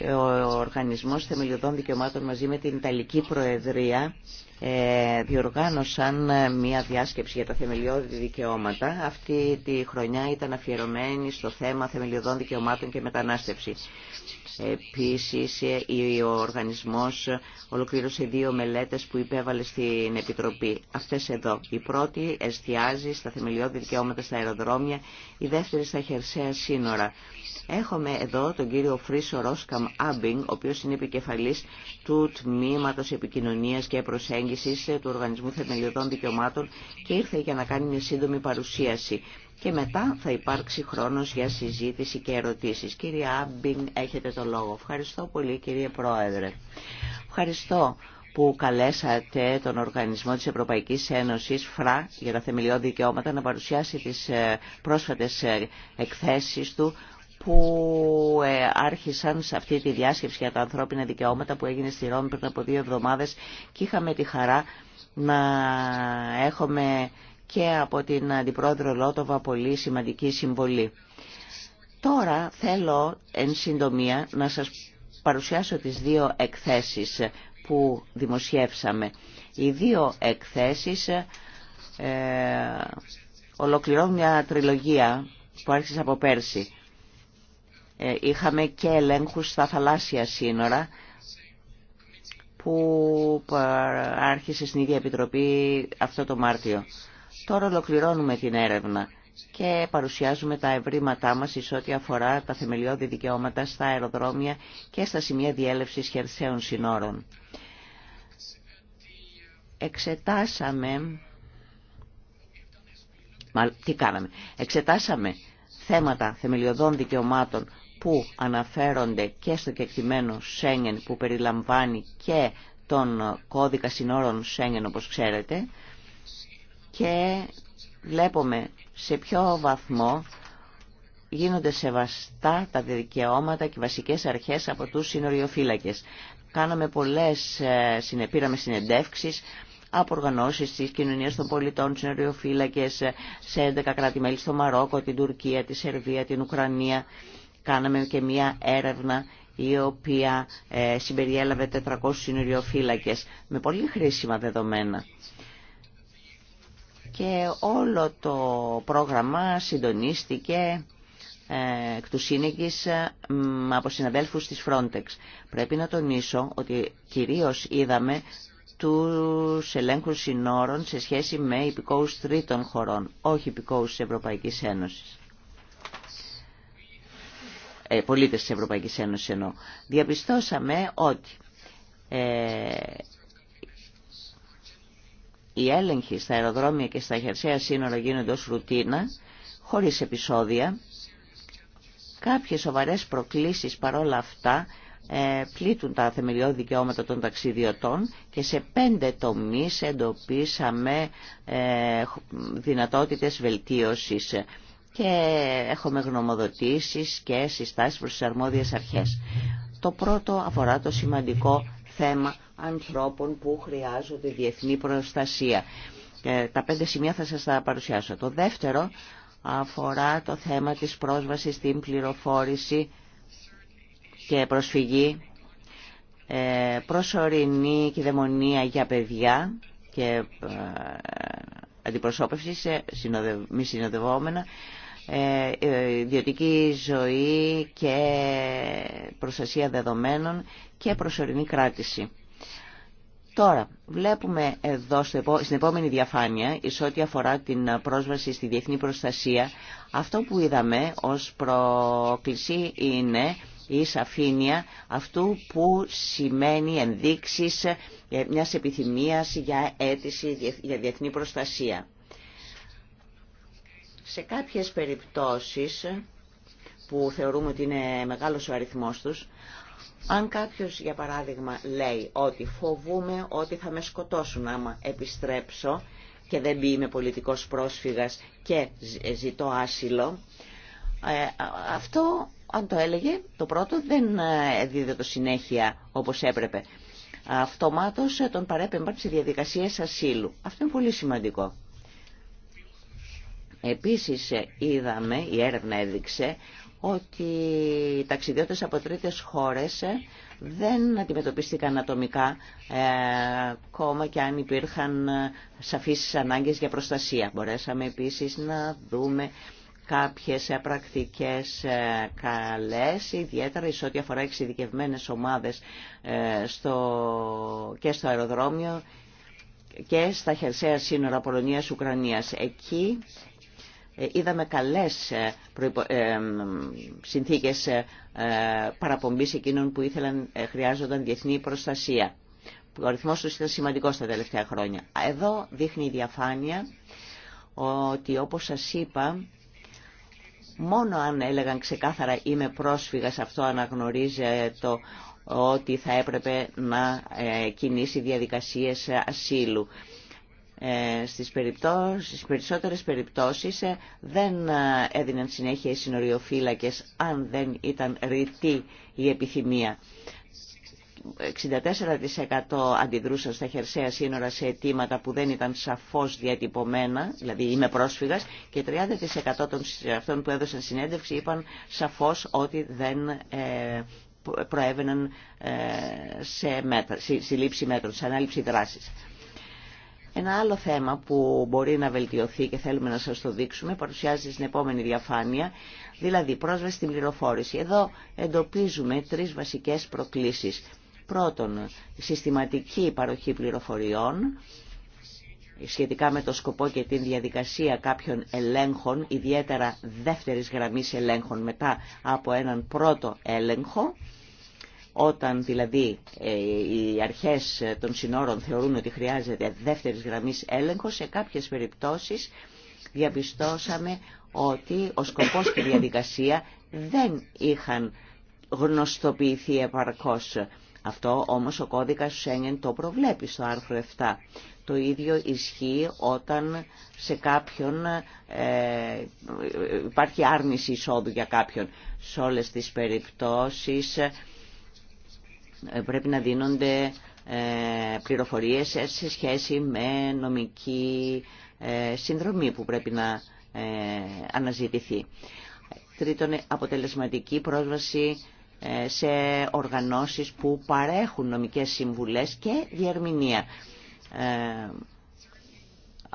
ο Οργανισμός Θεμελιωδών Δικαιωμάτων μαζί με την Ιταλική Προεδρία ε, διοργάνωσαν ε, μια διάσκεψη για τα θεμελιώδη δικαιώματα. Αυτή τη χρονιά ήταν αφιερωμένη στο θέμα θεμελιωδών δικαιωμάτων και μετανάστευση. Επίσης, ε, ο οργανισμός ολοκλήρωσε δύο μελέτες που υπέβαλε στην Επιτροπή. Αυτές εδώ. Η πρώτη εστιάζει στα θεμελιώδη δικαιώματα στα αεροδρόμια, η δεύτερη στα χερσαία σύνορα. Έχουμε εδώ τον κύριο Φρίσο Ρόσκαμ Άμπινγκ, ο οποίος είναι επικεφαλής του Τμήματος Επικοινωνίας και Προσέγγισης του Οργανισμού Θεμελιωδών Δικαιωμάτων και ήρθε για να κάνει μια σύντομη παρουσίαση. Και μετά θα υπάρξει χρόνος για συζήτηση και ερωτήσεις. Κύριε Άμπινγκ, έχετε το λόγο. Ευχαριστώ πολύ κύριε Πρόεδρε. Ευχαριστώ που καλέσατε τον Οργανισμό της Ευρωπαϊκής Ένωσης, ΦΡΑ, για τα θεμελιώδη δικαιώματα, να παρουσιάσει τις ε, πρόσφατες ε, εκθέσεις του που ε, άρχισαν σε αυτή τη διάσκεψη για τα ανθρώπινα δικαιώματα που έγινε στη Ρώμη πριν από δύο εβδομάδες και είχαμε τη χαρά να έχουμε και από την Αντιπρόεδρο Λότοβα πολύ σημαντική συμβολή. Τώρα θέλω εν συντομία να σας παρουσιάσω τις δύο εκθέσεις που δημοσιεύσαμε. Οι δύο εκθέσεις ε, ολοκληρώνουν μια τριλογία που άρχισε από πέρσι. Ε, είχαμε και ελέγχους στα θαλάσσια σύνορα που άρχισε στην ίδια Επιτροπή αυτό το Μάρτιο. Τώρα ολοκληρώνουμε την έρευνα και παρουσιάζουμε τα ευρήματά μας εις ό,τι αφορά τα θεμελιώδη δικαιώματα στα αεροδρόμια και στα σημεία διέλευσης χερσαίων συνόρων. Εξετάσαμε... τι κάναμε. Εξετάσαμε θέματα θεμελιωδών δικαιωμάτων που αναφέρονται και στο κεκτημένο Σέγγεν που περιλαμβάνει και τον κώδικα συνόρων Σέγγεν όπως ξέρετε και βλέπουμε σε ποιο βαθμό γίνονται σεβαστά τα δικαιώματα και βασικές αρχές από τους συνοριοφύλακες. Κάναμε πολλές, ε, πήραμε συνεντεύξεις από οργανώσεις της κοινωνίας των πολιτών, συνοριοφύλακες ε, σε 11 κράτη-μέλη στο Μαρόκο, την Τουρκία, τη Σερβία, την Ουκρανία Κάναμε και μια έρευνα η οποία ε, συμπεριέλαβε 400 συνοριοφύλακες με πολύ χρήσιμα δεδομένα. Και όλο το πρόγραμμα συντονίστηκε ε, εκ του σύνεγγης από συναδέλφους της Frontex. Πρέπει να τονίσω ότι κυρίως είδαμε τους ελέγχους συνόρων σε σχέση με υπηκόους τρίτων χωρών, όχι υπηκόους της Ευρωπαϊκής Ένωσης. Ε, πολίτες της Ευρωπαϊκής Ένωσης ενώ, Διαπιστώσαμε ότι ε, οι έλεγχοι στα αεροδρόμια και στα χερσαία σύνορα γίνονται ως ρουτίνα, χωρίς επεισόδια. Κάποιες σοβαρές προκλήσεις παρόλα αυτά ε, πλήττουν τα θεμελιώδη δικαιώματα των ταξιδιωτών και σε πέντε τομείς εντοπίσαμε δυνατότητες βελτίωσης και έχουμε γνωμοδοτήσεις και συστάσεις προς τις αρμόδιες αρχές. Το πρώτο αφορά το σημαντικό θέμα ανθρώπων που χρειάζονται διεθνή προστασία. Ε, τα πέντε σημεία θα σας τα παρουσιάσω. Το δεύτερο αφορά το θέμα της πρόσβασης στην πληροφόρηση και προσφυγή, ε, προσωρινή κυδαιμονία για παιδιά και ε, αντιπροσώπευση σε μη συνοδευόμενα, ε, ε, ιδιωτική ζωή και προστασία δεδομένων και προσωρινή κράτηση. Τώρα, βλέπουμε εδώ στην επόμενη διαφάνεια, εις ό,τι αφορά την πρόσβαση στη διεθνή προστασία, αυτό που είδαμε ως προκλησή είναι η σαφήνεια αυτού που σημαίνει ενδείξεις ε, μιας επιθυμίας για αίτηση για διεθνή προστασία. Σε κάποιες περιπτώσεις που θεωρούμε ότι είναι μεγάλος ο αριθμός τους, αν κάποιος για παράδειγμα λέει ότι φοβούμε ότι θα με σκοτώσουν άμα επιστρέψω και δεν είμαι πολιτικός πρόσφυγας και ε, ζητώ άσυλο, ε, αυτό αν το έλεγε το πρώτο δεν ε, δίδεται συνέχεια όπως έπρεπε. Αυτομάτως τον παρέπεμπαν σε διαδικασίες ασύλου. Αυτό είναι πολύ σημαντικό. Επίσης ε, είδαμε, η έρευνα έδειξε, ότι οι ταξιδιώτες από τρίτες χώρες ε, δεν αντιμετωπίστηκαν ατομικά ε, ακόμα και αν υπήρχαν σαφείς ανάγκες για προστασία. Μπορέσαμε επίσης να δούμε κάποιες πρακτικές καλές, ιδιαίτερα εις ό,τι αφορά εξειδικευμένες ομάδες στο, και στο αεροδρόμιο και στα χερσαία σύνορα Πολωνίας-Ουκρανίας. Εκεί ε, είδαμε καλές ε, προϋπο... ε, συνθήκες ε, παραπομπής εκείνων που ήθελαν, χρειάζονταν διεθνή προστασία. Ο αριθμό τους ήταν σημαντικός τα τελευταία χρόνια. Εδώ δείχνει η διαφάνεια ότι όπως σας είπα, μόνο αν έλεγαν ξεκάθαρα είμαι πρόσφυγας, αυτό αναγνωρίζει το ότι θα έπρεπε να κινήσει διαδικασίες ασύλου. Ε, στις, περιπτώσεις, στις περισσότερες περιπτώσεις ε, δεν ε, έδιναν συνέχεια οι συνοριοφύλακες αν δεν ήταν ρητή η επιθυμία. 64% αντιδρούσαν στα χερσαία σύνορα σε αιτήματα που δεν ήταν σαφώς διατυπωμένα, δηλαδή είμαι πρόσφυγας, και 30% των αυτών που έδωσαν συνέντευξη είπαν σαφώς ότι δεν προέβαιναν σε, σε, λήψη μέτρων, σε ανάληψη δράσης. Ένα άλλο θέμα που μπορεί να βελτιωθεί και θέλουμε να σας το δείξουμε παρουσιάζει στην επόμενη διαφάνεια, δηλαδή πρόσβαση στην πληροφόρηση. Εδώ εντοπίζουμε τρεις βασικές προκλήσεις. Πρώτον, συστηματική παροχή πληροφοριών σχετικά με το σκοπό και την διαδικασία κάποιων ελέγχων, ιδιαίτερα δεύτερης γραμμής ελέγχων μετά από έναν πρώτο έλεγχο όταν δηλαδή ε, οι αρχές των συνόρων θεωρούν ότι χρειάζεται δεύτερης γραμμής έλεγχος, σε κάποιες περιπτώσεις διαπιστώσαμε ότι ο σκοπός και η διαδικασία δεν είχαν γνωστοποιηθεί επαρκώς. Αυτό όμως ο κώδικας Σέγγεν το προβλέπει στο άρθρο 7. Το ίδιο ισχύει όταν σε κάποιον ε, υπάρχει άρνηση εισόδου για κάποιον. Σε όλες τις περιπτώσεις ε, πρέπει να δίνονται ε, πληροφορίες σε σχέση με νομική ε, συνδρομή που πρέπει να αναζητηθεί. Τρίτον, αποτελεσματική πρόσβαση σε οργανώσεις που παρέχουν νομικές συμβουλές και διερμηνία.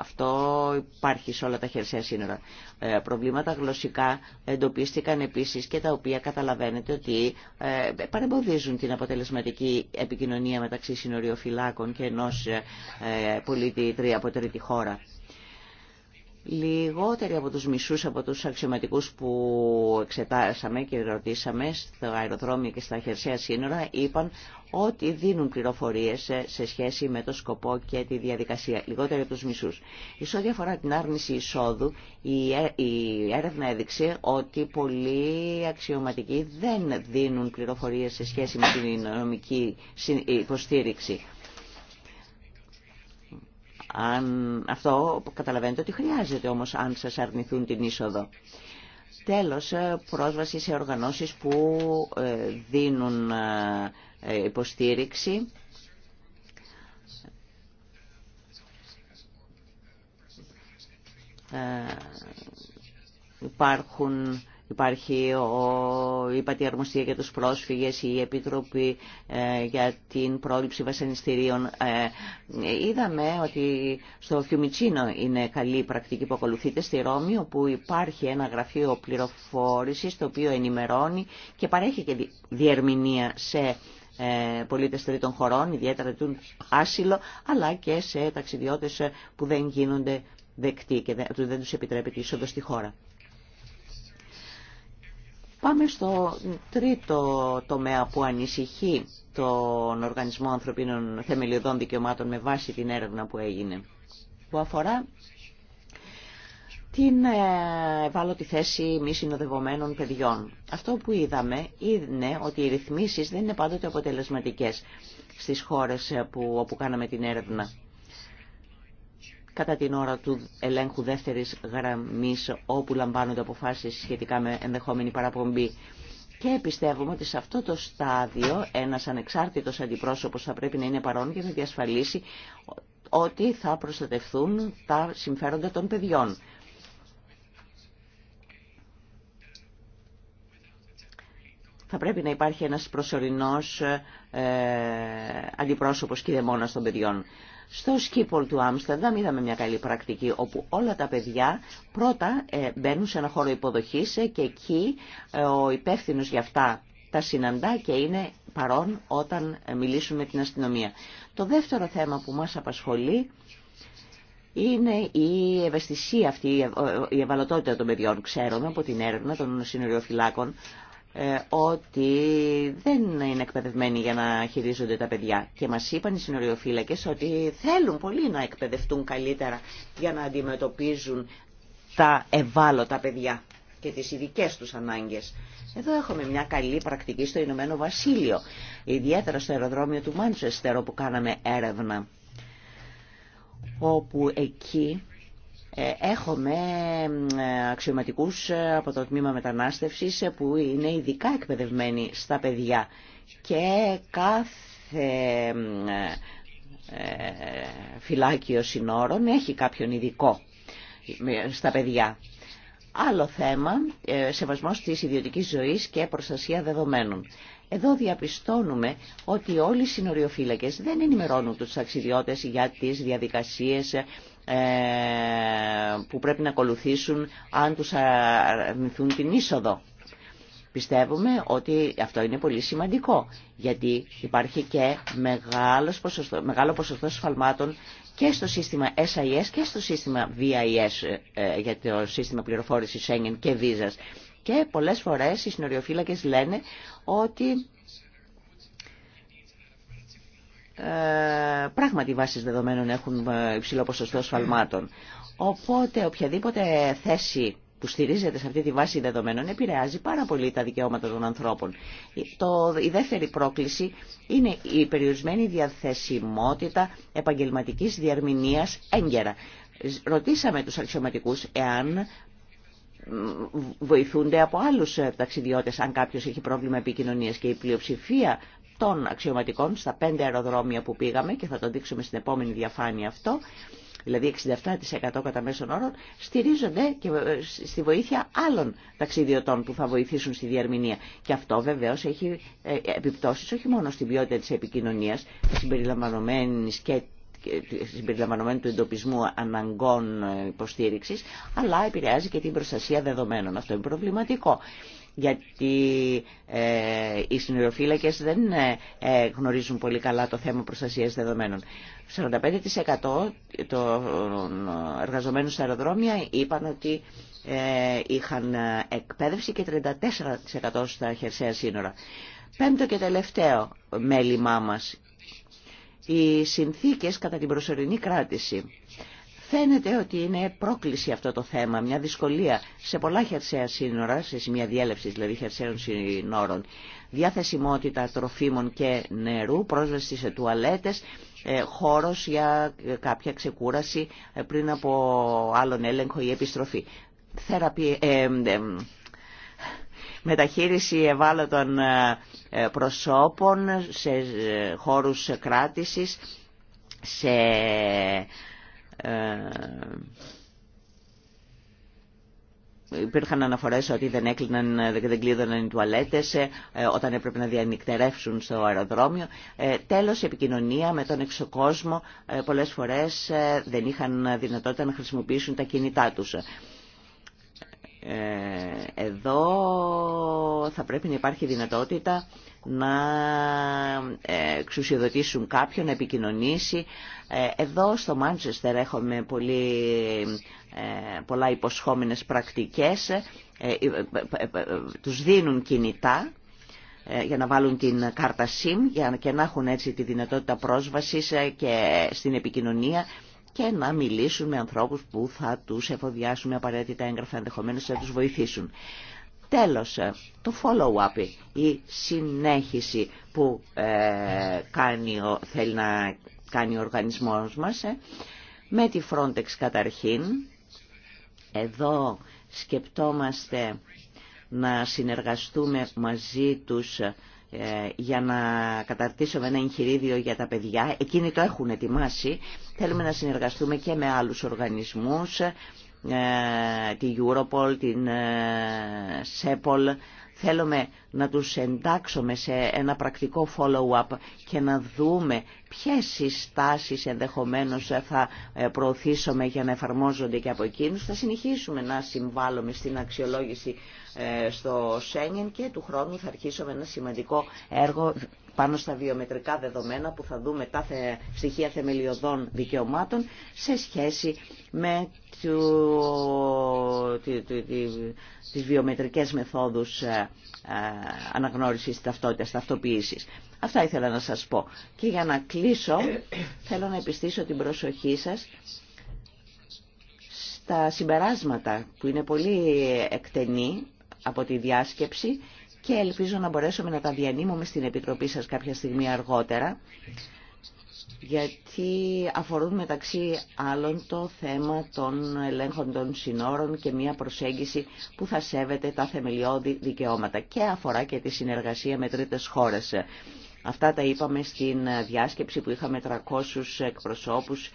Αυτό υπάρχει σε όλα τα χερσαία σύνορα. Ε, προβλήματα γλωσσικά εντοπίστηκαν επίσης και τα οποία καταλαβαίνετε ότι ε, παρεμποδίζουν την αποτελεσματική επικοινωνία μεταξύ συνοριοφυλάκων και ενός ε, ε πολίτη από τρίτη χώρα. Λιγότεροι από τους μισούς από τους αξιωματικούς που εξετάσαμε και ρωτήσαμε στο αεροδρόμιο και στα χερσαία σύνορα είπαν ότι δίνουν πληροφορίες σε σχέση με το σκοπό και τη διαδικασία. Λιγότεροι από τους μισούς. Εις ό,τι αφορά την άρνηση εισόδου, η έρευνα έδειξε ότι πολλοί αξιωματικοί δεν δίνουν πληροφορίες σε σχέση με την νομική υποστήριξη. Αν, αυτό καταλαβαίνετε ότι χρειάζεται όμως αν σας αρνηθούν την είσοδο. Τέλος, ε, πρόσβαση σε οργανώσεις που ε, δίνουν ε, υποστήριξη υπάρχουν Υπάρχει ο, η Πατιαρμοστία για τους πρόσφυγες, η Επιτροπή ε, για την πρόληψη βασανιστήριων. Ε, είδαμε ότι στο Φιουμιτσίνο είναι καλή η πρακτική που ακολουθείται στη Ρώμη, όπου υπάρχει ένα γραφείο πληροφόρησης το οποίο ενημερώνει και παρέχει και διερμηνία σε ε, πολίτες τρίτων χωρών, ιδιαίτερα του άσυλο, αλλά και σε ταξιδιώτες που δεν γίνονται δεκτοί και δεν τους επιτρέπεται η στη χώρα. Πάμε στο τρίτο τομέα που ανησυχεί τον Οργανισμό Ανθρωπίνων Θεμελιωδών Δικαιωμάτων με βάση την έρευνα που έγινε, που αφορά την ε, ευάλωτη θέση μη συνοδευομένων παιδιών. Αυτό που είδαμε είναι ότι οι ρυθμίσεις δεν είναι πάντοτε αποτελεσματικές στις χώρες ε, που, όπου κάναμε την έρευνα κατά την ώρα του ελέγχου δεύτερης γραμμής όπου λαμβάνονται αποφάσεις σχετικά με ενδεχόμενη παραπομπή. Και πιστεύουμε ότι σε αυτό το στάδιο ένας ανεξάρτητος αντιπρόσωπος θα πρέπει να είναι παρόν για να διασφαλίσει ότι θα προστατευθούν τα συμφέροντα των παιδιών. Θα πρέπει να υπάρχει ένας προσωρινός ε, αντιπρόσωπος και δαιμόνας των παιδιών. Στο Σκύπολ του Άμστερνταμ είδαμε μια καλή πρακτική όπου όλα τα παιδιά πρώτα ε, μπαίνουν σε ένα χώρο υποδοχής ε, και εκεί ε, ο υπεύθυνο για αυτά τα συναντά και είναι παρόν όταν μιλήσουν με την αστυνομία. Το δεύτερο θέμα που μας απασχολεί είναι η ευαισθησία αυτή, η ευαλωτότητα των παιδιών. Ξέρουμε από την έρευνα των συνοριοφυλάκων ε, ότι δεν είναι εκπαιδευμένοι για να χειρίζονται τα παιδιά. Και μας είπαν οι συνοριοφύλακες ότι θέλουν πολύ να εκπαιδευτούν καλύτερα για να αντιμετωπίζουν τα ευάλωτα παιδιά και τις ειδικέ τους ανάγκες. Εδώ έχουμε μια καλή πρακτική στο Ηνωμένο Βασίλειο, ιδιαίτερα στο αεροδρόμιο του Μάντσεστερ όπου κάναμε έρευνα, όπου εκεί ε, έχουμε αξιωματικούς ε, από το Τμήμα Μετανάστευσης ε, που είναι ειδικά εκπαιδευμένοι στα παιδιά και κάθε φυλάκιο συνόρων έχει κάποιον ειδικό στα παιδιά. Άλλο θέμα, σεβασμός της ιδιωτικής ζωής και προστασία δεδομένων. Εδώ διαπιστώνουμε ότι όλοι οι συνοριοφύλακες δεν ενημερώνουν τους ταξιδιώτες για τις διαδικασίες ε, που πρέπει να ακολουθήσουν αν τους αρνηθούν την είσοδο. Πιστεύουμε ότι αυτό είναι πολύ σημαντικό, γιατί υπάρχει και ποσοστό, μεγάλο ποσοστό σφαλμάτων και στο σύστημα SIS και στο σύστημα VIS ε, ε, για το σύστημα πληροφόρησης Schengen και Visas. Και πολλές φορές οι συνοριοφύλακες λένε ότι ε, πράγματι οι βάσεις δεδομένων έχουν ε, υψηλό ποσοστό σφαλμάτων. Οπότε οποιαδήποτε θέση που στηρίζεται σε αυτή τη βάση δεδομένων επηρεάζει πάρα πολύ τα δικαιώματα των ανθρώπων. Ε, το, η δεύτερη πρόκληση είναι η περιορισμένη διαθεσιμότητα επαγγελματικής διαρμηνίας έγκαιρα. Ρωτήσαμε τους αξιωματικούς εάν βοηθούνται από άλλους ταξιδιώτες αν κάποιος έχει πρόβλημα επικοινωνίας και η πλειοψηφία 100 αξιωματικών στα πέντε αεροδρόμια που πήγαμε και θα το δείξουμε στην επόμενη διαφάνεια αυτό δηλαδή 67% κατά μέσον όρο, στηρίζονται και ε, στη βοήθεια άλλων ταξιδιωτών που θα βοηθήσουν στη διαρμηνία. Και αυτό βεβαίω έχει ε, επιπτώσει όχι μόνο στην ποιότητα τη επικοινωνία, συμπεριλαμβανομένη και συμπεριλαμβανομένου του εντοπισμού αναγκών ε, υποστήριξη, αλλά επηρεάζει και την προστασία δεδομένων. Αυτό είναι προβληματικό γιατί ε, οι συνοριοφύλακες δεν ε, ε, γνωρίζουν πολύ καλά το θέμα προστασίας δεδομένων. 45% των εργαζομένων στα αεροδρόμια είπαν ότι είχαν εκπαίδευση και 34% στα χερσαία σύνορα. Πέμπτο και τελευταίο μέλημά μας, οι συνθήκες κατά την προσωρινή κράτηση. Φαίνεται ότι είναι πρόκληση αυτό το θέμα, μια δυσκολία σε πολλά χερσαία σύνορα, σε σημεία διέλευση δηλαδή χερσαίων σύνορων. Διαθεσιμότητα τροφίμων και νερού, πρόσβαση σε τουαλέτες, ε, χώρος για ε, κάποια ξεκούραση ε, πριν από άλλον έλεγχο ή επιστροφή. Θεραπεία, ε, ε, μεταχείριση ευάλωτων προσώπων σε χώρους κράτησης, σε ε, υπήρχαν αναφορέ ότι δεν, έκλειναν, δεν κλείδωναν οι τουαλέτες ε, όταν έπρεπε να διανυκτερεύσουν στο αεροδρόμιο. Ε, τέλος, η επικοινωνία με τον εξωκόσμο πολλές φορές δεν είχαν δυνατότητα να χρησιμοποιήσουν τα κινητά τους. εδώ θα πρέπει να υπάρχει δυνατότητα να ε, εξουσιοδοτήσουν κάποιον, να επικοινωνήσει. Ε, εδώ στο Μάντσεστερ έχουμε πολύ, ε, πολλά υποσχόμενες πρακτικές. Τους δίνουν κινητά για να βάλουν την κάρτα SIM και να έχουν έτσι τη δυνατότητα πρόσβασης και στην επικοινωνία και να μιλήσουν με ανθρώπους που θα τους εφοδιάσουν με απαραίτητα έγγραφα ενδεχομένως να τους βοηθήσουν. Τέλος, ε, το follow-up, η συνέχιση που ε, κάνει, θέλει να κάνει ο οργανισμός μας, ε, με τη Frontex καταρχήν. Εδώ σκεπτόμαστε να συνεργαστούμε μαζί τους ε, για να καταρτήσουμε ένα εγχειρίδιο για τα παιδιά. Εκείνοι το έχουν ετοιμάσει. Θέλουμε να συνεργαστούμε και με άλλους οργανισμούς ε, τη Europol, την Σέπολ. Ε, Θέλουμε να τους εντάξουμε σε ένα πρακτικό follow-up και να δούμε ποιες συστάσεις ενδεχομένως θα ε, προωθήσουμε για να εφαρμόζονται και από εκείνους. Θα συνεχίσουμε να συμβάλλουμε στην αξιολόγηση ε, στο Σένιεν και του χρόνου θα αρχίσουμε ένα σημαντικό έργο πάνω στα βιομετρικά δεδομένα που θα δούμε τα στοιχεία θεμελιωδών δικαιωμάτων σε σχέση με τις βιομετρικές μεθόδους ε, ε, αναγνώρισης ταυτότητας, ταυτοποίησης. Αυτά ήθελα να σας πω. Και για να κλείσω, θέλω να επιστήσω την προσοχή σας στα συμπεράσματα που είναι πολύ εκτενή από τη διάσκεψη και ελπίζω να μπορέσουμε να τα διανύμουμε στην Επιτροπή σας κάποια στιγμή αργότερα γιατί αφορούν μεταξύ άλλων το θέμα των ελέγχων των συνόρων και μια προσέγγιση που θα σέβεται τα θεμελιώδη δικαιώματα και αφορά και τη συνεργασία με τρίτες χώρες. Αυτά τα είπαμε στην διάσκεψη που είχαμε 300 εκπροσώπους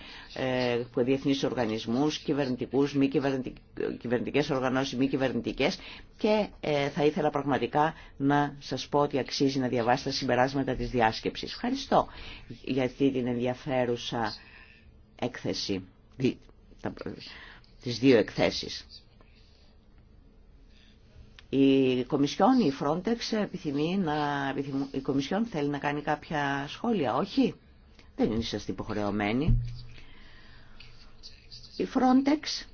από ε, διεθνείς οργανισμούς, κυβερνητικούς, μη κυβερνητικ... κυβερνητικές οργανώσεις, μη κυβερνητικές και ε, θα ήθελα πραγματικά να σας πω ότι αξίζει να διαβάσετε τα συμπεράσματα της διάσκεψης. Ευχαριστώ για αυτή την ενδιαφέρουσα έκθεση, τι δύο εκθέσεις. Η Κομισιόν, η Frontex επιθυμεί να... Η Κομισιόν θέλει να κάνει κάποια σχόλια, όχι. Δεν είσαστε υποχρεωμένοι. Η Frontex...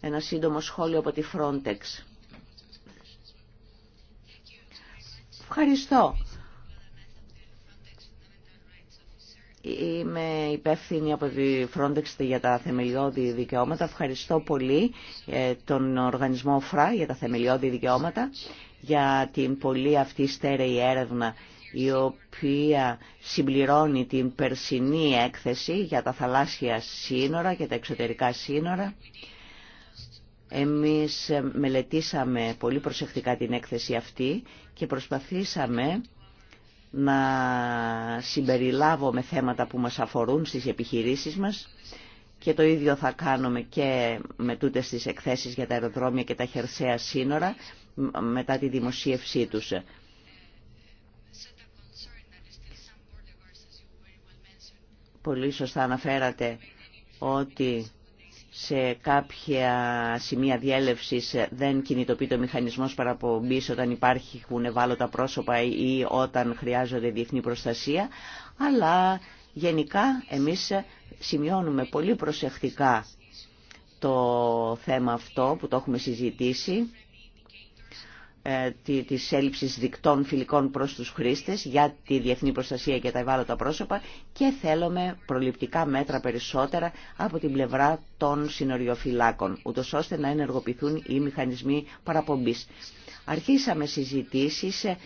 Ένα σύντομο σχόλιο από τη Frontex. Ευχαριστώ. Είμαι υπεύθυνη από τη Frontex για τα θεμελιώδη δικαιώματα. Ευχαριστώ πολύ ε, τον οργανισμό ΦΡΑ για τα θεμελιώδη δικαιώματα, για την πολύ αυτή στέρεη έρευνα η οποία συμπληρώνει την περσινή έκθεση για τα θαλάσσια σύνορα και τα εξωτερικά σύνορα. Εμείς μελετήσαμε πολύ προσεκτικά την έκθεση αυτή και προσπαθήσαμε να συμπεριλάβω με θέματα που μας αφορούν στις επιχειρήσεις μας και το ίδιο θα κάνουμε και με τούτες τις εκθέσεις για τα αεροδρόμια και τα χερσαία σύνορα μετά τη δημοσίευσή τους. Πολύ σωστά αναφέρατε ότι σε κάποια σημεία διέλευσης δεν κινητοποιεί το μηχανισμός παραπομπής όταν υπάρχουν ευάλωτα πρόσωπα ή όταν χρειάζονται διεθνή προστασία, αλλά γενικά εμείς σημειώνουμε πολύ προσεκτικά το θέμα αυτό που το έχουμε συζητήσει ε, της έλλειψης δικτών φιλικών προς τους χρήστες για τη διεθνή προστασία και τα ευάλωτα πρόσωπα και θέλουμε προληπτικά μέτρα περισσότερα από την πλευρά των συνοριοφυλάκων, ούτως ώστε να ενεργοποιηθούν οι μηχανισμοί παραπομπής. Αρχίσαμε συζητήσεις ε,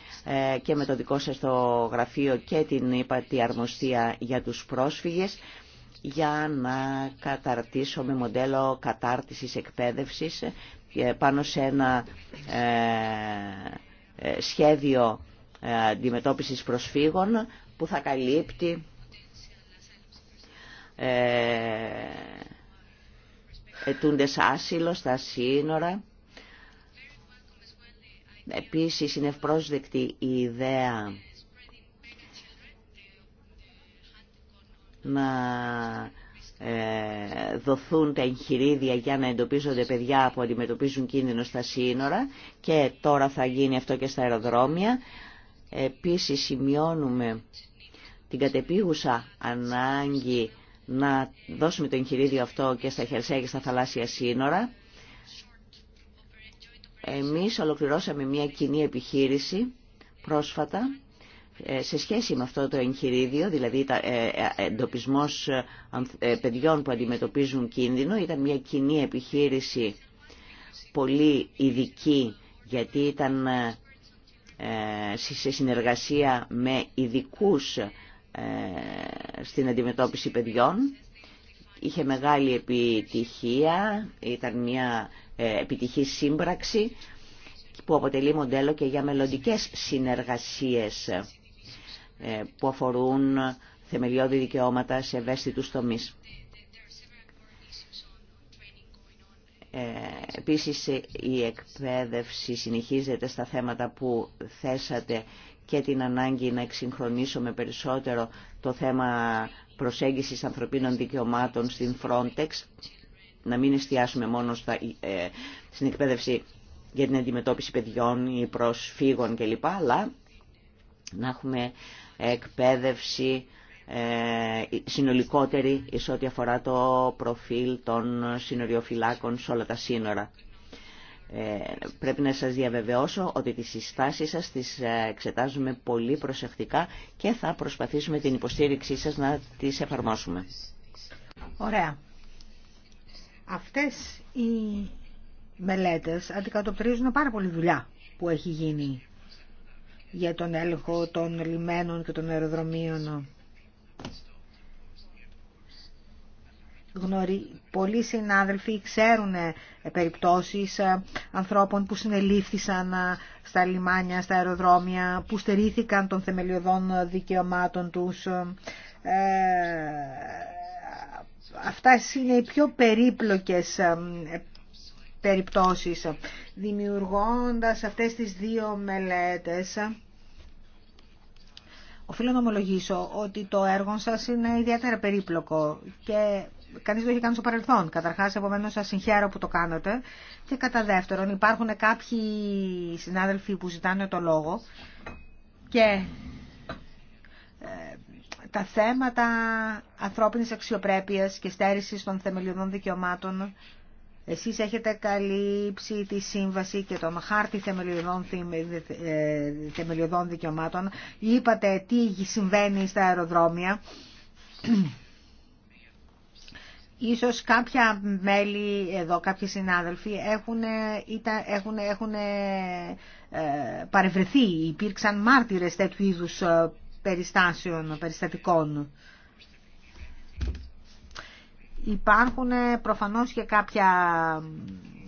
και με το δικό σας το γραφείο και την ύπατη αρμοστία για τους πρόσφυγες για να καταρτήσουμε μοντέλο κατάρτισης εκπαίδευσης πάνω σε ένα ε, ε, σχέδιο ε, αντιμετώπισης προσφύγων που θα καλύπτει ετούντες άσυλο στα σύνορα. Επίσης είναι ευπρόσδεκτη η ιδέα να ε, δοθούν τα εγχειρίδια για να εντοπίζονται παιδιά που αντιμετωπίζουν κίνδυνο στα σύνορα και τώρα θα γίνει αυτό και στα αεροδρόμια. Επίσης σημειώνουμε την κατεπίγουσα ανάγκη να δώσουμε το εγχειρίδιο αυτό και στα χερσαία και στα θαλάσσια σύνορα. Εμείς ολοκληρώσαμε μια κοινή επιχείρηση πρόσφατα ε, σε σχέση με αυτό το εγχειρίδιο, δηλαδή τα, ε, ε, εντοπισμός παιδιών που αντιμετωπίζουν κίνδυνο, ήταν μια κοινή επιχείρηση πολύ ειδική, γιατί ήταν σε συνεργασία με ειδικού στην αντιμετώπιση παιδιών. Είχε μεγάλη επιτυχία, ήταν μια επιτυχή σύμπραξη που αποτελεί μοντέλο και για μελλοντικές συνεργασίες ε, που αφορούν θεμελιώδη δικαιώματα σε ευαίσθητους τομείς. Ε, επίσης η εκπαίδευση συνεχίζεται στα θέματα που θέσατε και την ανάγκη να εξυγχρονίσουμε περισσότερο το θέμα προσέγγισης ανθρωπίνων δικαιωμάτων στην Frontex, να μην εστιάσουμε μόνο στα, ε, στην εκπαίδευση για την αντιμετώπιση παιδιών ή προσφύγων κλπ, αλλά να έχουμε εκπαίδευση ε, συνολικότερη σε ό,τι αφορά το προφίλ των συνοριοφυλάκων σε όλα τα σύνορα. Ε, πρέπει να σας διαβεβαιώσω ότι τις συστάσεις σας τις ε, εξετάζουμε πολύ προσεκτικά και θα προσπαθήσουμε την υποστήριξή σας να τις εφαρμόσουμε. Ωραία. Αυτές οι μελέτες αντικατοπτρίζουν πάρα πολύ δουλειά που έχει γίνει για τον έλεγχο των λιμένων και των αεροδρομίων. Γνωρί... Πολλοί συνάδελφοι ξέρουν ε, περιπτώσεις ε, ανθρώπων που συνελήφθησαν ε, στα λιμάνια, στα αεροδρόμια, που στερήθηκαν των θεμελιωδών δικαιωμάτων τους. Αυτά είναι οι πιο περίπλοκες περιπτώσεις. Δημιουργώντας αυτές τις δύο μελέτες, οφείλω να ομολογήσω ότι το έργο σας είναι ιδιαίτερα περίπλοκο και κανείς το έχει κάνει στο παρελθόν. Καταρχάς, επομένω σας συγχαίρω που το κάνετε. Και κατά δεύτερον, υπάρχουν κάποιοι συνάδελφοι που ζητάνε το λόγο και ε, τα θέματα ανθρώπινης αξιοπρέπειας και στέρησης των θεμελιωδών δικαιωμάτων εσείς έχετε καλύψει τη σύμβαση και τον χάρτη θεμελιωδών, ε, θεμελιωδών δικαιωμάτων. Είπατε τι συμβαίνει στα αεροδρόμια. Ίσως κάποια μέλη εδώ, κάποιοι συνάδελφοι έχουν, ήταν, έχουν, έχουν ε, παρευρεθεί, υπήρξαν μάρτυρες τέτοιου είδους ε, περιστάσεων, περιστατικών. Υπάρχουν προφανώς και κάποια,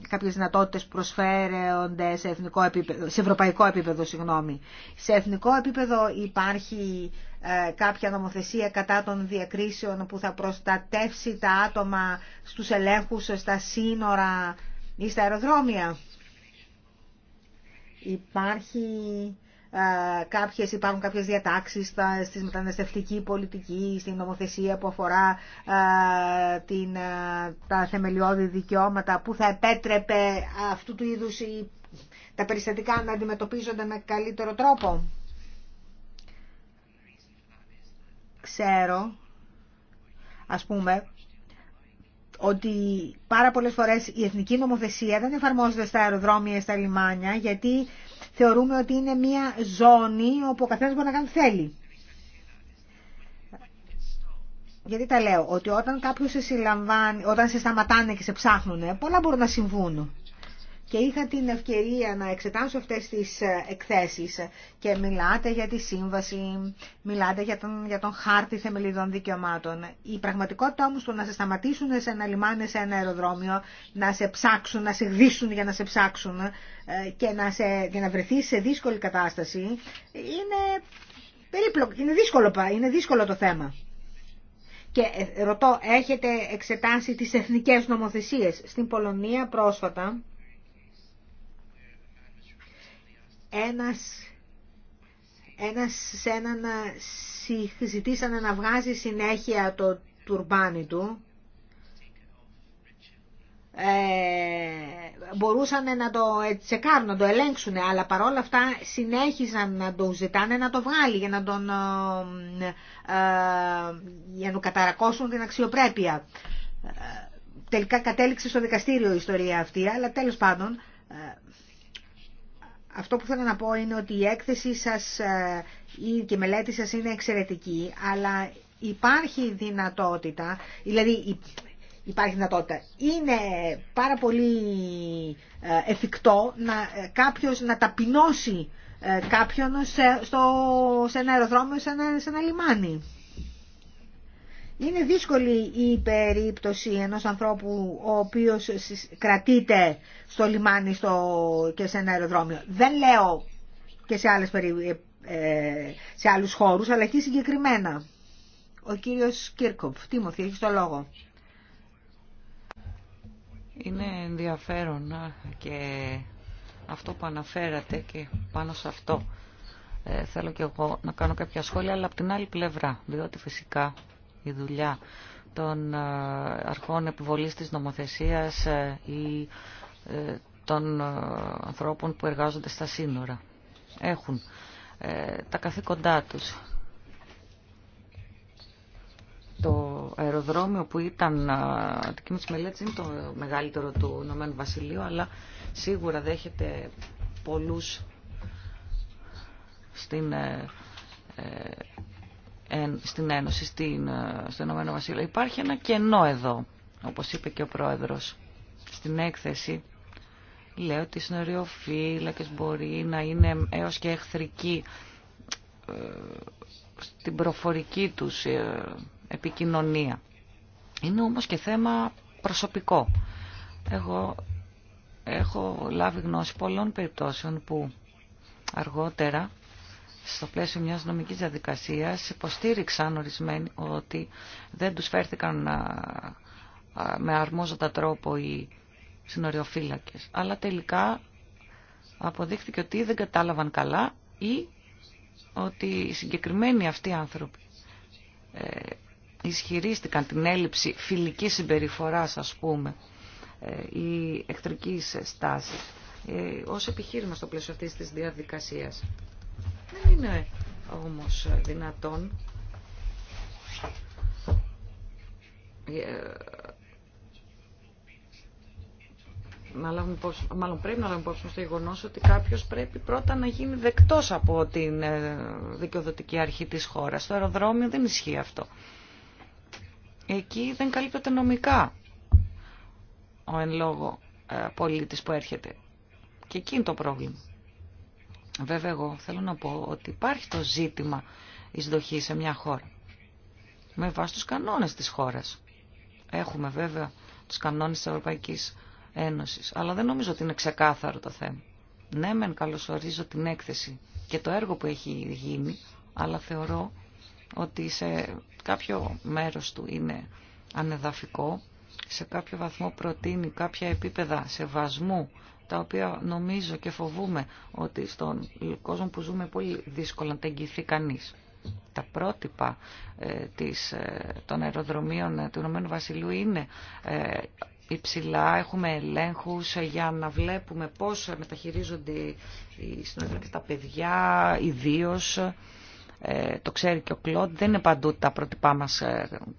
κάποιες δυνατότητες που προσφέρονται σε, εθνικό επίπεδο, σε ευρωπαϊκό επίπεδο. Συγγνώμη. Σε εθνικό επίπεδο υπάρχει ε, κάποια νομοθεσία κατά των διακρίσεων που θα προστατεύσει τα άτομα στους ελέγχους, στα σύνορα ή στα αεροδρόμια. Υπάρχει κάποιες, υπάρχουν κάποιες διατάξεις στη μεταναστευτική πολιτική, στην νομοθεσία που αφορά την, τα θεμελιώδη δικαιώματα που θα επέτρεπε αυτού του είδους τα περιστατικά να αντιμετωπίζονται με καλύτερο τρόπο. Ξέρω, ας πούμε, ότι πάρα πολλές φορές η εθνική νομοθεσία δεν εφαρμόζεται στα αεροδρόμια ή στα λιμάνια γιατί θεωρούμε ότι είναι μια ζώνη όπου ο καθένας μπορεί να κάνει θέλει. Γιατί τα λέω, ότι όταν κάποιος σε συλλαμβάνει, όταν σε σταματάνε και σε ψάχνουν, πολλά μπορούν να συμβούν και είχα την ευκαιρία να εξετάσω αυτές τις ε, εκθέσεις και μιλάτε για τη σύμβαση, μιλάτε για τον, για τον χάρτη θεμελιδών δικαιωμάτων. Η πραγματικότητα όμως του να σε σταματήσουν σε ένα λιμάνι, σε ένα αεροδρόμιο, να σε ψάξουν, να σε γδίσουν για να σε ψάξουν ε, και να, σε, να βρεθείς σε δύσκολη κατάσταση είναι περίπλοκο, είναι δύσκολο, είναι δύσκολο το θέμα. Και ε, ρωτώ, έχετε εξετάσει τις εθνικές νομοθεσίες. Στην Πολωνία πρόσφατα ένας ένας σε έναν ζητήσανε να βγάζει συνέχεια το τουρμπάνι του ε, μπορούσαν να το ε, τσεκάρουν, να το ελέγξουν αλλά παρόλα αυτά συνέχισαν να το ζητάνε να το βγάλει για να τον ε, για να καταρακώσουν την αξιοπρέπεια ε, τελικά κατέληξε στο δικαστήριο η ιστορία αυτή αλλά τέλος πάντων ε, αυτό που θέλω να πω είναι ότι η έκθεση σας ε, ή και η μελέτη σας είναι εξαιρετική, αλλά υπάρχει δυνατότητα, δηλαδή υπάρχει δυνατότητα. Είναι πάρα πολύ ε, εφικτό να, ε, κάποιος να ταπεινώσει κάποιον σε, στο, σε ένα αεροδρόμιο, σε σε ένα λιμάνι. Είναι δύσκολη η περίπτωση ενός ανθρώπου ο οποίος κρατείται στο λιμάνι στο... και σε ένα αεροδρόμιο. Δεν λέω και σε, άλλες περι... Ε, ε, σε άλλους χώρους, αλλά εκεί συγκεκριμένα. Ο κύριος Κίρκοφ, Τίμωθη, έχει το λόγο. Είναι ενδιαφέρον και αυτό που αναφέρατε και πάνω σε αυτό. Ε, θέλω και εγώ να κάνω κάποια σχόλια, αλλά από την άλλη πλευρά, διότι φυσικά η δουλειά των ε, αρχών επιβολής της νομοθεσίας ε, ή ε, των ανθρώπων που εργάζονται στα σύνορα. Έχουν τα καθήκοντά τους. Το αεροδρόμιο που ήταν αντικείμενο της μελέτης είναι το μεγαλύτερο του Ηνωμένου Βασιλείου, αλλά σίγουρα δέχεται πολλούς στην στην Ένωση, στην, ε, στο Ηνωμένο Βασίλειο. Υπάρχει ένα κενό εδώ, όπως είπε και ο Πρόεδρος. Στην έκθεση Λέω ότι οι συνοριοφύλακες μπορεί να είναι έως και εχθρικοί ε, στην προφορική τους ε, επικοινωνία. Είναι όμως και θέμα προσωπικό. Εγώ έχω λάβει γνώση πολλών περιπτώσεων που αργότερα στο πλαίσιο μιας νομικής διαδικασίας υποστήριξαν ορισμένοι ότι δεν τους φέρθηκαν με αρμόζοντα τρόπο οι συνοριοφύλακες. Αλλά τελικά αποδείχθηκε ότι δεν κατάλαβαν καλά ή ότι οι συγκεκριμένοι αυτοί άνθρωποι ε, ισχυρίστηκαν την έλλειψη φιλικής συμπεριφοράς, ας πούμε, ε, ή εχθρικής στάσης ε, ως επιχείρημα στο πλαίσιο αυτής της διαδικασίας. Δεν είναι όμως δυνατόν ε, να λάβουμε υπόψη, μάλλον πρέπει να λάβουμε υπόψη στο γεγονό ότι κάποιος πρέπει πρώτα να γίνει δεκτός από την ε, δικαιοδοτική αρχή της χώρας. Στο αεροδρόμιο δεν ισχύει αυτό. Εκεί δεν καλύπτεται νομικά ο εν λόγω ε, πολίτης που έρχεται. Και εκεί είναι το πρόβλημα. Βέβαια εγώ θέλω να πω ότι υπάρχει το ζήτημα εισδοχή σε μια χώρα. Με βάση τους κανόνες της χώρας. Έχουμε βέβαια τους κανόνες της Ευρωπαϊκής Ένωσης. Αλλά δεν νομίζω ότι είναι ξεκάθαρο το θέμα. Ναι, μεν καλωσορίζω την έκθεση και το έργο που έχει γίνει, αλλά θεωρώ ότι σε κάποιο μέρος του είναι ανεδαφικό, σε κάποιο βαθμό προτείνει κάποια επίπεδα σεβασμού τα οποία νομίζω και φοβούμε ότι στον κόσμο που ζούμε πολύ δύσκολα να τα εγγυηθεί κανείς. Τα πρότυπα ε, της, ε, των αεροδρομίων του Ηνωμένου Βασιλού είναι ε, υψηλά, έχουμε ελέγχους για να βλέπουμε πώς μεταχειρίζονται οι συνοδεύτες τα παιδιά, ιδίω. το ξέρει και ο Κλοντ, δεν είναι παντού τα πρότυπά μας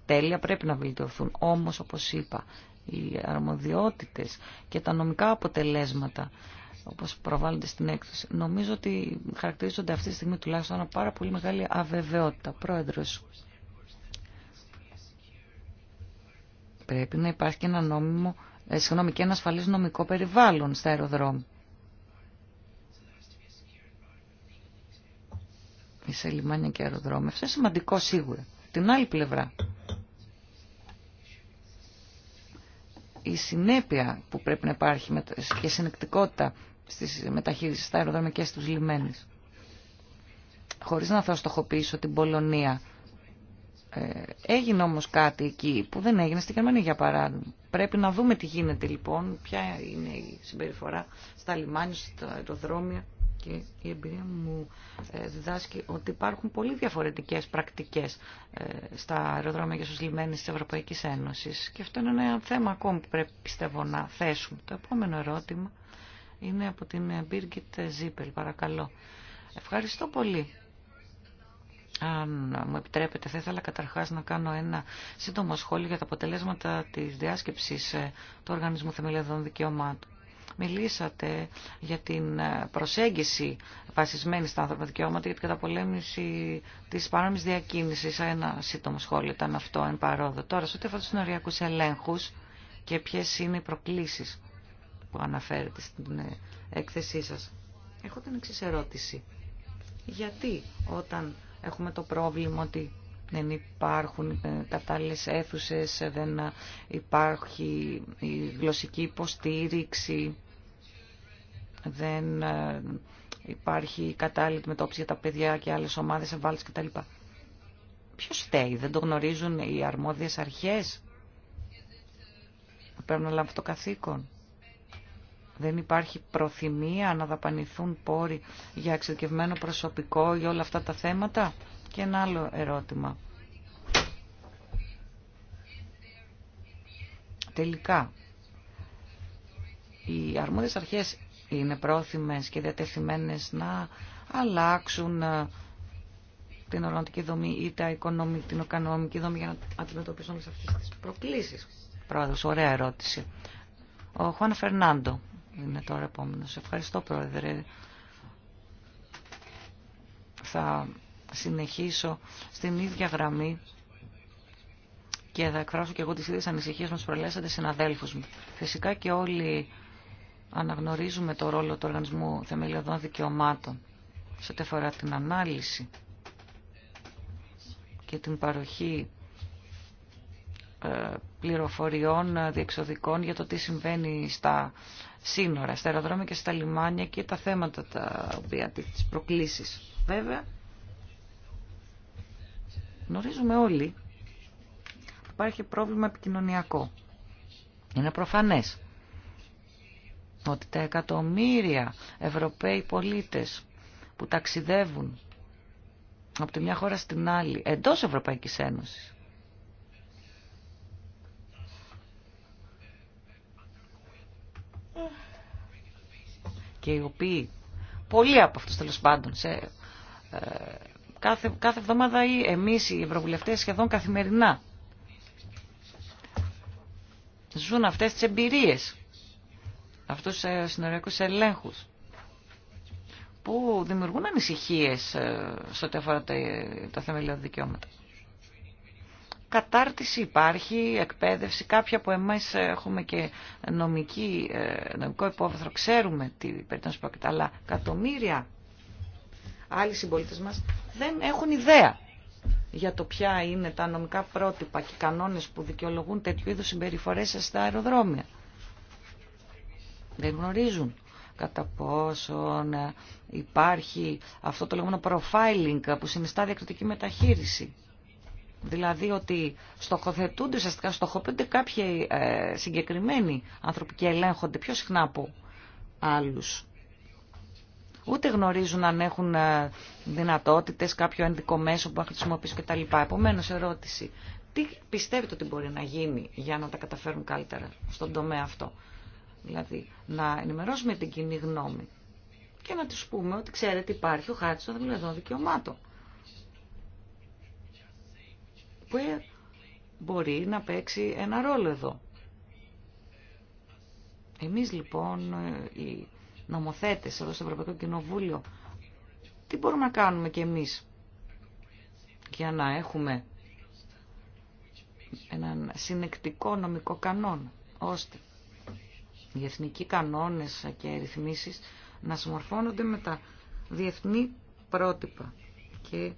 τέλεια, πρέπει να βελτιωθούν. Όμως, όπως είπα, οι αρμοδιότητες και τα νομικά αποτελέσματα όπως προβάλλονται στην έκθεση. Νομίζω ότι χαρακτηρίζονται αυτή τη στιγμή τουλάχιστον ένα πάρα πολύ μεγάλη αβεβαιότητα. Πρόεδρος, πρέπει να υπάρχει και ένα νόμιμο, ε, συγγνώμη, και ένα ασφαλής νομικό περιβάλλον στα αεροδρόμια. σε λιμάνια και αεροδρόμια. Αυτό είναι σημαντικό σίγουρα. Την άλλη πλευρά, η συνέπεια που πρέπει να υπάρχει και συνεκτικότητα στις μεταχείρισεις στα αεροδρόμια και στους λιμένες. Χωρίς να θα στοχοποιήσω την Πολωνία. Ε, έγινε όμως κάτι εκεί που δεν έγινε στη Γερμανία για παράδειγμα. Πρέπει να δούμε τι γίνεται λοιπόν, ποια είναι η συμπεριφορά στα λιμάνια, στα αεροδρόμια και η εμπειρία μου ε, διδάσκει ότι υπάρχουν πολύ διαφορετικές πρακτικές ε, στα αεροδρόμια για στους λιμένες της Ευρωπαϊκής Ένωσης. Και αυτό είναι ένα θέμα ακόμη που πρέπει πιστεύω να θέσουμε. Το επόμενο ερώτημα είναι από την Birgit Ζίπελ, παρακαλώ. Ευχαριστώ πολύ. Αν μου επιτρέπετε, θα ήθελα καταρχάς να κάνω ένα σύντομο σχόλιο για τα αποτελέσματα της διάσκεψης ε, του Οργανισμού Θεμελιωδών Δικαιωμάτων. Μιλήσατε για την ε, προσέγγιση βασισμένη στα ανθρώπινα δικαιώματα για την καταπολέμηση τη παράνομη διακίνηση. Ένα σύντομο σχόλιο ήταν αυτό εν παρόδο. Τώρα, σε ό,τι αφορά του νοριακού ελέγχου και ποιε είναι οι προκλήσει που αναφέρετε στην ε, έκθεσή σα. Έχω την εξή ερώτηση. Γιατί όταν έχουμε το πρόβλημα ότι δεν υπάρχουν ε, κατάλληλες αίθουσες, ε, δεν ε, υπάρχει η γλωσσική υποστήριξη, δεν υπάρχει κατάλληλη αντιμετώπιση για τα παιδιά και άλλες ομάδες ευάλωτες κτλ. Ποιος φταίει, δεν το γνωρίζουν οι αρμόδιες αρχές που πρέπει να λάβουν το καθήκον. Δεν υπάρχει προθυμία να δαπανηθούν πόροι για εξειδικευμένο προσωπικό για όλα αυτά τα θέματα και ένα άλλο ερώτημα. Τελικά, οι αρμόδιες αρχές είναι πρόθυμες και διατεθειμένες να αλλάξουν ε, την οργανωτική δομή ή τα οικονομική, την οικονομική δομή για να αντιμετωπίσουν όλες αυτές τις προκλήσεις. Πρόεδρος, ωραία ερώτηση. Ο Χουάν Φερνάντο είναι τώρα επόμενος. Ευχαριστώ, Πρόεδρε. Θα συνεχίσω στην ίδια γραμμή και θα εκφράσω και εγώ τις ίδιες ανησυχίες μας προλέσσαντες συναδέλφους μου. Φυσικά και όλοι αναγνωρίζουμε το ρόλο του Οργανισμού Θεμελιωδών Δικαιωμάτων σε ό,τι αφορά την ανάλυση και την παροχή ε, πληροφοριών διεξοδικών για το τι συμβαίνει στα σύνορα, στα αεροδρόμια και στα λιμάνια και τα θέματα τα οποία τις προκλήσεις. Βέβαια, Γνωρίζουμε όλοι υπάρχει πρόβλημα επικοινωνιακό. Είναι προφανές ότι τα εκατομμύρια Ευρωπαίοι πολίτες που ταξιδεύουν από τη μια χώρα στην άλλη εντός Ευρωπαϊκής Ένωσης και οι οποίοι πολλοί από αυτούς τέλο πάντων σε ε, κάθε, κάθε εβδομάδα ή εμείς οι ευρωβουλευτές σχεδόν καθημερινά ζουν αυτές τις εμπειρίες, αυτούς τους ε, συνοριακούς ελέγχους που δημιουργούν ανησυχίες ε, σε ό,τι αφορά τα, τα θεμελιώδη δικαιώματα. Κατάρτιση υπάρχει, εκπαίδευση, κάποια που εμείς έχουμε και νομική, ε, νομικό υπόβαθρο, ξέρουμε τι περίπτωση πρόκειται, αλλά εκατομμύρια άλλοι συμπολίτε μα δεν έχουν ιδέα για το ποια είναι τα νομικά πρότυπα και οι κανόνες που δικαιολογούν τέτοιου είδους συμπεριφορές στα αεροδρόμια. Δεν γνωρίζουν κατά πόσον υπάρχει αυτό το λεγόμενο profiling που συνιστά διακριτική μεταχείριση. Δηλαδή ότι στοχοθετούνται, ουσιαστικά στοχοποιούνται κάποιοι ε, συγκεκριμένοι άνθρωποι και ελέγχονται πιο συχνά από άλλους ούτε γνωρίζουν αν έχουν ε, δυνατότητες, κάποιο ενδικό μέσο που να χρησιμοποιήσουν κτλ. Επομένως, ερώτηση, τι πιστεύετε ότι μπορεί να γίνει για να τα καταφέρουν καλύτερα στον τομέα αυτό. Δηλαδή, να ενημερώσουμε την κοινή γνώμη και να τους πούμε ότι ξέρετε υπάρχει ο χάρτης των δικαιωμάτων. Που ε, μπορεί να παίξει ένα ρόλο εδώ. Εμείς λοιπόν, ε, νομοθέτες εδώ στο Ευρωπαϊκό Κοινοβούλιο, τι μπορούμε να κάνουμε κι εμείς για να έχουμε έναν συνεκτικό νομικό κανόνα, ώστε οι εθνικοί κανόνες και ρυθμίσεις να συμμορφώνονται με τα διεθνή πρότυπα και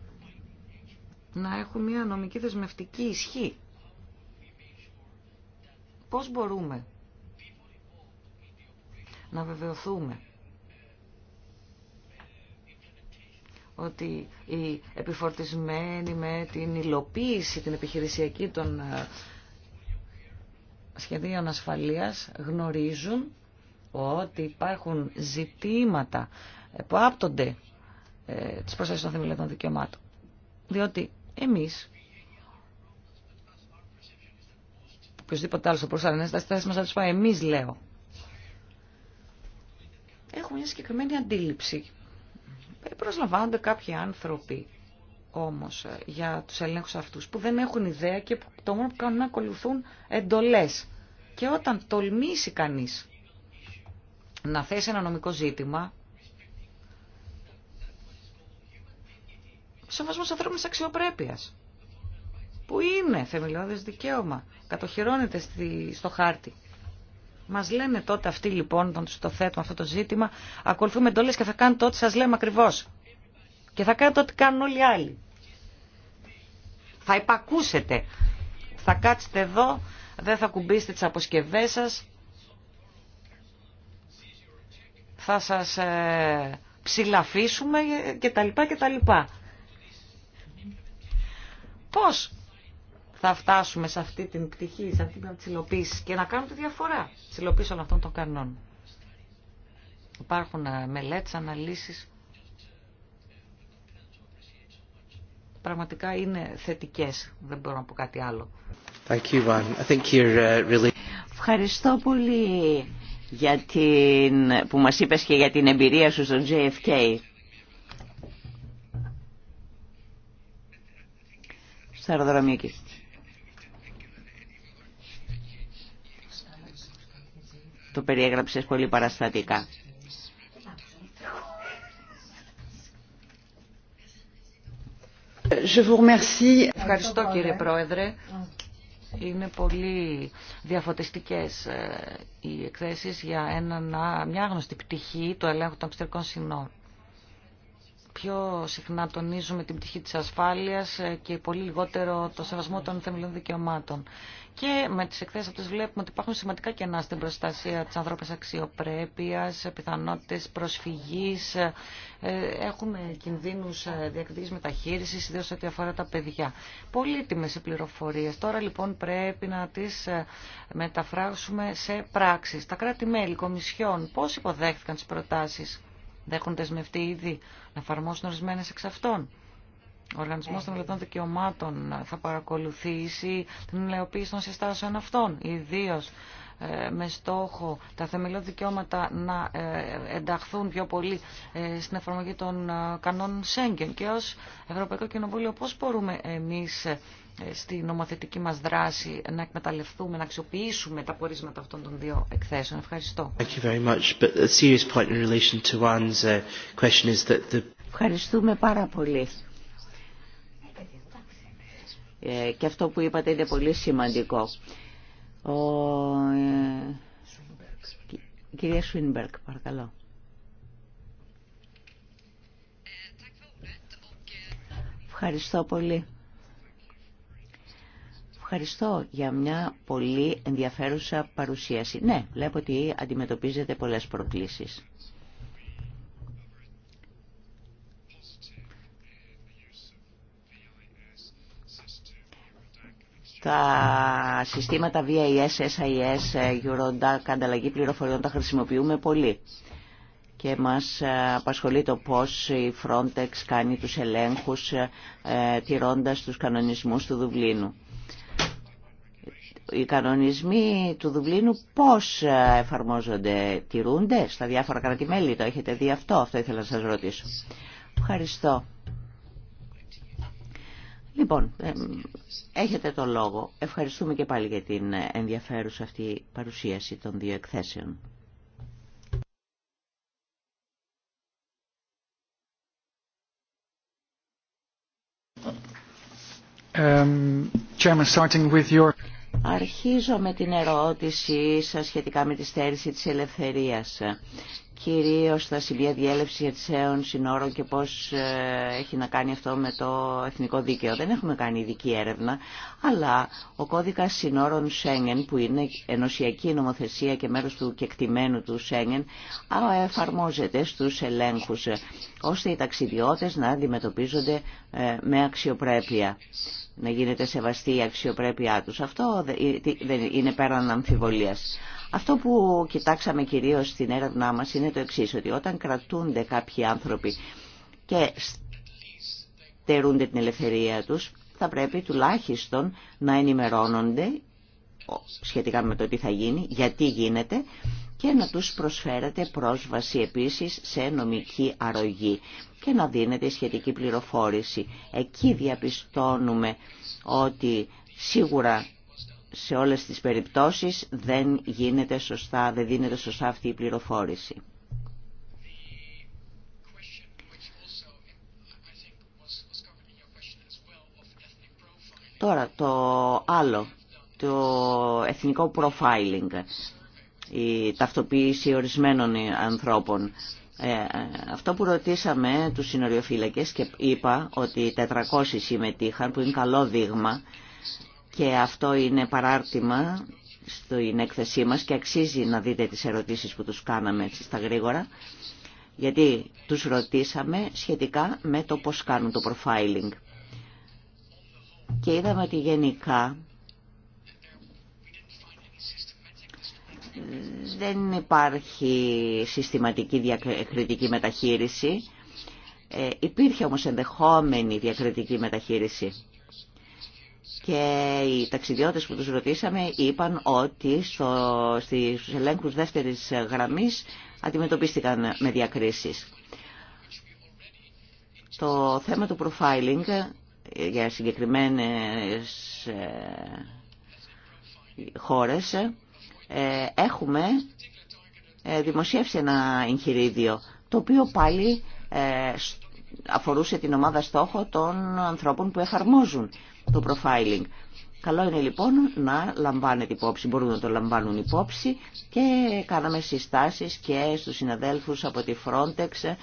να έχουν μια νομική δεσμευτική ισχύ. Πώς μπορούμε να βεβαιωθούμε ότι οι επιφορτισμένοι με την υλοποίηση, την επιχειρησιακή των ε, σχεδίων ασφαλείας γνωρίζουν ότι υπάρχουν ζητήματα που άπτονται ε, της των θεμελιωτών δικαιωμάτων. Διότι εμείς, οποιοςδήποτε άλλος θα προσάρει, να στάσεις μας να εμείς λέω, Έχουμε μια συγκεκριμένη αντίληψη. Ε, προσλαμβάνονται κάποιοι άνθρωποι όμως ε, για τους ελέγχους αυτούς που δεν έχουν ιδέα και που το μόνο που κάνουν να ακολουθούν εντολές. Και όταν τολμήσει κανείς να θέσει ένα νομικό ζήτημα, σεβασμός ανθρώπινης αξιοπρέπειας, που είναι θεμελιώδες δικαίωμα, κατοχυρώνεται στο χάρτη Μα λένε τότε αυτοί λοιπόν, όταν το θέτουμε αυτό το ζήτημα, ακολουθούμε εντολέ και θα κάνετε ό,τι σα λέμε ακριβώ. Και θα κάνετε ό,τι κάνουν όλοι οι άλλοι. Θα υπακούσετε. Θα κάτσετε εδώ, δεν θα κουμπίσετε τι αποσκευέ σα. Θα σα ε, ψηλαφίσουμε κτλ. Πώ, Πώς θα φτάσουμε σε αυτή την πτυχή, σε αυτή την ψηλοποίηση και να κάνουμε τη διαφορά ψηλοποίηση όλων αυτών των κανόνων. Υπάρχουν ε, μελέτες, αναλύσεις. Πραγματικά είναι θετικές, δεν μπορώ να πω κάτι άλλο. Uh, Ευχαριστώ πολύ για την... που μας είπες και για την εμπειρία σου στον JFK. στα αεροδρομία Το περιέγραψες πολύ παραστατικά. Je vous remercie. Ευχαριστώ κύριε Πρόεδρε. Είναι πολύ διαφωτιστικές ε, οι εκθέσεις για μια άγνωστη πτυχή του ελέγχου των πιστερικών συνόρων πιο συχνά τονίζουμε την πτυχή της ασφάλειας ε, και πολύ λιγότερο το σεβασμό των θεμελιών δικαιωμάτων. Και με τις εκθέσεις αυτές βλέπουμε ότι υπάρχουν σημαντικά κενά στην προστασία της ανθρώπινης αξιοπρέπειας, πιθανότητες προσφυγής, ε, ε, έχουμε κινδύνους διακριτικής μεταχείρισης, ιδίως ό,τι αφορά τα παιδιά. Πολύτιμες οι πληροφορίες. Τώρα λοιπόν πρέπει να τις μεταφράσουμε σε πράξεις. Τα κράτη-μέλη, κομισιόν, πώς υποδέχθηκαν τις προτάσεις δεν έχουν δεσμευτεί ήδη να εφαρμόσουν ορισμένε εξ αυτών. Ο Οργανισμό των Μελετών Δικαιωμάτων θα παρακολουθήσει την ελαιοποίηση των συστάσεων αυτών, ιδίω ε, με στόχο τα θεμελιώδη δικαιώματα να ε, ενταχθούν πιο πολύ ε, στην εφαρμογή των κανόνων Σέγγεν και ως Ευρωπαϊκό Κοινοβούλιο πώς μπορούμε εμείς στη νομοθετική μας δράση να εκμεταλλευτούμε, να αξιοποιήσουμε τα πορίσματα αυτών των δύο εκθέσεων. Ευχαριστώ. Ευχαριστούμε πάρα πολύ. και αυτό που είπατε είναι πολύ σημαντικό. Ο, ε, κυρία Σουίνμπερκ, παρακαλώ. Ευχαριστώ πολύ. Ευχαριστώ για μια πολύ ενδιαφέρουσα παρουσίαση. Ναι, βλέπω ότι αντιμετωπίζετε πολλές προκλήσεις. τα συστήματα VIS, SIS, Eurodac, ανταλλαγή πληροφοριών τα χρησιμοποιούμε πολύ. Και μας ε, απασχολεί το πώς η Frontex κάνει τους ελέγχους ε, τηρώντας τους κανονισμούς του Δουβλίνου. Οι κανονισμοί του Δουβλίνου πώς ε, εφαρμόζονται, τηρούνται στα διάφορα κράτη-μέλη. το έχετε δει αυτό, αυτό ήθελα να σας ρωτήσω. Ευχαριστώ. Λοιπόν, ε, έχετε το λόγο. Ευχαριστούμε και πάλι για την ενδιαφέρουσα αυτή παρουσίαση των δύο εκθέσεων. Um, Αρχίζω με την ερώτησή σας σχετικά με τη στέρηση της ελευθερίας κυρίως στα σημεία διέλευση ετσαίων συνόρων και πώς ε, έχει να κάνει αυτό με το εθνικό δίκαιο. Δεν έχουμε κάνει ειδική έρευνα, αλλά ο κώδικας συνόρων Σέγγεν, που είναι ενωσιακή νομοθεσία και μέρος του κεκτημένου του Σέγγεν, εφαρμόζεται στους ελέγχους, ε, ώστε οι ταξιδιώτες να αντιμετωπίζονται ε, με αξιοπρέπεια να γίνεται σεβαστή η αξιοπρέπειά τους. Αυτό δεν είναι πέραν αμφιβολίας. Αυτό που κοιτάξαμε κυρίως στην έρευνά μας είναι το εξής, ότι όταν κρατούνται κάποιοι άνθρωποι και στερούνται την ελευθερία τους, θα πρέπει τουλάχιστον να ενημερώνονται σχετικά με το τι θα γίνει, γιατί γίνεται και να τους προσφέρεται πρόσβαση επίσης σε νομική αρρωγή και να δίνεται σχετική πληροφόρηση. Εκεί διαπιστώνουμε ότι σίγουρα σε όλες τις περιπτώσεις δεν γίνεται σωστά, δεν δίνεται σωστά αυτή η πληροφόρηση. Τώρα το άλλο, το εθνικό profiling, η ταυτοποίηση ορισμένων ανθρώπων. Ε, αυτό που ρωτήσαμε τους συνοριοφύλακες και είπα ότι 400 συμμετείχαν, που είναι καλό δείγμα, και αυτό είναι παράρτημα στην έκθεσή μας και αξίζει να δείτε τις ερωτήσεις που τους κάναμε έτσι στα γρήγορα γιατί τους ρωτήσαμε σχετικά με το πώς κάνουν το profiling. Και είδαμε ότι γενικά ε, δεν υπάρχει συστηματική διακριτική μεταχείριση. Ε, υπήρχε όμως ενδεχόμενη διακριτική μεταχείριση και οι ταξιδιώτες που τους ρωτήσαμε είπαν ότι στο, στους ελέγχους δεύτερης γραμμής αντιμετωπίστηκαν με διακρίσεις. Το θέμα του profiling για συγκεκριμένες ε, χώρες ε, έχουμε ε, δημοσιεύσει ένα εγχειρίδιο το οποίο πάλι αφορούσε την ομάδα στόχο των ανθρώπων που εφαρμόζουν το profiling. Καλό είναι λοιπόν να λαμβάνετε υπόψη, μπορούν να το λαμβάνουν υπόψη και κάναμε συστάσεις και στους συναδέλφους από τη Frontex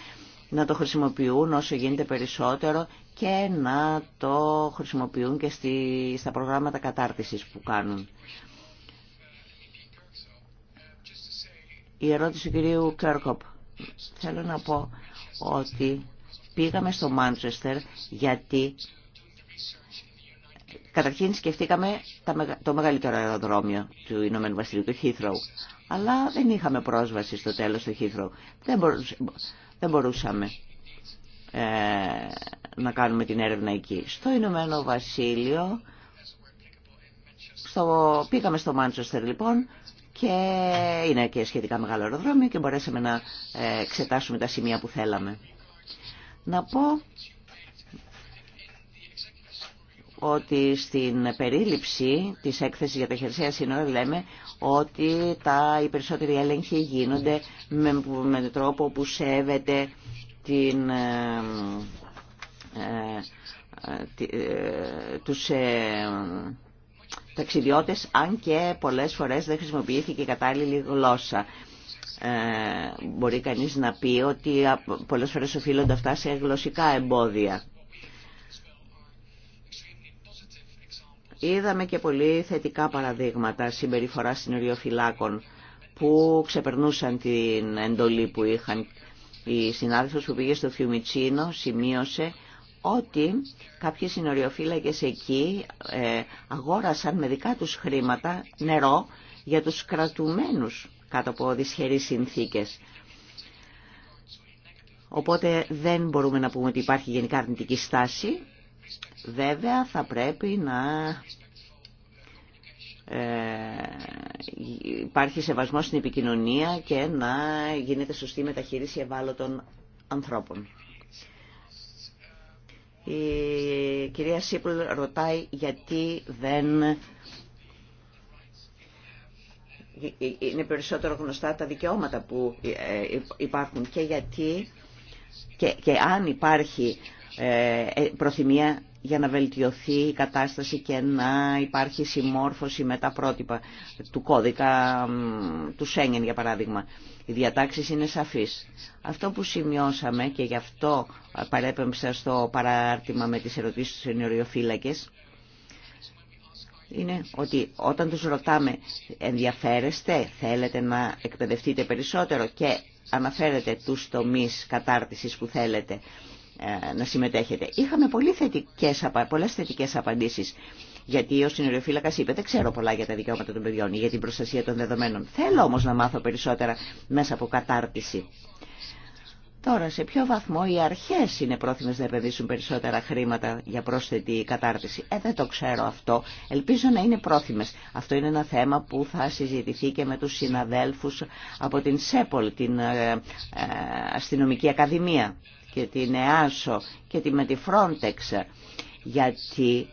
να το χρησιμοποιούν όσο γίνεται περισσότερο και να το χρησιμοποιούν και στη, στα προγράμματα κατάρτισης που κάνουν. Η ερώτηση του κυρίου Κέρκοπ. Θέλω να πω ότι Πήγαμε στο Μάντσεστερ γιατί καταρχήν σκεφτήκαμε το μεγαλύτερο αεροδρόμιο του Ηνωμένου Βασιλείου, του Heathrow. Αλλά δεν είχαμε πρόσβαση στο τέλος του Heathrow. Δεν, μπορούσαμε ε, να κάνουμε την έρευνα εκεί. Στο Ηνωμένο Βασίλειο στο, πήγαμε στο Μάντσεστερ λοιπόν και είναι και σχετικά μεγάλο αεροδρόμιο και μπορέσαμε να ε, εξετάσουμε τα σημεία που θέλαμε. Να πω ότι στην περίληψη της έκθεσης για τα χερσαία σύνορα λέμε ότι τα, οι περισσότεροι έλεγχοι γίνονται με, με τρόπο που σέβεται την, ε, ε, ε, ε τους ταξιδιώτες αν και πολλές φορές δεν χρησιμοποιήθηκε η κατάλληλη γλώσσα μπορεί κανείς να πει ότι πολλές φορές οφείλονται αυτά σε γλωσσικά εμπόδια. Είδαμε και πολύ θετικά παραδείγματα συμπεριφοράς συνοριοφυλάκων που ξεπερνούσαν την εντολή που είχαν. Η συνάδελφος που πήγε στο Φιουμιτσίνο σημείωσε ότι κάποιοι συνοριοφύλακες εκεί ε, αγόρασαν με δικά τους χρήματα νερό για τους κρατουμένους κάτω από δυσχερείς συνθήκες. Οπότε δεν μπορούμε να πούμε ότι υπάρχει γενικά αρνητική στάση. Βέβαια θα πρέπει να ε, υπάρχει σεβασμό στην επικοινωνία και να γίνεται σωστή μεταχείριση ευάλωτων ανθρώπων. Η κυρία Σίπουλ ρωτάει γιατί δεν είναι περισσότερο γνωστά τα δικαιώματα που ε, ε, υπάρχουν και γιατί και, αν υπάρχει ε, προθυμία για να βελτιωθεί η κατάσταση και να υπάρχει συμμόρφωση με τα πρότυπα του κώδικα του Σέγγεν για παράδειγμα. Οι διατάξεις είναι σαφείς. Αυτό που σημειώσαμε και γι' αυτό παρέπεμψα στο παράρτημα με τις ερωτήσεις στους ενιοριοφύλακες είναι ότι όταν τους ρωτάμε ενδιαφέρεστε, θέλετε να εκπαιδευτείτε περισσότερο και αναφέρετε τους τομείς κατάρτισης που θέλετε ε, να συμμετέχετε. Είχαμε πολύ θετικές, πολλές θετικές απαντήσεις. Γιατί ο συνοριοφύλακα είπε: Δεν ξέρω πολλά για τα δικαιώματα των παιδιών ή για την προστασία των δεδομένων. Θέλω όμως να μάθω περισσότερα μέσα από κατάρτιση. Τώρα, σε ποιο βαθμό οι αρχές είναι πρόθυμες να επενδύσουν περισσότερα χρήματα για πρόσθετη κατάρτιση. Ε, δεν το ξέρω αυτό. Ελπίζω να είναι πρόθυμες. Αυτό είναι ένα θέμα που θα συζητηθεί και με τους συναδέλφους από την ΣΕΠΟΛ, την ε, ε, Αστυνομική Ακαδημία και την ΕΑΣΟ και τη, με τη Frontex. Γιατί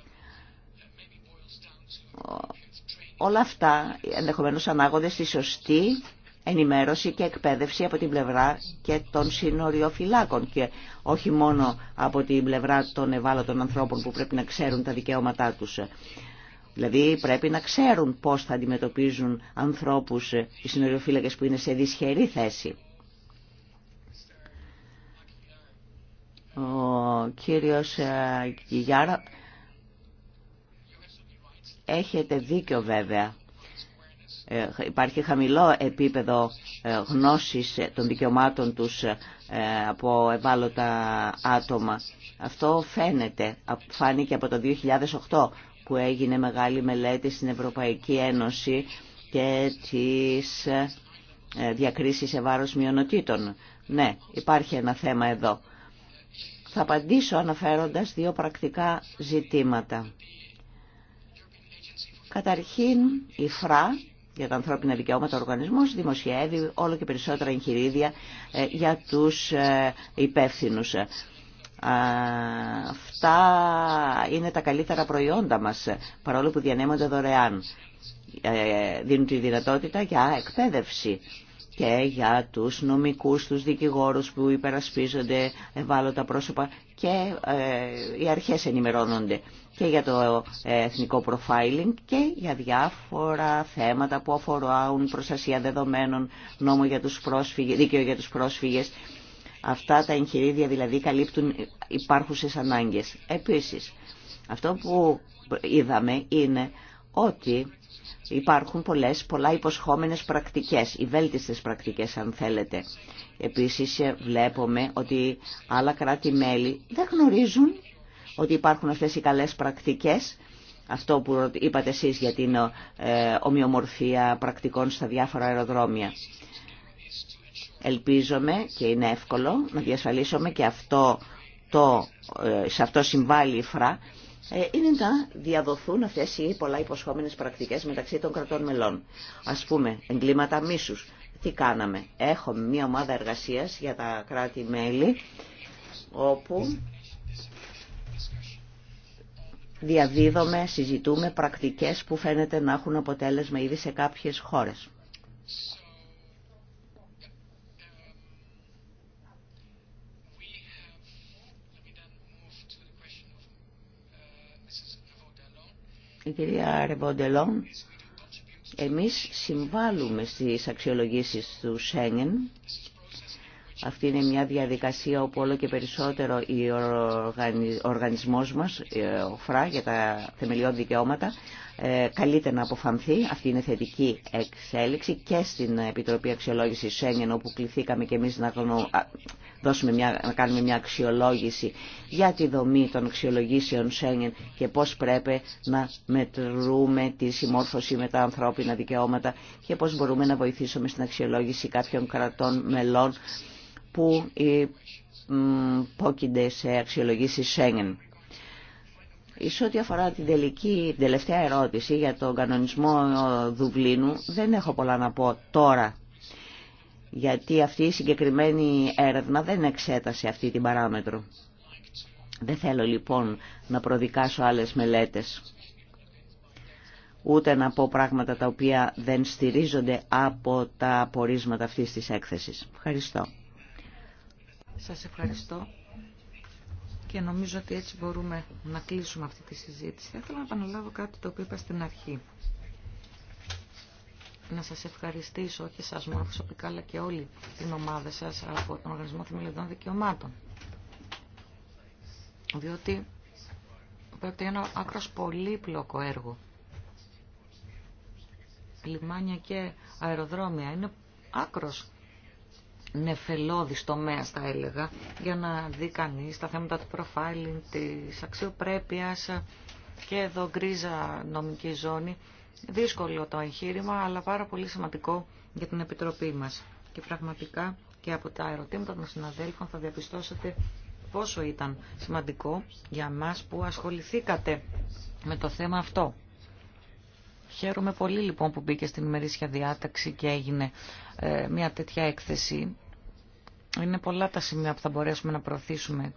όλα αυτά ενδεχομένως ανάγονται στη σωστή ενημέρωση και εκπαίδευση από την πλευρά και των συνοριοφυλάκων και όχι μόνο από την πλευρά των ευάλωτων ανθρώπων που πρέπει να ξέρουν τα δικαιώματά τους. Δηλαδή πρέπει να ξέρουν πώς θα αντιμετωπίζουν ανθρώπους οι συνοριοφύλακες που είναι σε δυσχερή θέση. Ο κύριος ε, Γιάρα έχετε δίκιο βέβαια ε, υπάρχει χαμηλό επίπεδο ε, γνώσης ε, των δικαιωμάτων τους από ευάλωτα άτομα. Αυτό φαίνεται, φάνηκε από το 2008 που έγινε μεγάλη μελέτη στην Ευρωπαϊκή Ένωση και τις διακρίσεις σε βάρος μειονοτήτων. Ναι, υπάρχει ένα θέμα εδώ. Θα απαντήσω αναφέροντας δύο πρακτικά ζητήματα. Καταρχήν, η ΦΡΑ για τα ανθρώπινα δικαιώματα ο οργανισμός δημοσιεύει όλο και περισσότερα εγχειρίδια ε, για τους ε, υπεύθυνου. Ε, αυτά είναι τα καλύτερα προϊόντα μας, παρόλο που διανέμονται δωρεάν. Δίνουν τη δυνατότητα για εκπαίδευση και για τους νομικούς, τους δικηγόρους που υπερασπίζονται ευάλωτα πρόσωπα και οι αρχές ενημερώνονται και για το ε, εθνικό profiling και για διάφορα θέματα που αφορούν προστασία δεδομένων, νόμο για τους πρόσφυγες, δίκαιο για τους πρόσφυγες. Αυτά τα εγχειρίδια δηλαδή καλύπτουν υπάρχουσες ανάγκες. Επίσης, αυτό που είδαμε είναι ότι υπάρχουν πολλές, πολλά υποσχόμενες πρακτικές, οι βέλτιστες πρακτικές αν θέλετε. Επίσης βλέπουμε ότι άλλα κράτη-μέλη δεν γνωρίζουν ότι υπάρχουν αυτές οι καλές πρακτικές, αυτό που είπατε εσείς για την ε, ομοιομορφία πρακτικών στα διάφορα αεροδρόμια. Ελπίζομαι και είναι εύκολο να διασφαλίσουμε και αυτό το, ε, σε αυτό συμβάλλει η ΦΡΑ, ε, είναι να διαδοθούν αυτές οι πολλά υποσχόμενες πρακτικές μεταξύ των κρατών μελών. Ας πούμε, εγκλήματα μίσους. Τι κάναμε. Έχουμε μια ομάδα εργασίας για τα κράτη-μέλη, όπου διαδίδομαι, συζητούμε πρακτικές που φαίνεται να έχουν αποτέλεσμα ήδη σε κάποιες χώρες. Η κυρία Ρεβοντελόν, εμείς συμβάλλουμε στις αξιολογήσεις του Σέγγεν αυτή είναι μια διαδικασία όπου όλο και περισσότερο ο οργανισμός μας, ε, ο ΦΡΑ για τα θεμελιώδη δικαιώματα, ε, καλείται να αποφανθεί. Αυτή είναι θετική εξέλιξη και στην Επιτροπή Αξιολόγηση Σέγγεν, όπου κληθήκαμε και εμείς να, δώσουμε μια, να κάνουμε μια αξιολόγηση για τη δομή των αξιολογήσεων Σέγγεν και πώς πρέπει να μετρούμε τη συμμόρφωση με τα ανθρώπινα δικαιώματα και πώς μπορούμε να βοηθήσουμε στην αξιολόγηση κάποιων κρατών μελών που υπόκεινται σε αξιολογήσει Σέγγεν. Σε ό,τι αφορά την την τελευταία ερώτηση για τον κανονισμό Δουβλίνου, δεν έχω πολλά να πω τώρα, γιατί αυτή η συγκεκριμένη έρευνα δεν εξέτασε αυτή την παράμετρο. Δεν θέλω λοιπόν να προδικάσω άλλες μελέτες, ούτε να πω πράγματα τα οποία δεν στηρίζονται από τα απορίσματα αυτής της έκθεσης. Ευχαριστώ. Σας ευχαριστώ και νομίζω ότι έτσι μπορούμε να κλείσουμε αυτή τη συζήτηση. Θα ήθελα να επαναλάβω κάτι το οποίο είπα στην αρχή. Να σας ευχαριστήσω όχι σας μόνο προσωπικά αλλά και όλη την ομάδα σας από τον Οργανισμό Θεμελιωδών Δικαιωμάτων. Διότι πρόκειται είναι ένα άκρος πολύπλοκο έργο. Λιμάνια και αεροδρόμια είναι άκρος νεφελώδης τομέα θα έλεγα, για να δει κανείς τα θέματα του profiling, της αξιοπρέπειας και εδώ γκρίζα νομική ζώνη. Δύσκολο το εγχείρημα, αλλά πάρα πολύ σημαντικό για την Επιτροπή μας. Και πραγματικά και από τα ερωτήματα των συναδέλφων θα διαπιστώσετε πόσο ήταν σημαντικό για μας που ασχοληθήκατε με το θέμα αυτό. Χαίρομαι πολύ λοιπόν που μπήκε στην ημερήσια διάταξη και έγινε ε, μια τέτοια έκθεση. Είναι πολλά τα σημεία που θα μπορέσουμε να προωθήσουμε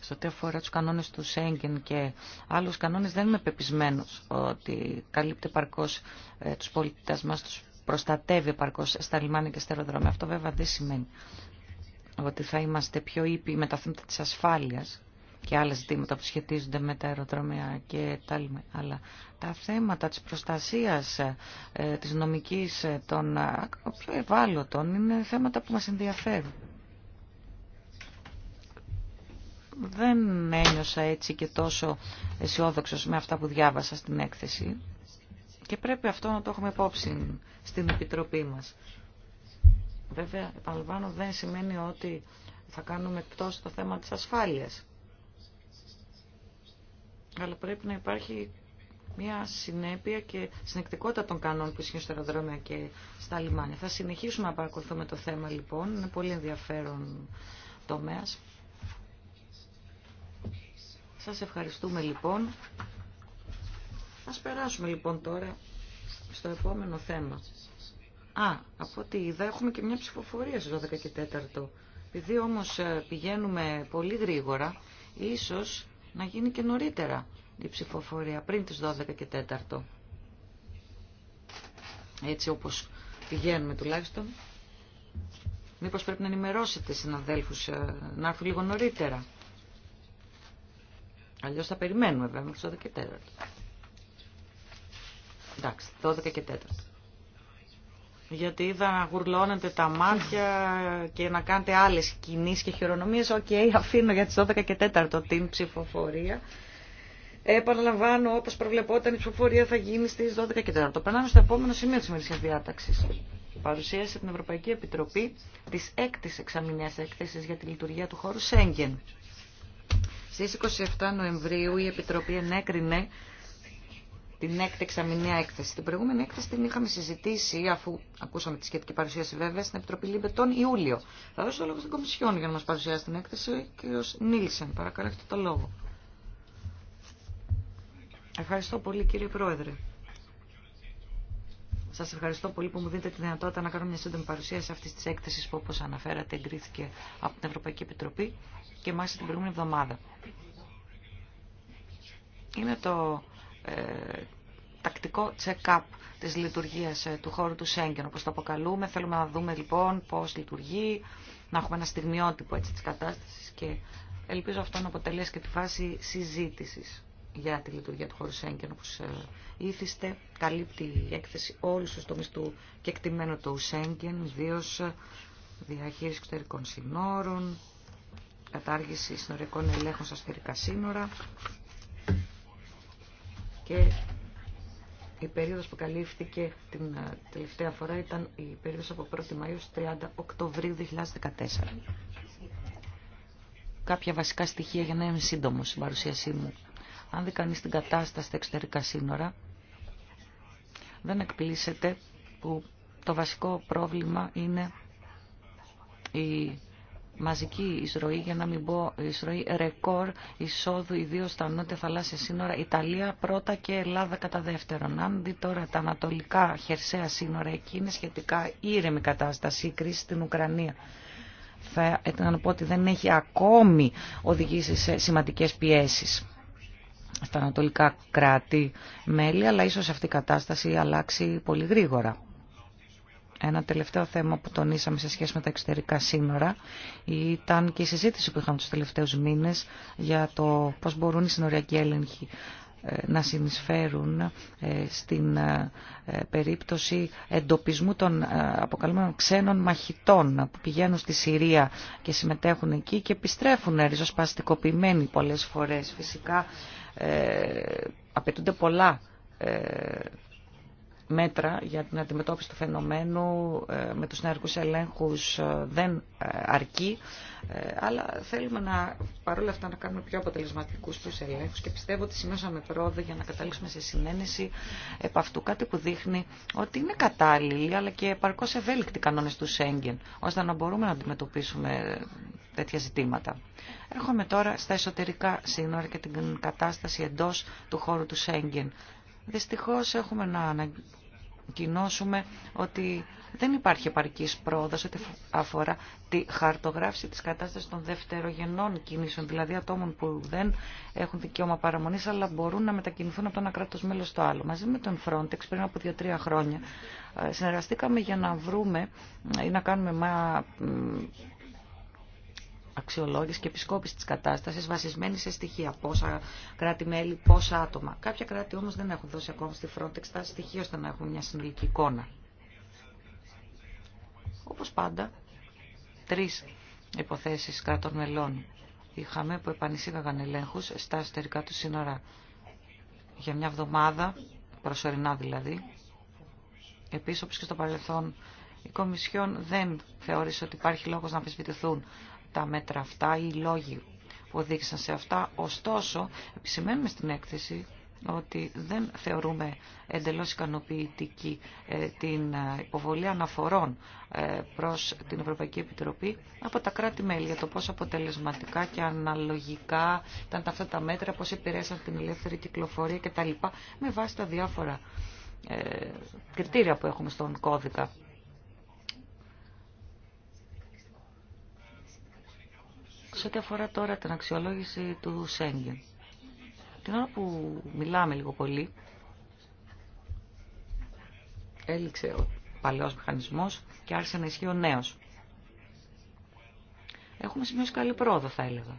σε ό,τι αφορά τους κανόνες του Σέγγεν και άλλους κανόνες δεν είμαι πεπισμένος ότι καλύπτει παρκώς ε, τους πολίτες μας, τους προστατεύει παρκώς στα λιμάνια και στα αεροδρόμια. Αυτό βέβαια δεν σημαίνει ότι θα είμαστε πιο ήπιοι με τα θέματα της ασφάλειας και άλλα ζητήματα που σχετίζονται με τα αεροδρομία και τα άλλα. Αλλά τα θέματα της προστασίας, ε, της νομικής, ε, των ε, πιο ευάλωτων είναι θέματα που μας ενδιαφέρουν. Δεν ένιωσα έτσι και τόσο αισιόδοξο με αυτά που διάβασα στην έκθεση και πρέπει αυτό να το έχουμε υπόψη στην Επιτροπή μας. Βέβαια, επαναλαμβάνω, δεν σημαίνει ότι θα κάνουμε πτώση στο θέμα της ασφάλειας αλλά πρέπει να υπάρχει μια συνέπεια και συνεκτικότητα των κανόνων που ισχύουν στα αεροδρόμια και στα λιμάνια. Θα συνεχίσουμε να παρακολουθούμε το θέμα λοιπόν, είναι πολύ ενδιαφέρον τομέας. Σας ευχαριστούμε λοιπόν. Ας περάσουμε λοιπόν τώρα στο επόμενο θέμα. Α, από ό,τι είδα έχουμε και μια ψηφοφορία στις 12 και 4. Επειδή όμως ε, πηγαίνουμε πολύ γρήγορα, ίσως να γίνει και νωρίτερα η ψηφοφορία, πριν τις 12 και 4. Έτσι όπως πηγαίνουμε τουλάχιστον. Μήπως πρέπει να ενημερώσετε συναδέλφους ε, να έρθουν λίγο νωρίτερα. Αλλιώς θα περιμένουμε βέβαια μέχρι τις 12 και 4. Εντάξει, 12 και 4 γιατί είδα να γουρλώνετε τα μάτια και να κάνετε άλλες κινήσεις και χειρονομίες. Οκ, okay, αφήνω για τις 12 και 4 την ψηφοφορία. Επαναλαμβάνω, όπως προβλεπόταν, η ψηφοφορία θα γίνει στις 12 και 4. Περνάμε στο επόμενο σημείο της ημερησίας διάταξης. Παρουσίασε την Ευρωπαϊκή Επιτροπή της έκτης εξαμηνίας έκθεσης για τη λειτουργία του χώρου Σέγγεν. Στις 27 Νοεμβρίου η Επιτροπή ενέκρινε την έκτη εξαμηνία έκθεση. Την προηγούμενη έκθεση την είχαμε συζητήσει, αφού ακούσαμε τη σχετική παρουσίαση βέβαια, στην Επιτροπή Λίμπε τον Ιούλιο. Θα δώσω το λόγο στην Κομισιόν για να μα παρουσιάσει την έκθεση. Ο κ. Νίλσεν, παρακαλώ, έχετε το λόγο. Ευχαριστώ πολύ κύριε Πρόεδρε. Σα ευχαριστώ πολύ που μου δίνετε τη δυνατότητα να κάνω μια σύντομη παρουσίαση αυτή τη έκθεση που, όπω αναφέρατε, εγκρίθηκε από την Ευρωπαϊκή Επιτροπή και μάλιστα την προηγούμενη εβδομάδα. Είναι το ε, τακτικό check-up της λειτουργίας ε, του χώρου του Σέγγεν, όπως το αποκαλούμε. Θέλουμε να δούμε λοιπόν πώς λειτουργεί, να έχουμε ένα στιγμιότυπο έτσι της κατάστασης και ελπίζω αυτό να αποτελέσει και τη φάση συζήτησης για τη λειτουργία του χώρου Σέγγεν, όπως ε, ήθιστε. Καλύπτει η έκθεση όλους τους τομείς του κεκτημένου του Σέγγεν, ιδίω διαχείριση εξωτερικών συνόρων, κατάργηση συνοριακών ελέγχων στα σφαιρικά σύνορα, και η περίοδος που καλύφθηκε την ε, τελευταία φορά ήταν η περίοδος από 1η Μαΐου 30 Οκτωβρίου 2014. Κάποια βασικά στοιχεία για να είμαι σύντομο στην παρουσίασή μου. Αν δει κανείς την κατάσταση στα εξωτερικά σύνορα, δεν εκπλήσεται που το βασικό πρόβλημα είναι η μαζική εισρωή, για να μην πω εισρωή ρεκόρ εισόδου, ιδίω στα νότια θαλάσσια σύνορα, Ιταλία πρώτα και Ελλάδα κατά δεύτερον. Αν δει τώρα τα ανατολικά χερσαία σύνορα, εκεί είναι σχετικά ήρεμη κατάσταση, η κρίση στην Ουκρανία. Θα να πω ότι δεν έχει ακόμη οδηγήσει σε σημαντικές πιέσεις στα ανατολικά κράτη-μέλη, αλλά ίσως αυτή η κατάσταση αλλάξει πολύ γρήγορα. Ένα τελευταίο θέμα που τονίσαμε σε σχέση με τα εξωτερικά σύνορα ήταν και η συζήτηση που είχαμε τους τελευταίους μήνες για το πώς μπορούν οι συνοριακοί έλεγχοι ε, να συνεισφέρουν ε, στην ε, περίπτωση εντοπισμού των αποκαλούμενων ξένων μαχητών που πηγαίνουν στη Συρία και συμμετέχουν εκεί και επιστρέφουν ριζοσπαστικοποιημένοι πολλές φορές. Φυσικά απαιτούνται πολλά μέτρα για την αντιμετώπιση του φαινομένου ε, με τους νεαρκούς ελέγχους ε, δεν ε, αρκεί, αλλά θέλουμε να, παρόλα αυτά να κάνουμε πιο αποτελεσματικούς τους ελέγχους και πιστεύω ότι σημειώσαμε πρόοδο για να καταλήξουμε σε συνένεση επ' αυτού, κάτι που δείχνει ότι είναι κατάλληλοι αλλά και παρκώς ευέλικτοι κανόνες του Σέγγεν, ώστε να μπορούμε να αντιμετωπίσουμε τέτοια ζητήματα. Έρχομαι τώρα στα εσωτερικά σύνορα και την κατάσταση εντός του χώρου του Σέγγεν. Δυστυχώς έχουμε να κοινώσουμε ότι δεν υπάρχει επαρκή πρόοδο ότι αφορά τη χαρτογράφηση της κατάσταση των δευτερογενών κινήσεων, δηλαδή ατόμων που δεν έχουν δικαίωμα παραμονής αλλά μπορούν να μετακινηθούν από το ένα κράτο μέλο στο άλλο. Μαζί με τον Frontex πριν από 2-3 χρόνια ε, συνεργαστήκαμε για να βρούμε ε, ή να κάνουμε αξιολόγηση και επισκόπηση τη κατάσταση, βασισμένη σε στοιχεία, πόσα κράτη-μέλη, πόσα άτομα. Κάποια κράτη όμω δεν έχουν δώσει ακόμα στη Frontex τα στοιχεία ώστε να έχουν μια συνολική εικόνα. Όπω πάντα, τρει υποθέσει κρατών μελών είχαμε που επανεισήγαγαν ελέγχου στα εσωτερικά του σύνορα για μια εβδομάδα, προσωρινά δηλαδή. Επίση, όπω και στο παρελθόν, η Κομισιόν δεν θεώρησε ότι υπάρχει λόγο να αμφισβητηθούν τα μέτρα αυτά ή οι λόγοι που οδήγησαν σε αυτά. Ωστόσο, επισημαίνουμε στην έκθεση ότι δεν θεωρούμε εντελώς ικανοποιητική ε, την ε, υποβολή αναφορών ε, προς την Ευρωπαϊκή Επιτροπή από τα κράτη-μέλη για το πώς αποτελεσματικά και αναλογικά ήταν αυτά τα μέτρα, πώς επηρέασαν την ελεύθερη κυκλοφορία κτλ. με βάση τα διάφορα κριτήρια που έχουμε στον κώδικα σε ό,τι αφορά τώρα την αξιολόγηση του Σέγγεν. Την ώρα που μιλάμε λίγο πολύ, έληξε ο παλαιός μηχανισμός και άρχισε να ισχύει ο νέος. Έχουμε σημειώσει καλή πρόοδο, θα έλεγα,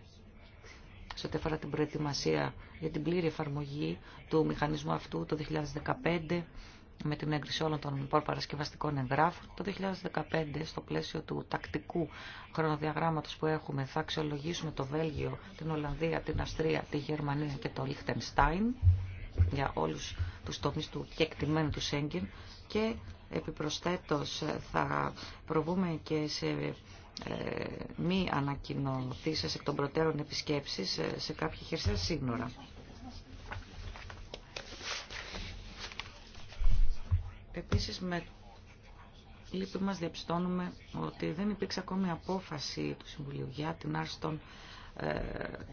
σε ό,τι αφορά την προετοιμασία για την πλήρη εφαρμογή του μηχανισμού αυτού το 2015 με την έγκριση όλων των λοιπόν παρασκευαστικών εγγράφων. Το 2015, στο πλαίσιο του τακτικού χρονοδιαγράμματος που έχουμε, θα αξιολογήσουμε το Βέλγιο, την Ολλανδία, την Αυστρία, τη Γερμανία και το Λίχτενστάιν για όλους τους τομείς του κεκτημένου του Σέγγεν και επιπροσθέτως θα προβούμε και σε ε, μη ανακοινωθήσεις εκ των προτέρων επισκέψεις ε, σε κάποια χερσαία σύνορα. Επίσης με λύπη μας διαπιστώνουμε ότι δεν υπήρξε ακόμη απόφαση του Συμβουλίου για την άρση των ε,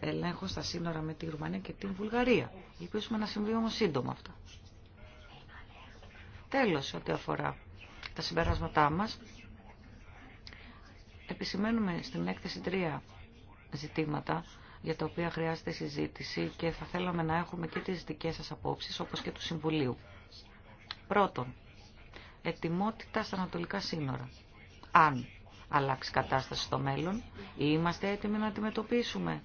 ελέγχων στα σύνορα με τη Ρουμανία και την Βουλγαρία. Ελπίζουμε να συμβεί όμως σύντομα αυτά. Τέλος, ό,τι αφορά τα συμπεράσματά μας, επισημαίνουμε στην έκθεση τρία ζητήματα για τα οποία χρειάζεται συζήτηση και θα θέλαμε να έχουμε και τις δικές σας απόψεις όπως και του Συμβουλίου. Πρώτον, ετοιμότητα στα ανατολικά σύνορα. Αν αλλάξει κατάσταση στο μέλλον, είμαστε έτοιμοι να αντιμετωπίσουμε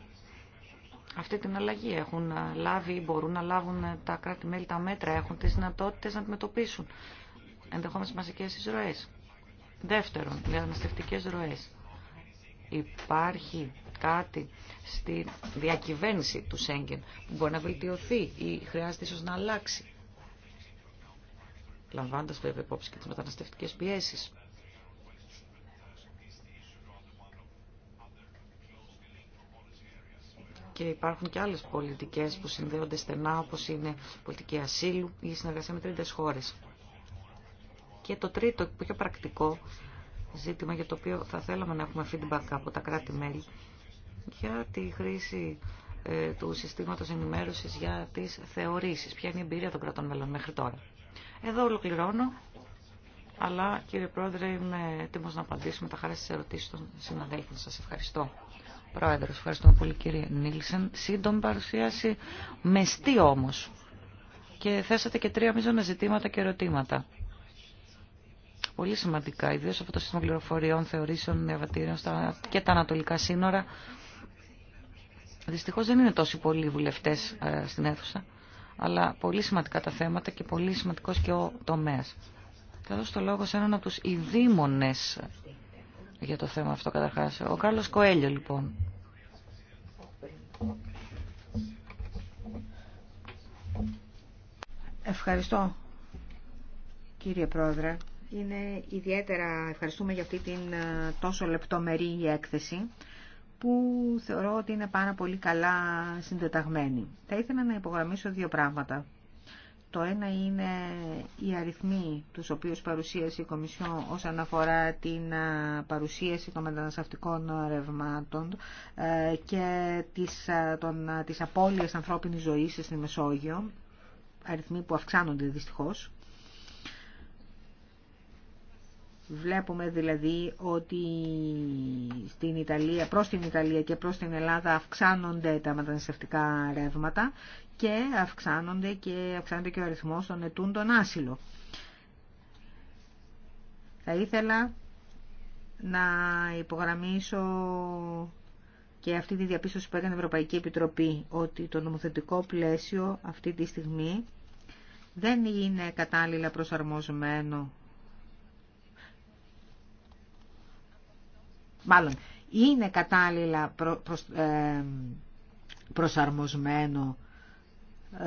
αυτή την αλλαγή. Έχουν ε, λάβει ή μπορούν να λάβουν ε, τα κράτη-μέλη τα μέτρα, έχουν τις δυνατότητες να αντιμετωπίσουν ενδεχόμενες μαζικές εισρωές. Δεύτερον, αναστευτικέ ροές. Υπάρχει κάτι στη διακυβέρνηση του Σέγγεν που μπορεί να βελτιωθεί ή χρειάζεται ίσως να αλλάξει λαμβάνοντας βέβαια υπόψη και τις μεταναστευτικές πιέσεις. Και υπάρχουν και άλλες πολιτικές που συνδέονται στενά, όπως είναι πολιτική ασύλου ή η συνεργασία με τρίτες χώρες. Και το τρίτο, πιο πρακτικό ζήτημα για το οποίο θα θέλαμε να έχουμε feedback από τα κράτη-μέλη, για τη χρήση ε, του συστήματος ενημέρωσης για τις θεωρήσεις. Ποια είναι η εμπειρία των κρατών μελών μέχρι τώρα. Εδώ ολοκληρώνω. Αλλά κύριε Πρόεδρε, είμαι έτοιμο να απαντήσω με τα χαρά στι ερωτήσει των συναδέλφων. Σα ευχαριστώ. Πρόεδρε, ευχαριστούμε πολύ κύριε Νίλσεν. Σύντομη παρουσίαση, μεστή όμω. Και θέσατε και τρία μείζωνα ζητήματα και ερωτήματα. Πολύ σημαντικά, ιδίω αυτό το σύστημα πληροφοριών, θεωρήσεων, διαβατήριων και τα ανατολικά σύνορα. Δυστυχώ δεν είναι τόσοι πολλοί βουλευτέ ε, στην αίθουσα αλλά πολύ σημαντικά τα θέματα και πολύ σημαντικός και ο τομέας. Θα δώσω το λόγο σε έναν από τους ειδήμονες για το θέμα αυτό καταρχάς. Ο Κάρλος Κοέλιο λοιπόν. Ευχαριστώ κύριε Πρόεδρε. Είναι ιδιαίτερα ευχαριστούμε για αυτή την ε, τόσο λεπτομερή έκθεση που θεωρώ ότι είναι πάρα πολύ καλά συντεταγμένη. Θα ήθελα να υπογραμμίσω δύο πράγματα. Το ένα είναι οι αριθμοί τους οποίους παρουσίασε η Κομισιόν όσον αφορά την παρουσίαση των μεταναστευτικών ρευμάτων ε, και της, των, της απώλειας ανθρώπινης ζωής στη Μεσόγειο, αριθμοί που αυξάνονται δυστυχώς. Βλέπουμε δηλαδή ότι στην Ιταλία, προς την Ιταλία και προς την Ελλάδα αυξάνονται τα μεταναστευτικά ρεύματα και αυξάνονται και, αυξάνεται και ο αριθμός των τον άσυλο. Θα ήθελα να υπογραμμίσω και αυτή τη διαπίστωση που έκανε η Ευρωπαϊκή Επιτροπή ότι το νομοθετικό πλαίσιο αυτή τη στιγμή δεν είναι κατάλληλα προσαρμοσμένο μάλλον είναι κατάλληλα προ, ε, προσαρμοσμένο ε,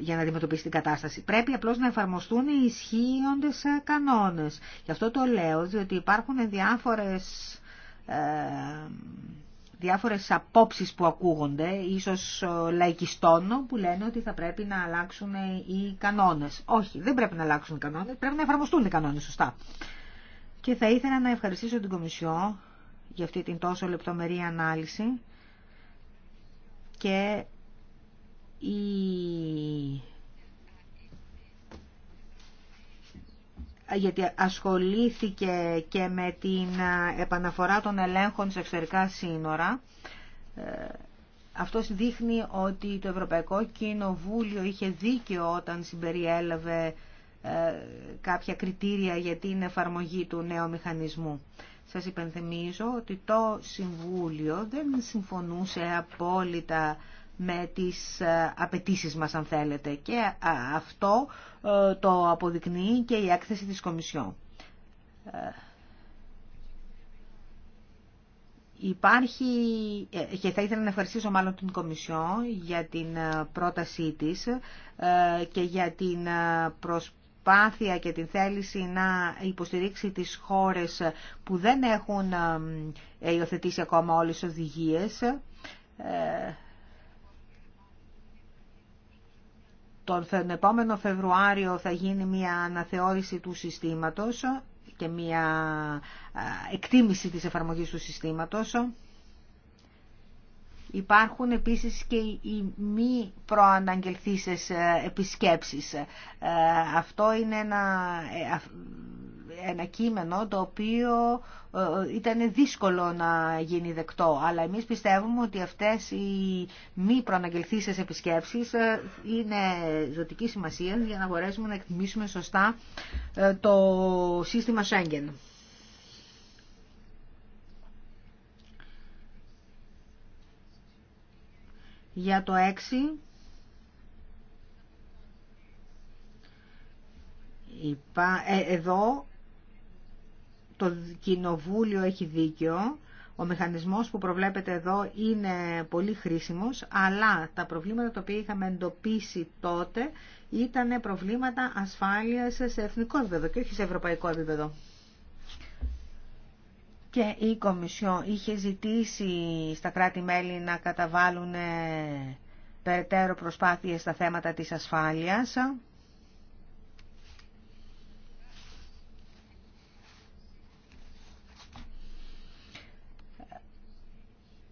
για να αντιμετωπίσει την κατάσταση. Πρέπει απλώς να εφαρμοστούν οι ισχύοντες ε, κανόνες. Γι' αυτό το λέω, διότι υπάρχουν διάφορες... Ε, διάφορες απόψεις που ακούγονται, ίσως λαϊκιστών, που λένε ότι θα πρέπει να αλλάξουν οι κανόνες. Όχι, δεν πρέπει να αλλάξουν οι κανόνες, πρέπει να εφαρμοστούν οι κανόνες, σωστά. Και θα ήθελα να ευχαριστήσω την Κομισιό για αυτή την τόσο λεπτομερή ανάλυση και η... γιατί ασχολήθηκε και με την επαναφορά των ελέγχων σε εξωτερικά σύνορα. Ε, Αυτός δείχνει ότι το Ευρωπαϊκό Κοινοβούλιο είχε δίκιο όταν συμπεριέλαβε ε, κάποια κριτήρια για την εφαρμογή του νέου μηχανισμού. Σας υπενθυμίζω ότι το Συμβούλιο δεν συμφωνούσε απόλυτα με τις ε, απαιτήσεις μας αν θέλετε και ε, αυτό ε, το αποδεικνύει και η έκθεση της Κομισιόν. Υπάρχει, και θα ήθελα να ευχαριστήσω μάλλον την Κομισιόν για την πρότασή της και για την προσπάθεια προσπάθεια και την θέληση να υποστηρίξει τις χώρες που δεν έχουν υιοθετήσει ακόμα όλες τις οδηγίες ε, τον επόμενο Φεβρουάριο θα γίνει μια αναθεώρηση του συστήματος και μια ε, εκτίμηση της εφαρμογής του συστήματος. Υπάρχουν επίσης και οι μη προαναγγελθήσεις ε, επισκέψεις. Ε, αυτό είναι ένα, ε, ένα κείμενο το οποίο ήταν δύσκολο να γίνει δεκτό, αλλά εμείς πιστεύουμε ότι αυτές οι μη προαναγγελθήσεις επισκέψεις είναι ζωτική σημασία για να μπορέσουμε να εκτιμήσουμε σωστά το σύστημα Schengen. Για το 6 ε, εδώ το κοινοβούλιο έχει δίκιο. Ο μηχανισμός που προβλέπετε εδώ είναι πολύ χρήσιμος, αλλά τα προβλήματα τα οποία είχαμε εντοπίσει τότε ήταν προβλήματα ασφάλειας σε εθνικό επίπεδο και όχι σε ευρωπαϊκό επίπεδο και η Κομισιό είχε ζητήσει στα κράτη-μέλη να καταβάλουν ε, περαιτέρω προσπάθειες στα θέματα της ασφάλειας.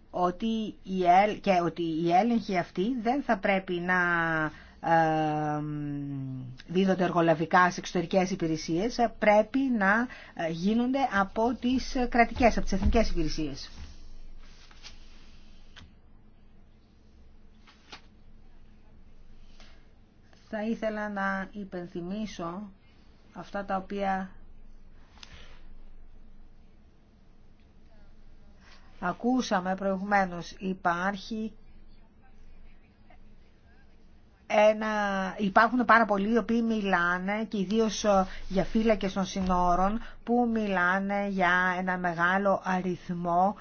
Ότι η, και ότι η έλεγχη αυτή δεν θα πρέπει να ε, δίδονται εργολαβικά σε εξωτερικές υπηρεσίες ε, πρέπει να ε, γίνονται από τις κρατικές, από τις εθνικές υπηρεσίες. Θα ήθελα να υπενθυμίσω αυτά τα οποία ακούσαμε προηγουμένως. Υπάρχει ένα, υπάρχουν πάρα πολλοί οι οποίοι μιλάνε και ιδίω ε, για φύλακες των συνόρων που μιλάνε για ένα μεγάλο αριθμό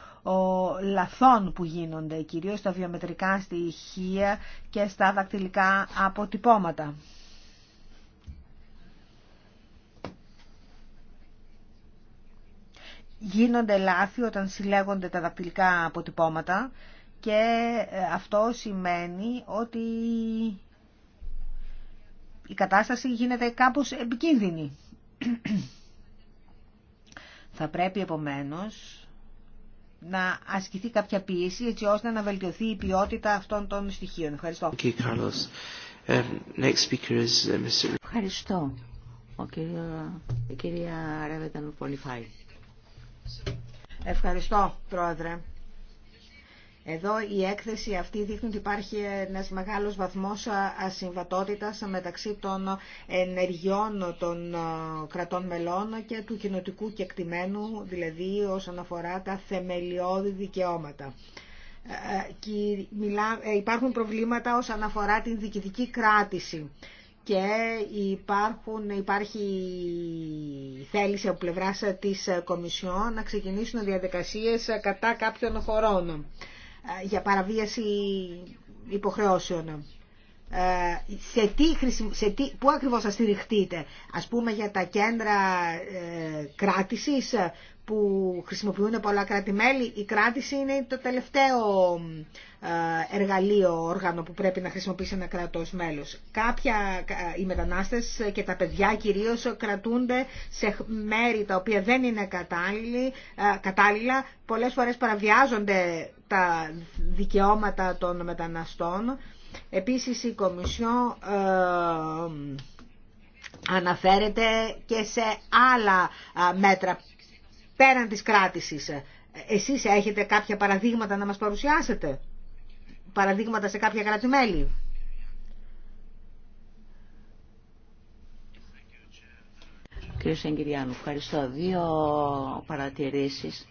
λαθών που γίνονται κυρίως στα βιομετρικά στοιχεία και στα δακτυλικά αποτυπώματα. Γίνονται λάθη όταν συλλέγονται τα δακτυλικά αποτυπώματα και ε, αυτό σημαίνει ότι η κατάσταση γίνεται κάπως επικίνδυνη. Θα πρέπει επομένως να ασκηθεί κάποια πίεση έτσι ώστε να βελτιωθεί η ποιότητα αυτών των στοιχείων. Ευχαριστώ. Okay, um, next speaker is, uh, Mr. Ευχαριστώ. Ο κύριο, η κυρία Ρεβέτα Πολυφάη. Ευχαριστώ, Πρόεδρε. Εδώ η έκθεση αυτή δείχνει ότι υπάρχει ένας μεγάλος βαθμός ασυμβατότητας μεταξύ των ενεργειών των κρατών μελών και του κοινοτικού κεκτημένου, δηλαδή όσον αφορά τα θεμελιώδη δικαιώματα. Ε, υπάρχουν προβλήματα όσον αφορά την διοικητική κράτηση και υπάρχουν, υπάρχει θέληση από πλευρά της Κομισιόν να ξεκινήσουν διαδικασίες κατά κάποιων χωρών. Ε, για παραβίαση υποχρεώσεων. Ε, σε τι, σε τι, πού ακριβώς θα στηριχτείτε, ας πούμε για τα κέντρα ε, κράτησης που χρησιμοποιούν πολλά κράτη-μέλη, η κράτηση είναι το τελευταίο ε, εργαλείο, όργανο που πρέπει να χρησιμοποιήσει ένα κράτος μέλος. Κάποια, οι μετανάστες και τα παιδιά κυρίως κρατούνται σε μέρη τα οποία δεν είναι ε, κατάλληλα, πολλές φορές παραβιάζονται τα δικαιώματα των μεταναστών. Επίσης η Κομισιό ε, αναφέρεται και σε άλλα μέτρα πέραν της κράτησης. Ε, εσείς έχετε κάποια παραδείγματα να μας παρουσιάσετε. Παραδείγματα σε κάποια κράτη-μέλη. Κύριε Σεγκυριάνου, ευχαριστώ. Δύο παρατηρήσεις.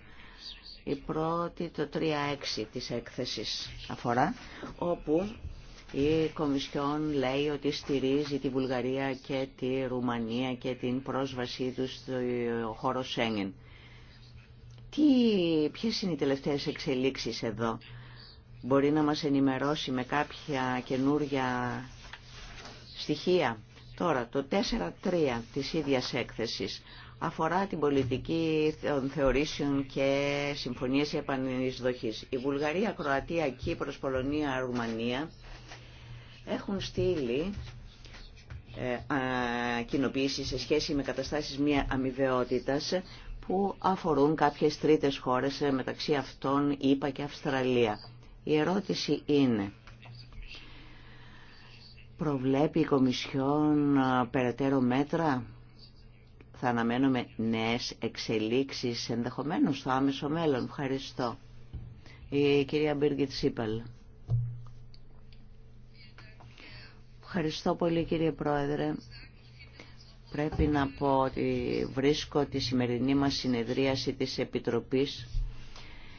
Η πρώτη, το 3-6 της έκθεσης αφορά, όπου η Κομισιόν λέει ότι στηρίζει τη Βουλγαρία και τη Ρουμανία και την πρόσβασή τους στο χώρο Σέγγεν. Τι, ποιες είναι οι τελευταίες εξελίξεις εδώ. Μπορεί να μας ενημερώσει με κάποια καινούρια στοιχεία. Τώρα, το 4-3 της ίδιας έκθεσης αφορά την πολιτική των θεωρήσεων και συμφωνίες επανεισδοχής. Η Βουλγαρία, Κροατία, Κύπρος, Πολωνία, Ρουμανία έχουν στείλει ε, κοινοποίηση σε σχέση με καταστάσεις μια αμοιβαιότητας που αφορούν κάποιες τρίτες χώρες, ε, μεταξύ αυτών είπα και Αυστραλία. Η ερώτηση είναι, προβλέπει η Κομισιόν ε, περαιτέρω μέτρα, θα αναμένουμε νέες εξελίξεις ενδεχομένως στο άμεσο μέλλον. Ευχαριστώ. Η κυρία Μπίργκιτ Σίπελ. Ευχαριστώ πολύ κύριε Πρόεδρε. Πρέπει να πω ότι βρίσκω τη σημερινή μας συνεδρίαση της Επιτροπής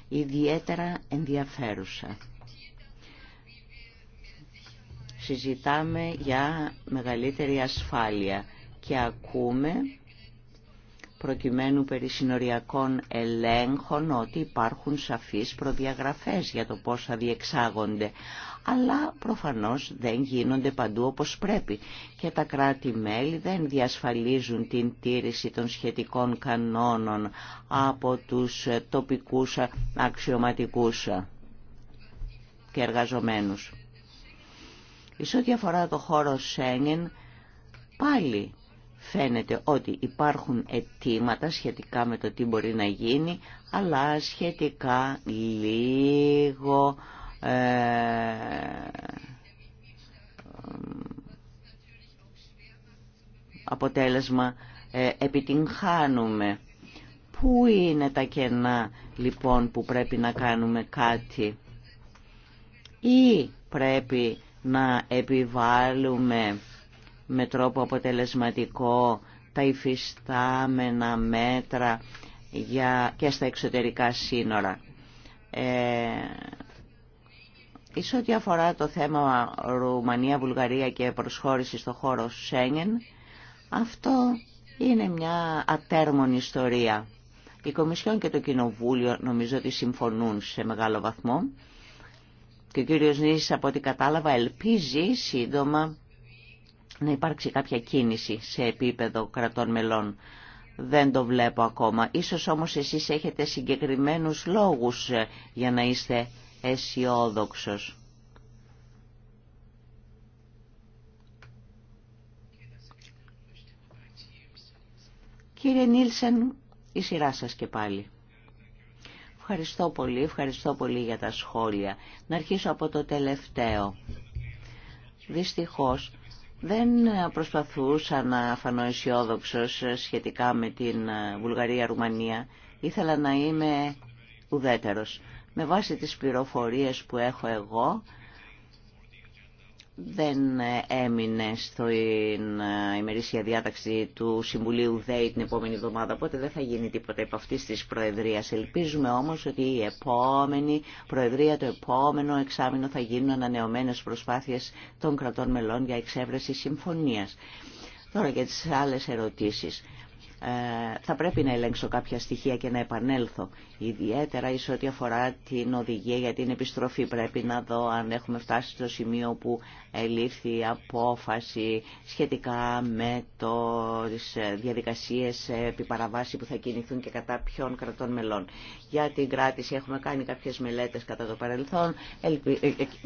ιδιαίτερα ενδιαφέρουσα. Συζητάμε για μεγαλύτερη ασφάλεια και ακούμε προκειμένου περί συνοριακών ελέγχων ότι υπάρχουν σαφείς προδιαγραφές για το πώς θα διεξάγονται αλλά προφανώς δεν γίνονται παντού όπως πρέπει και τα κράτη-μέλη δεν διασφαλίζουν την τήρηση των σχετικών κανόνων από τους τοπικούς αξιωματικούς και εργαζομένους. Εις ό,τι αφορά το χώρο Σέγγεν, πάλι φαίνεται ότι υπάρχουν αιτήματα σχετικά με το τι μπορεί να γίνει, αλλά σχετικά λίγο ε, αποτέλεσμα ε, επιτυγχάνουμε. Πού είναι τα κενά λοιπόν που πρέπει να κάνουμε κάτι ή πρέπει να επιβάλλουμε με τρόπο αποτελεσματικό τα υφιστάμενα μέτρα για, και στα εξωτερικά σύνορα. Ε, σε ό,τι αφορά το θέμα Ρουμανία, Βουλγαρία και προσχώρηση στο χώρο Σέγγεν, αυτό είναι μια ατέρμονη ιστορία. Η Κομισιόν και το Κοινοβούλιο νομίζω ότι συμφωνούν σε μεγάλο βαθμό και ο κύριος Νίσης από ό,τι κατάλαβα ελπίζει σύντομα να υπάρξει κάποια κίνηση σε επίπεδο κρατών μελών. Δεν το βλέπω ακόμα. Ίσως όμως εσείς έχετε συγκεκριμένους λόγους για να είστε αισιόδοξο. Κύριε Νίλσεν, η σειρά σας και πάλι. Ευχαριστώ πολύ, ευχαριστώ πολύ για τα σχόλια. Να αρχίσω από το τελευταίο. Δυστυχώς δεν προσπαθούσα να φανώ αισιόδοξο σχετικά με την Βουλγαρία-Ρουμανία. Ήθελα να είμαι ουδέτερος. Με βάση τις πληροφορίες που έχω εγώ, δεν έμεινε στην ε, ημερήσια διάταξη του Συμβουλίου ΔΕΗ την επόμενη εβδομάδα, οπότε δεν θα γίνει τίποτα από αυτής της Προεδρίας. Ελπίζουμε όμως ότι η επόμενη Προεδρία, το επόμενο εξάμεινο θα γίνουν ανανεωμένες προσπάθειες των κρατών μελών για εξέβρεση συμφωνίας. Τώρα για τις άλλες ερωτήσεις. Ε, θα πρέπει να ελέγξω κάποια στοιχεία και να επανέλθω. Ιδιαίτερα ίσως ό,τι αφορά την οδηγία για την επιστροφή πρέπει να δω αν έχουμε φτάσει στο σημείο που ελήφθη απόφαση σχετικά με το, τις ε, διαδικασίες ε, επί παραβάση που θα κινηθούν και κατά ποιών κρατών μελών. Για την κράτηση έχουμε κάνει κάποιες μελέτες κατά το παρελθόν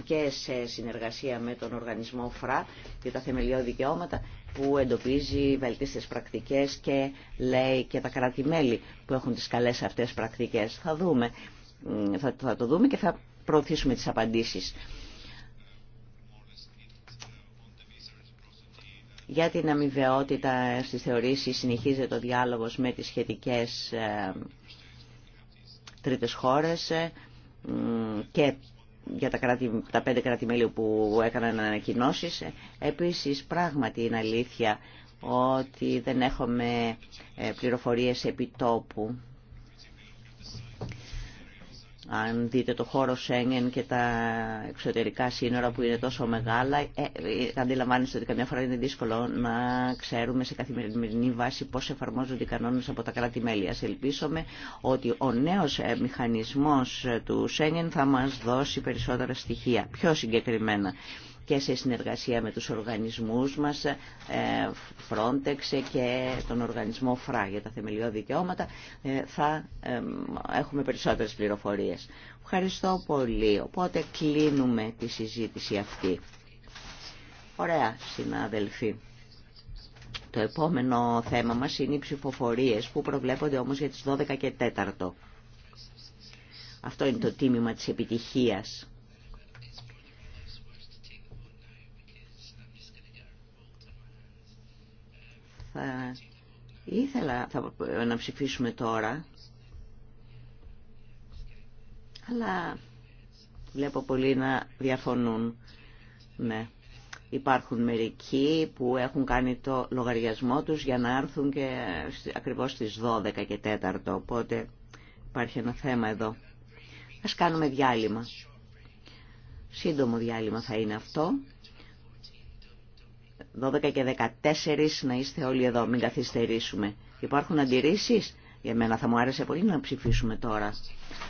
και σε συνεργασία με τον οργανισμό ΦΡΑ για τα θεμελιώδη δικαιώματα που εντοπίζει βελτίστες πρακτικές και λέει και τα κρατη που έχουν τις καλές αυτές πρακτικές. Θα δούμε, θα, το δούμε και θα προωθήσουμε τις απαντήσεις. Για την αμοιβαιότητα στις θεωρήσεις συνεχίζεται ο διάλογος με τις σχετικές ε, τρίτες χώρες ε, και για τα, κράτη, τα πέντε κράτη-μέλη που έκαναν ανακοινώσεις. Επίσης, πράγματι είναι αλήθεια ότι δεν έχουμε ε, πληροφορίες επιτόπου αν δείτε το χώρο Σέγγεν και τα εξωτερικά σύνορα που είναι τόσο μεγάλα, ε, αντιλαμβάνεστε ότι καμιά φορά είναι δύσκολο να ξέρουμε σε καθημερινή βάση πώς εφαρμόζονται οι κανόνες από τα κράτη-μέλη. Ας ελπίσουμε ότι ο νέος ε, μηχανισμός του Σέγγεν θα μας δώσει περισσότερα στοιχεία, πιο συγκεκριμένα και σε συνεργασία με τους οργανισμούς μας, ε, Frontex και τον οργανισμό ΦΡΑ για τα θεμελιώδη δικαιώματα, ε, θα ε, έχουμε περισσότερες πληροφορίες. Ευχαριστώ πολύ. Οπότε κλείνουμε τη συζήτηση αυτή. Ωραία, συναδελφοί. Το επόμενο θέμα μας είναι οι ψηφοφορίες που προβλέπονται όμως για τις 12 και 4. Αυτό είναι το τίμημα της επιτυχίας. Θα ήθελα θα, να ψηφίσουμε τώρα, αλλά βλέπω πολλοί να διαφωνούν. Ναι. Υπάρχουν μερικοί που έχουν κάνει το λογαριασμό τους για να έρθουν και ακριβώς στις 12 και 4, οπότε υπάρχει ένα θέμα εδώ. Ας κάνουμε διάλειμμα. Σύντομο διάλειμμα θα είναι αυτό. 12 και 14 να είστε όλοι εδώ, μην καθυστερήσουμε. Υπάρχουν αντιρρήσεις. Για μένα θα μου άρεσε πολύ να ψηφίσουμε τώρα.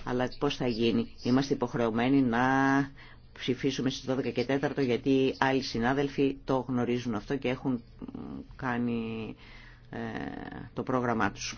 Αλλά πώς θα γίνει. Είμαστε υποχρεωμένοι να ψηφίσουμε στις 12 και 4 γιατί άλλοι συνάδελφοι το γνωρίζουν αυτό και έχουν κάνει ε, το πρόγραμμά τους.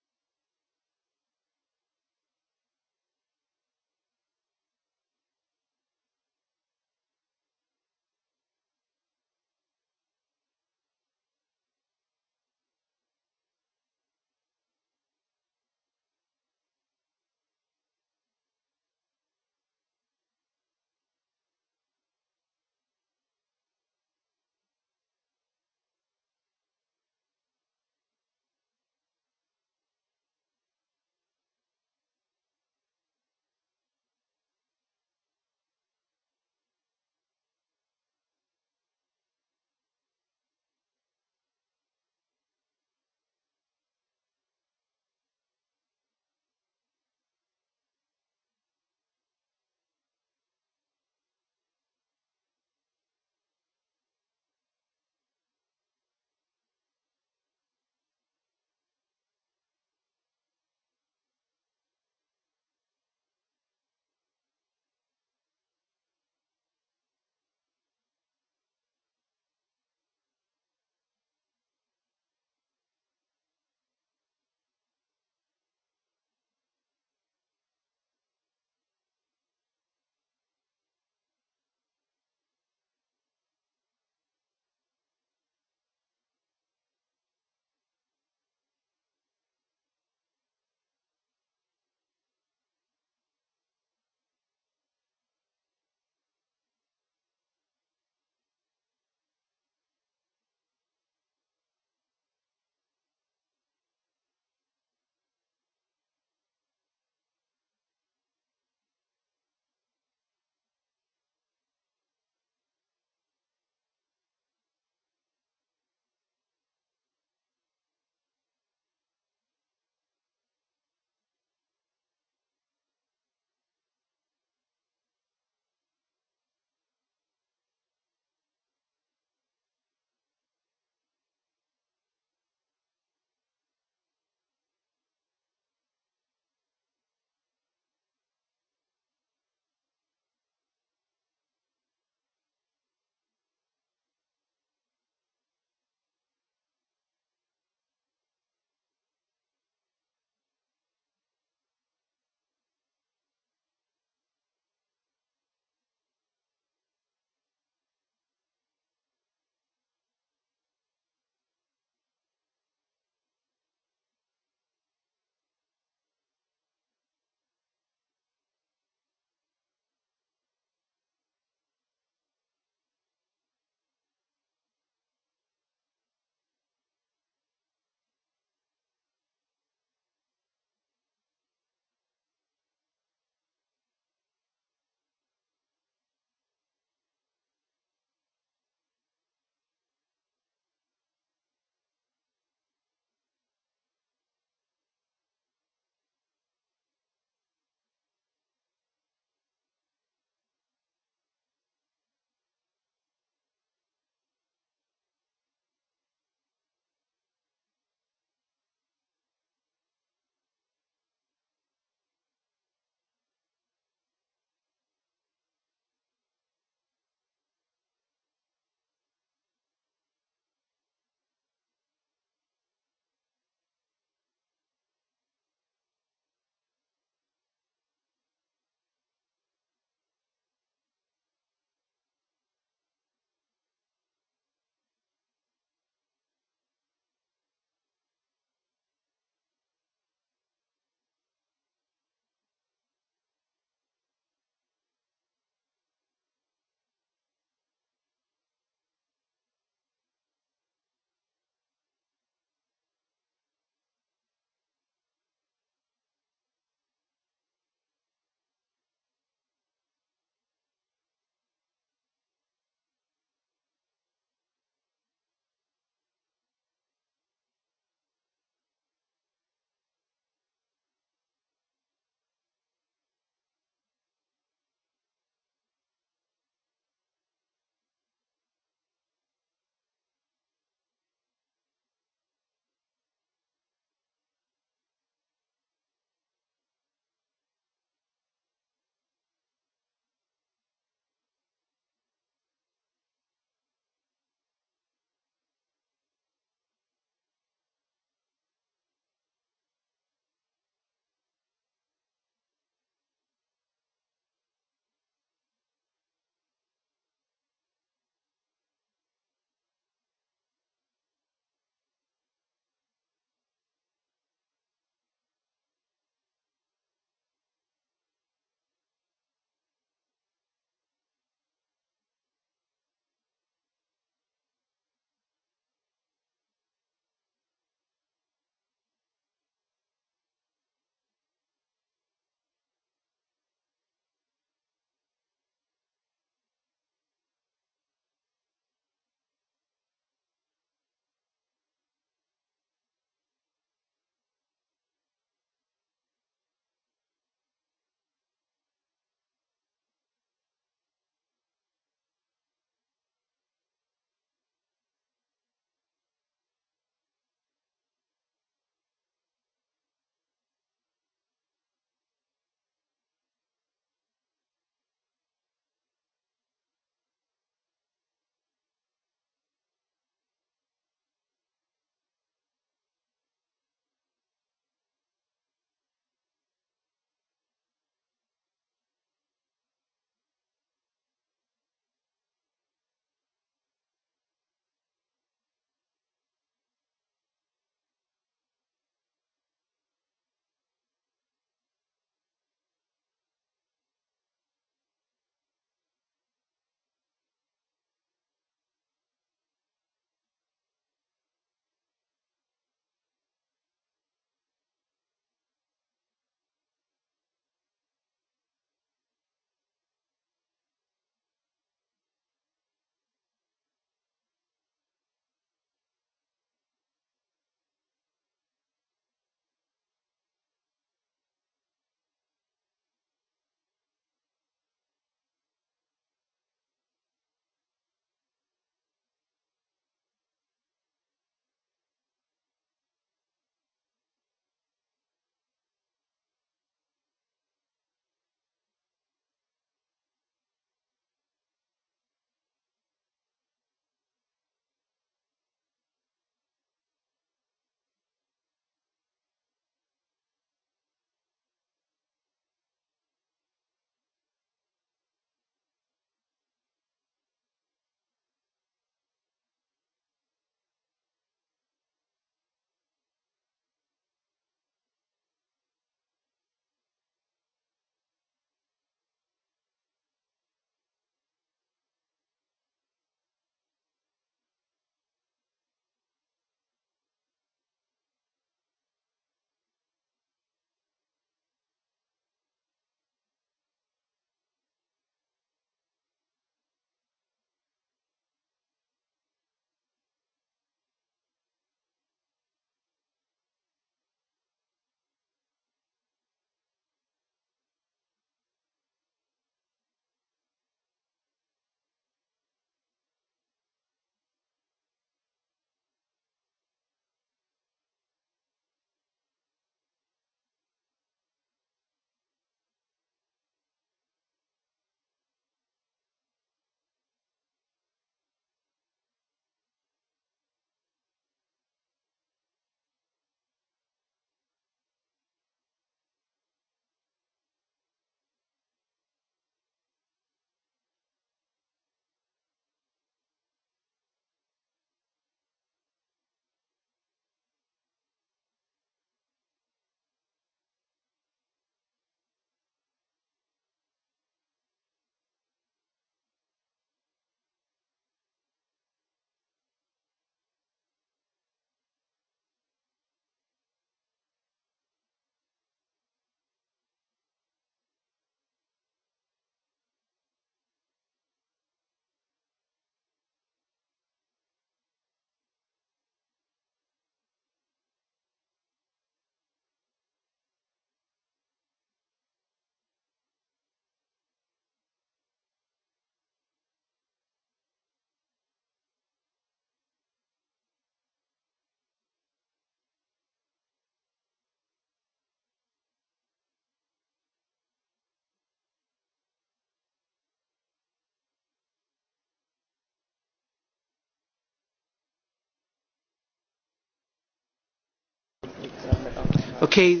Uh,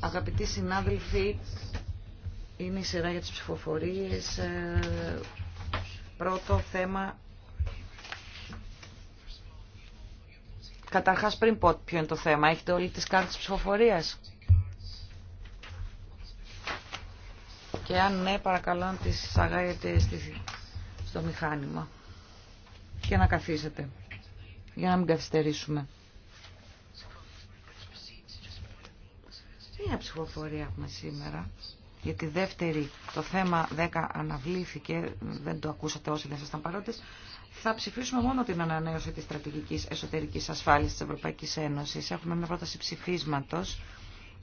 Αγαπητοί συνάδελφοι, είναι η σειρά για τις ψηφοφορίες. Ε, πρώτο θέμα, καταρχάς πριν πω ποιο είναι το θέμα, έχετε όλοι τις κάρτες ψηφοφορίας. Και αν ναι, παρακαλώ να τις αγάγετε στο μηχάνημα και να καθίσετε για να μην καθυστερήσουμε. Μία ψηφοφορία έχουμε σήμερα. Για τη δεύτερη, το θέμα 10 αναβλήθηκε, δεν το ακούσατε όσοι δεν ήσασταν παρόντες. Θα ψηφίσουμε μόνο την ανανέωση της στρατηγικής εσωτερικής ασφάλειας της Ευρωπαϊκής Ένωσης. Έχουμε μια πρόταση ψηφίσματος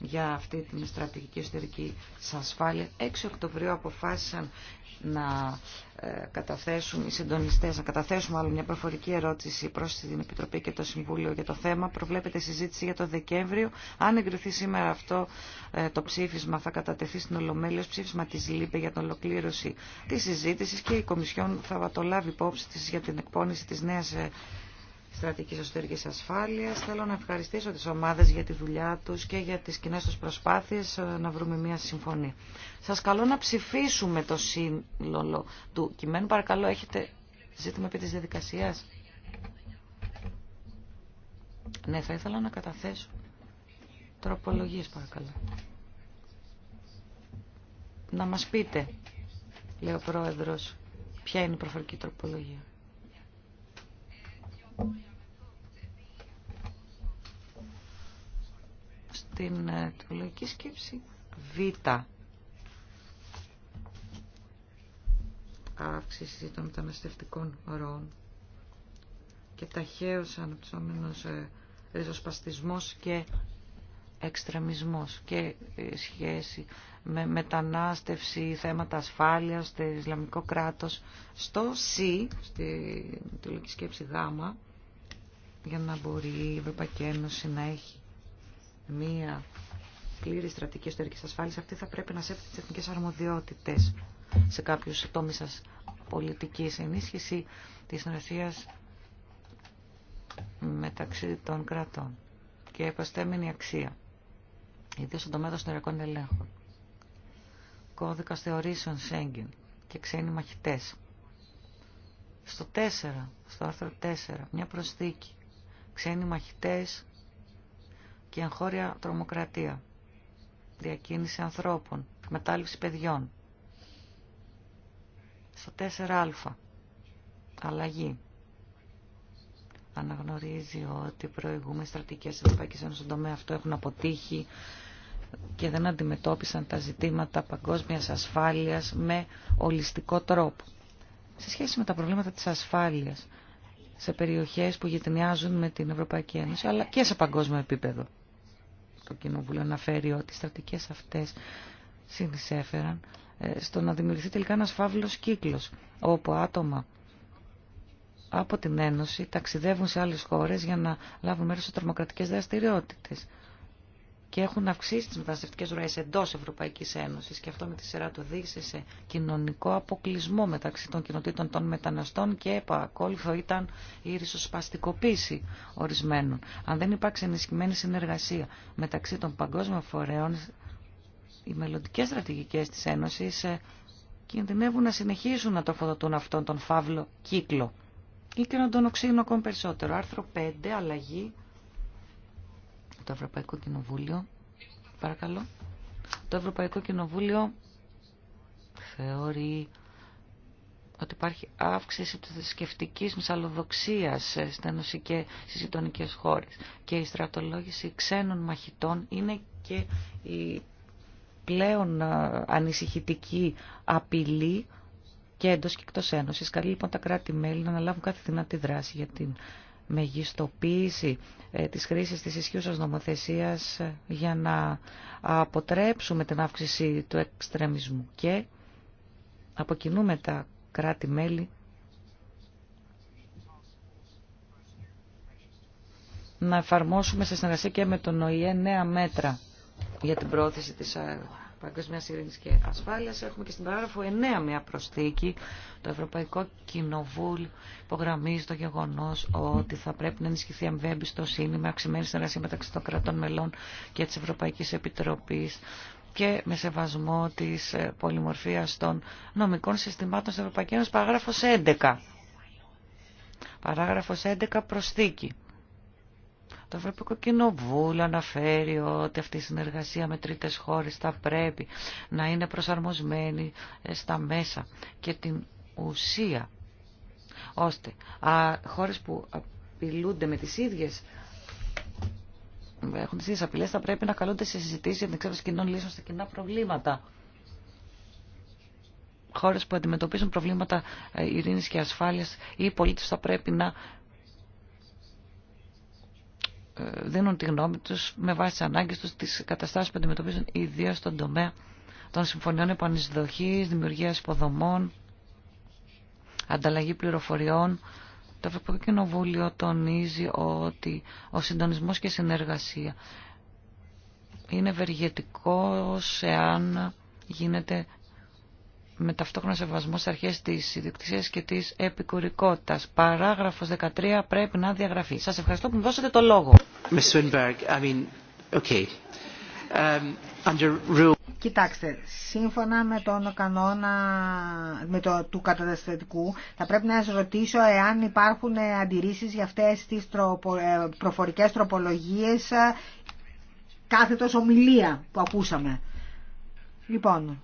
για αυτή την στρατηγική εσωτερική ασφάλεια. 6 Οκτωβρίου αποφάσισαν να ε, καταθέσουν οι συντονιστές, να καταθέσουν μάλλον μια προφορική ερώτηση προς την Επιτροπή και το Συμβούλιο για το θέμα. Προβλέπεται συζήτηση για το Δεκέμβριο. Αν εγκριθεί σήμερα αυτό ε, το ψήφισμα θα κατατεθεί στην Ολομέλεια ψήφισμα της ΛΥΠΕ για την ολοκλήρωση της συζήτησης και η Κομισιόν θα το λάβει υπόψη της για την εκπόνηση της νέας ε, Στρατική εσωτερικής ασφάλειας. Θέλω να ευχαριστήσω τις ομάδες για τη δουλειά τους και για τις κοινέ τους προσπάθειες ε, να βρούμε μια συμφωνία. Σας καλώ να ψηφίσουμε το σύνολο του κειμένου. Παρακαλώ, έχετε ζήτημα επί της διαδικασίας. Ναι, θα ήθελα να καταθέσω τροπολογίες παρακαλώ. Να μας πείτε, λέει ο Πρόεδρος, ποια είναι η προφορική τροπολογία. Στην τυπολογική ε, σκέψη Β. Αύξηση των μεταναστευτικών ροών και ταχαίως αναπτυσσόμενος ε, ριζοσπαστισμός και εξτρεμισμός και ε, σχέση με μετανάστευση, θέματα ασφάλειας, το Ισλαμικό κράτος. Στο ΣΥ, στη τηλεοπτική σκέψη Γ για να μπορεί η Ευρωπαϊκή Ένωση να έχει μία πλήρη στρατική εσωτερική ασφάλεια, αυτή θα πρέπει να σέβεται τι εθνικέ αρμοδιότητε σε κάποιου τόμει σα πολιτική ενίσχυση τη συνεργασία μεταξύ των κρατών και προστέμενη αξία, ιδίω στον τομέα των εσωτερικών ελέγχων. Κώδικα θεωρήσεων Σέγγεν και ξένοι μαχητέ. Στο 4, στο άρθρο 4, μια προσθήκη ξένοι μαχητές και εγχώρια τρομοκρατία, διακίνηση ανθρώπων, εκμετάλλευση παιδιών. Στο 4α, αλλαγή. Αναγνωρίζει ότι οι προηγούμενε στρατηγικές τη Ευρωπαϊκής στον τομέα αυτό έχουν αποτύχει και δεν αντιμετώπισαν τα ζητήματα παγκόσμιας ασφάλειας με ολιστικό τρόπο. Σε σχέση με τα προβλήματα της ασφάλεια σε περιοχές που γεννιάζουν με την Ευρωπαϊκή Ένωση, αλλά και σε παγκόσμιο επίπεδο. Το Κοινοβούλιο αναφέρει ότι οι στρατικές αυτές συνεισέφεραν ε, στο να δημιουργηθεί τελικά ένας φαύλος κύκλος, όπου άτομα από την Ένωση ταξιδεύουν σε άλλες χώρες για να λάβουν μέρος σε τρομοκρατικές δραστηριότητες και έχουν αυξήσει τις μεταναστευτικές ροές εντός Ευρωπαϊκής Ένωσης και αυτό με τη σειρά του οδήγησε σε κοινωνικό αποκλεισμό μεταξύ των κοινοτήτων των μεταναστών και επακόλουθο ήταν η ρισοσπαστικοποίηση ορισμένων. Αν δεν υπάρξει ενισχυμένη συνεργασία μεταξύ των παγκόσμιων φορέων, οι μελλοντικές στρατηγικές της Ένωσης ε, κινδυνεύουν να συνεχίσουν να τροφοδοτούν αυτόν τον φαύλο κύκλο ή και να τον οξύνουν ακόμη περισσότερο. Άρθρο 5, αλλαγή το Ευρωπαϊκό Κοινοβούλιο. Παρακαλώ. Το Ευρωπαϊκό Κοινοβούλιο θεωρεί ότι υπάρχει αύξηση της θρησκευτική μυσαλλοδοξίας στην Ένωση και στις γειτονικέ χώρες. Και η στρατολόγηση ξένων μαχητών είναι και η πλέον ε, ανησυχητική απειλή και εντός και εκτός Ένωσης. Καλεί λοιπόν τα κράτη-μέλη να αναλάβουν κάθε δυνατή δράση για την μεγιστοποίηση ε, της χρήσης της ισχύουσας νομοθεσίας ε, για να αποτρέψουμε την αύξηση του εξτρεμισμού και αποκινούμε τα κράτη-μέλη να εφαρμόσουμε σε συνεργασία και με τον ΟΗΕ νέα μέτρα για την πρόθεση της Παγκόσμια Ειρήνης και Ασφάλειας. Έχουμε και στην παράγραφο 9 μια προσθήκη. Το Ευρωπαϊκό Κοινοβούλιο υπογραμμίζει το γεγονός ότι θα πρέπει να ενισχυθεί αμβέμπιστοσύνη σύνυμα αυξημένη συνεργασία μεταξύ των κρατών μελών και της Ευρωπαϊκής Επιτροπής και με σεβασμό της ε, πολυμορφίας των νομικών συστημάτων στην Ευρωπαϊκή Ένωση, παράγραφος 11. Παράγραφος 11 προσθήκη. Το Ευρωπαϊκό Κοινοβούλιο αναφέρει ότι αυτή η συνεργασία με τρίτες χώρες θα πρέπει να είναι προσαρμοσμένη ε, στα μέσα και την ουσία, ώστε α, χώρες που απειλούνται με τις ίδιες έχουν τις ίδιες απειλές, θα πρέπει να καλούνται σε συζητήσεις για την εξέβαση κοινών λύσεων στα κοινά προβλήματα χώρες που αντιμετωπίζουν προβλήματα ε, ειρήνης και ασφάλειας ή πολίτες θα πρέπει να ε, δίνουν τη γνώμη του με βάση τι ανάγκε του τι καταστάσει που αντιμετωπίζουν ιδίω στον τομέα των συμφωνιών επανεισδοχή, δημιουργία υποδομών, ανταλλαγή πληροφοριών. Το Ευρωπαϊκό Κοινοβούλιο τονίζει ότι ο συντονισμός και η συνεργασία είναι ευεργετικός εάν γίνεται με ταυτόχρονα σεβασμό στι αρχές της ιδιοκτησίας και τη επικουρικότητα. Παράγραφό 13 πρέπει να διαγραφεί. Σα ευχαριστώ που μου δώσατε το λόγο. Um, Κοιτάξτε, σύμφωνα με τον κανόνα με το, του καταστατικού, θα πρέπει να σας ρωτήσω εάν υπάρχουν ε, αντιρρήσεις για αυτές τις τροπο, ε, προφορικές τροπολογίες ε, κάθετος ομιλία που ακούσαμε. Λοιπόν,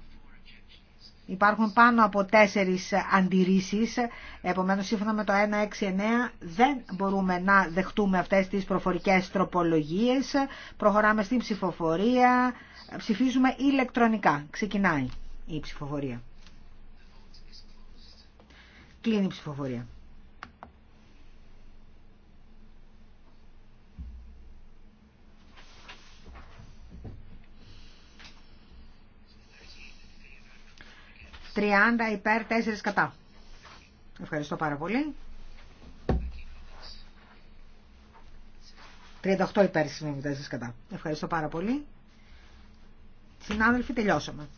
Υπάρχουν πάνω από τέσσερις αντιρρήσεις, επομένως σύμφωνα με το 169 δεν μπορούμε να δεχτούμε αυτές τις προφορικές τροπολογίες. Προχωράμε στην ψηφοφορία, ψηφίζουμε ηλεκτρονικά. Ξεκινάει η ψηφοφορία. Κλείνει η ψηφοφορία. 30 υπέρ 4 κατά. Ευχαριστώ πάρα πολύ. 38 υπέρ, 4 κατά. Ευχαριστώ πάρα πολύ. Συνάδελφοι, τελειώσαμε.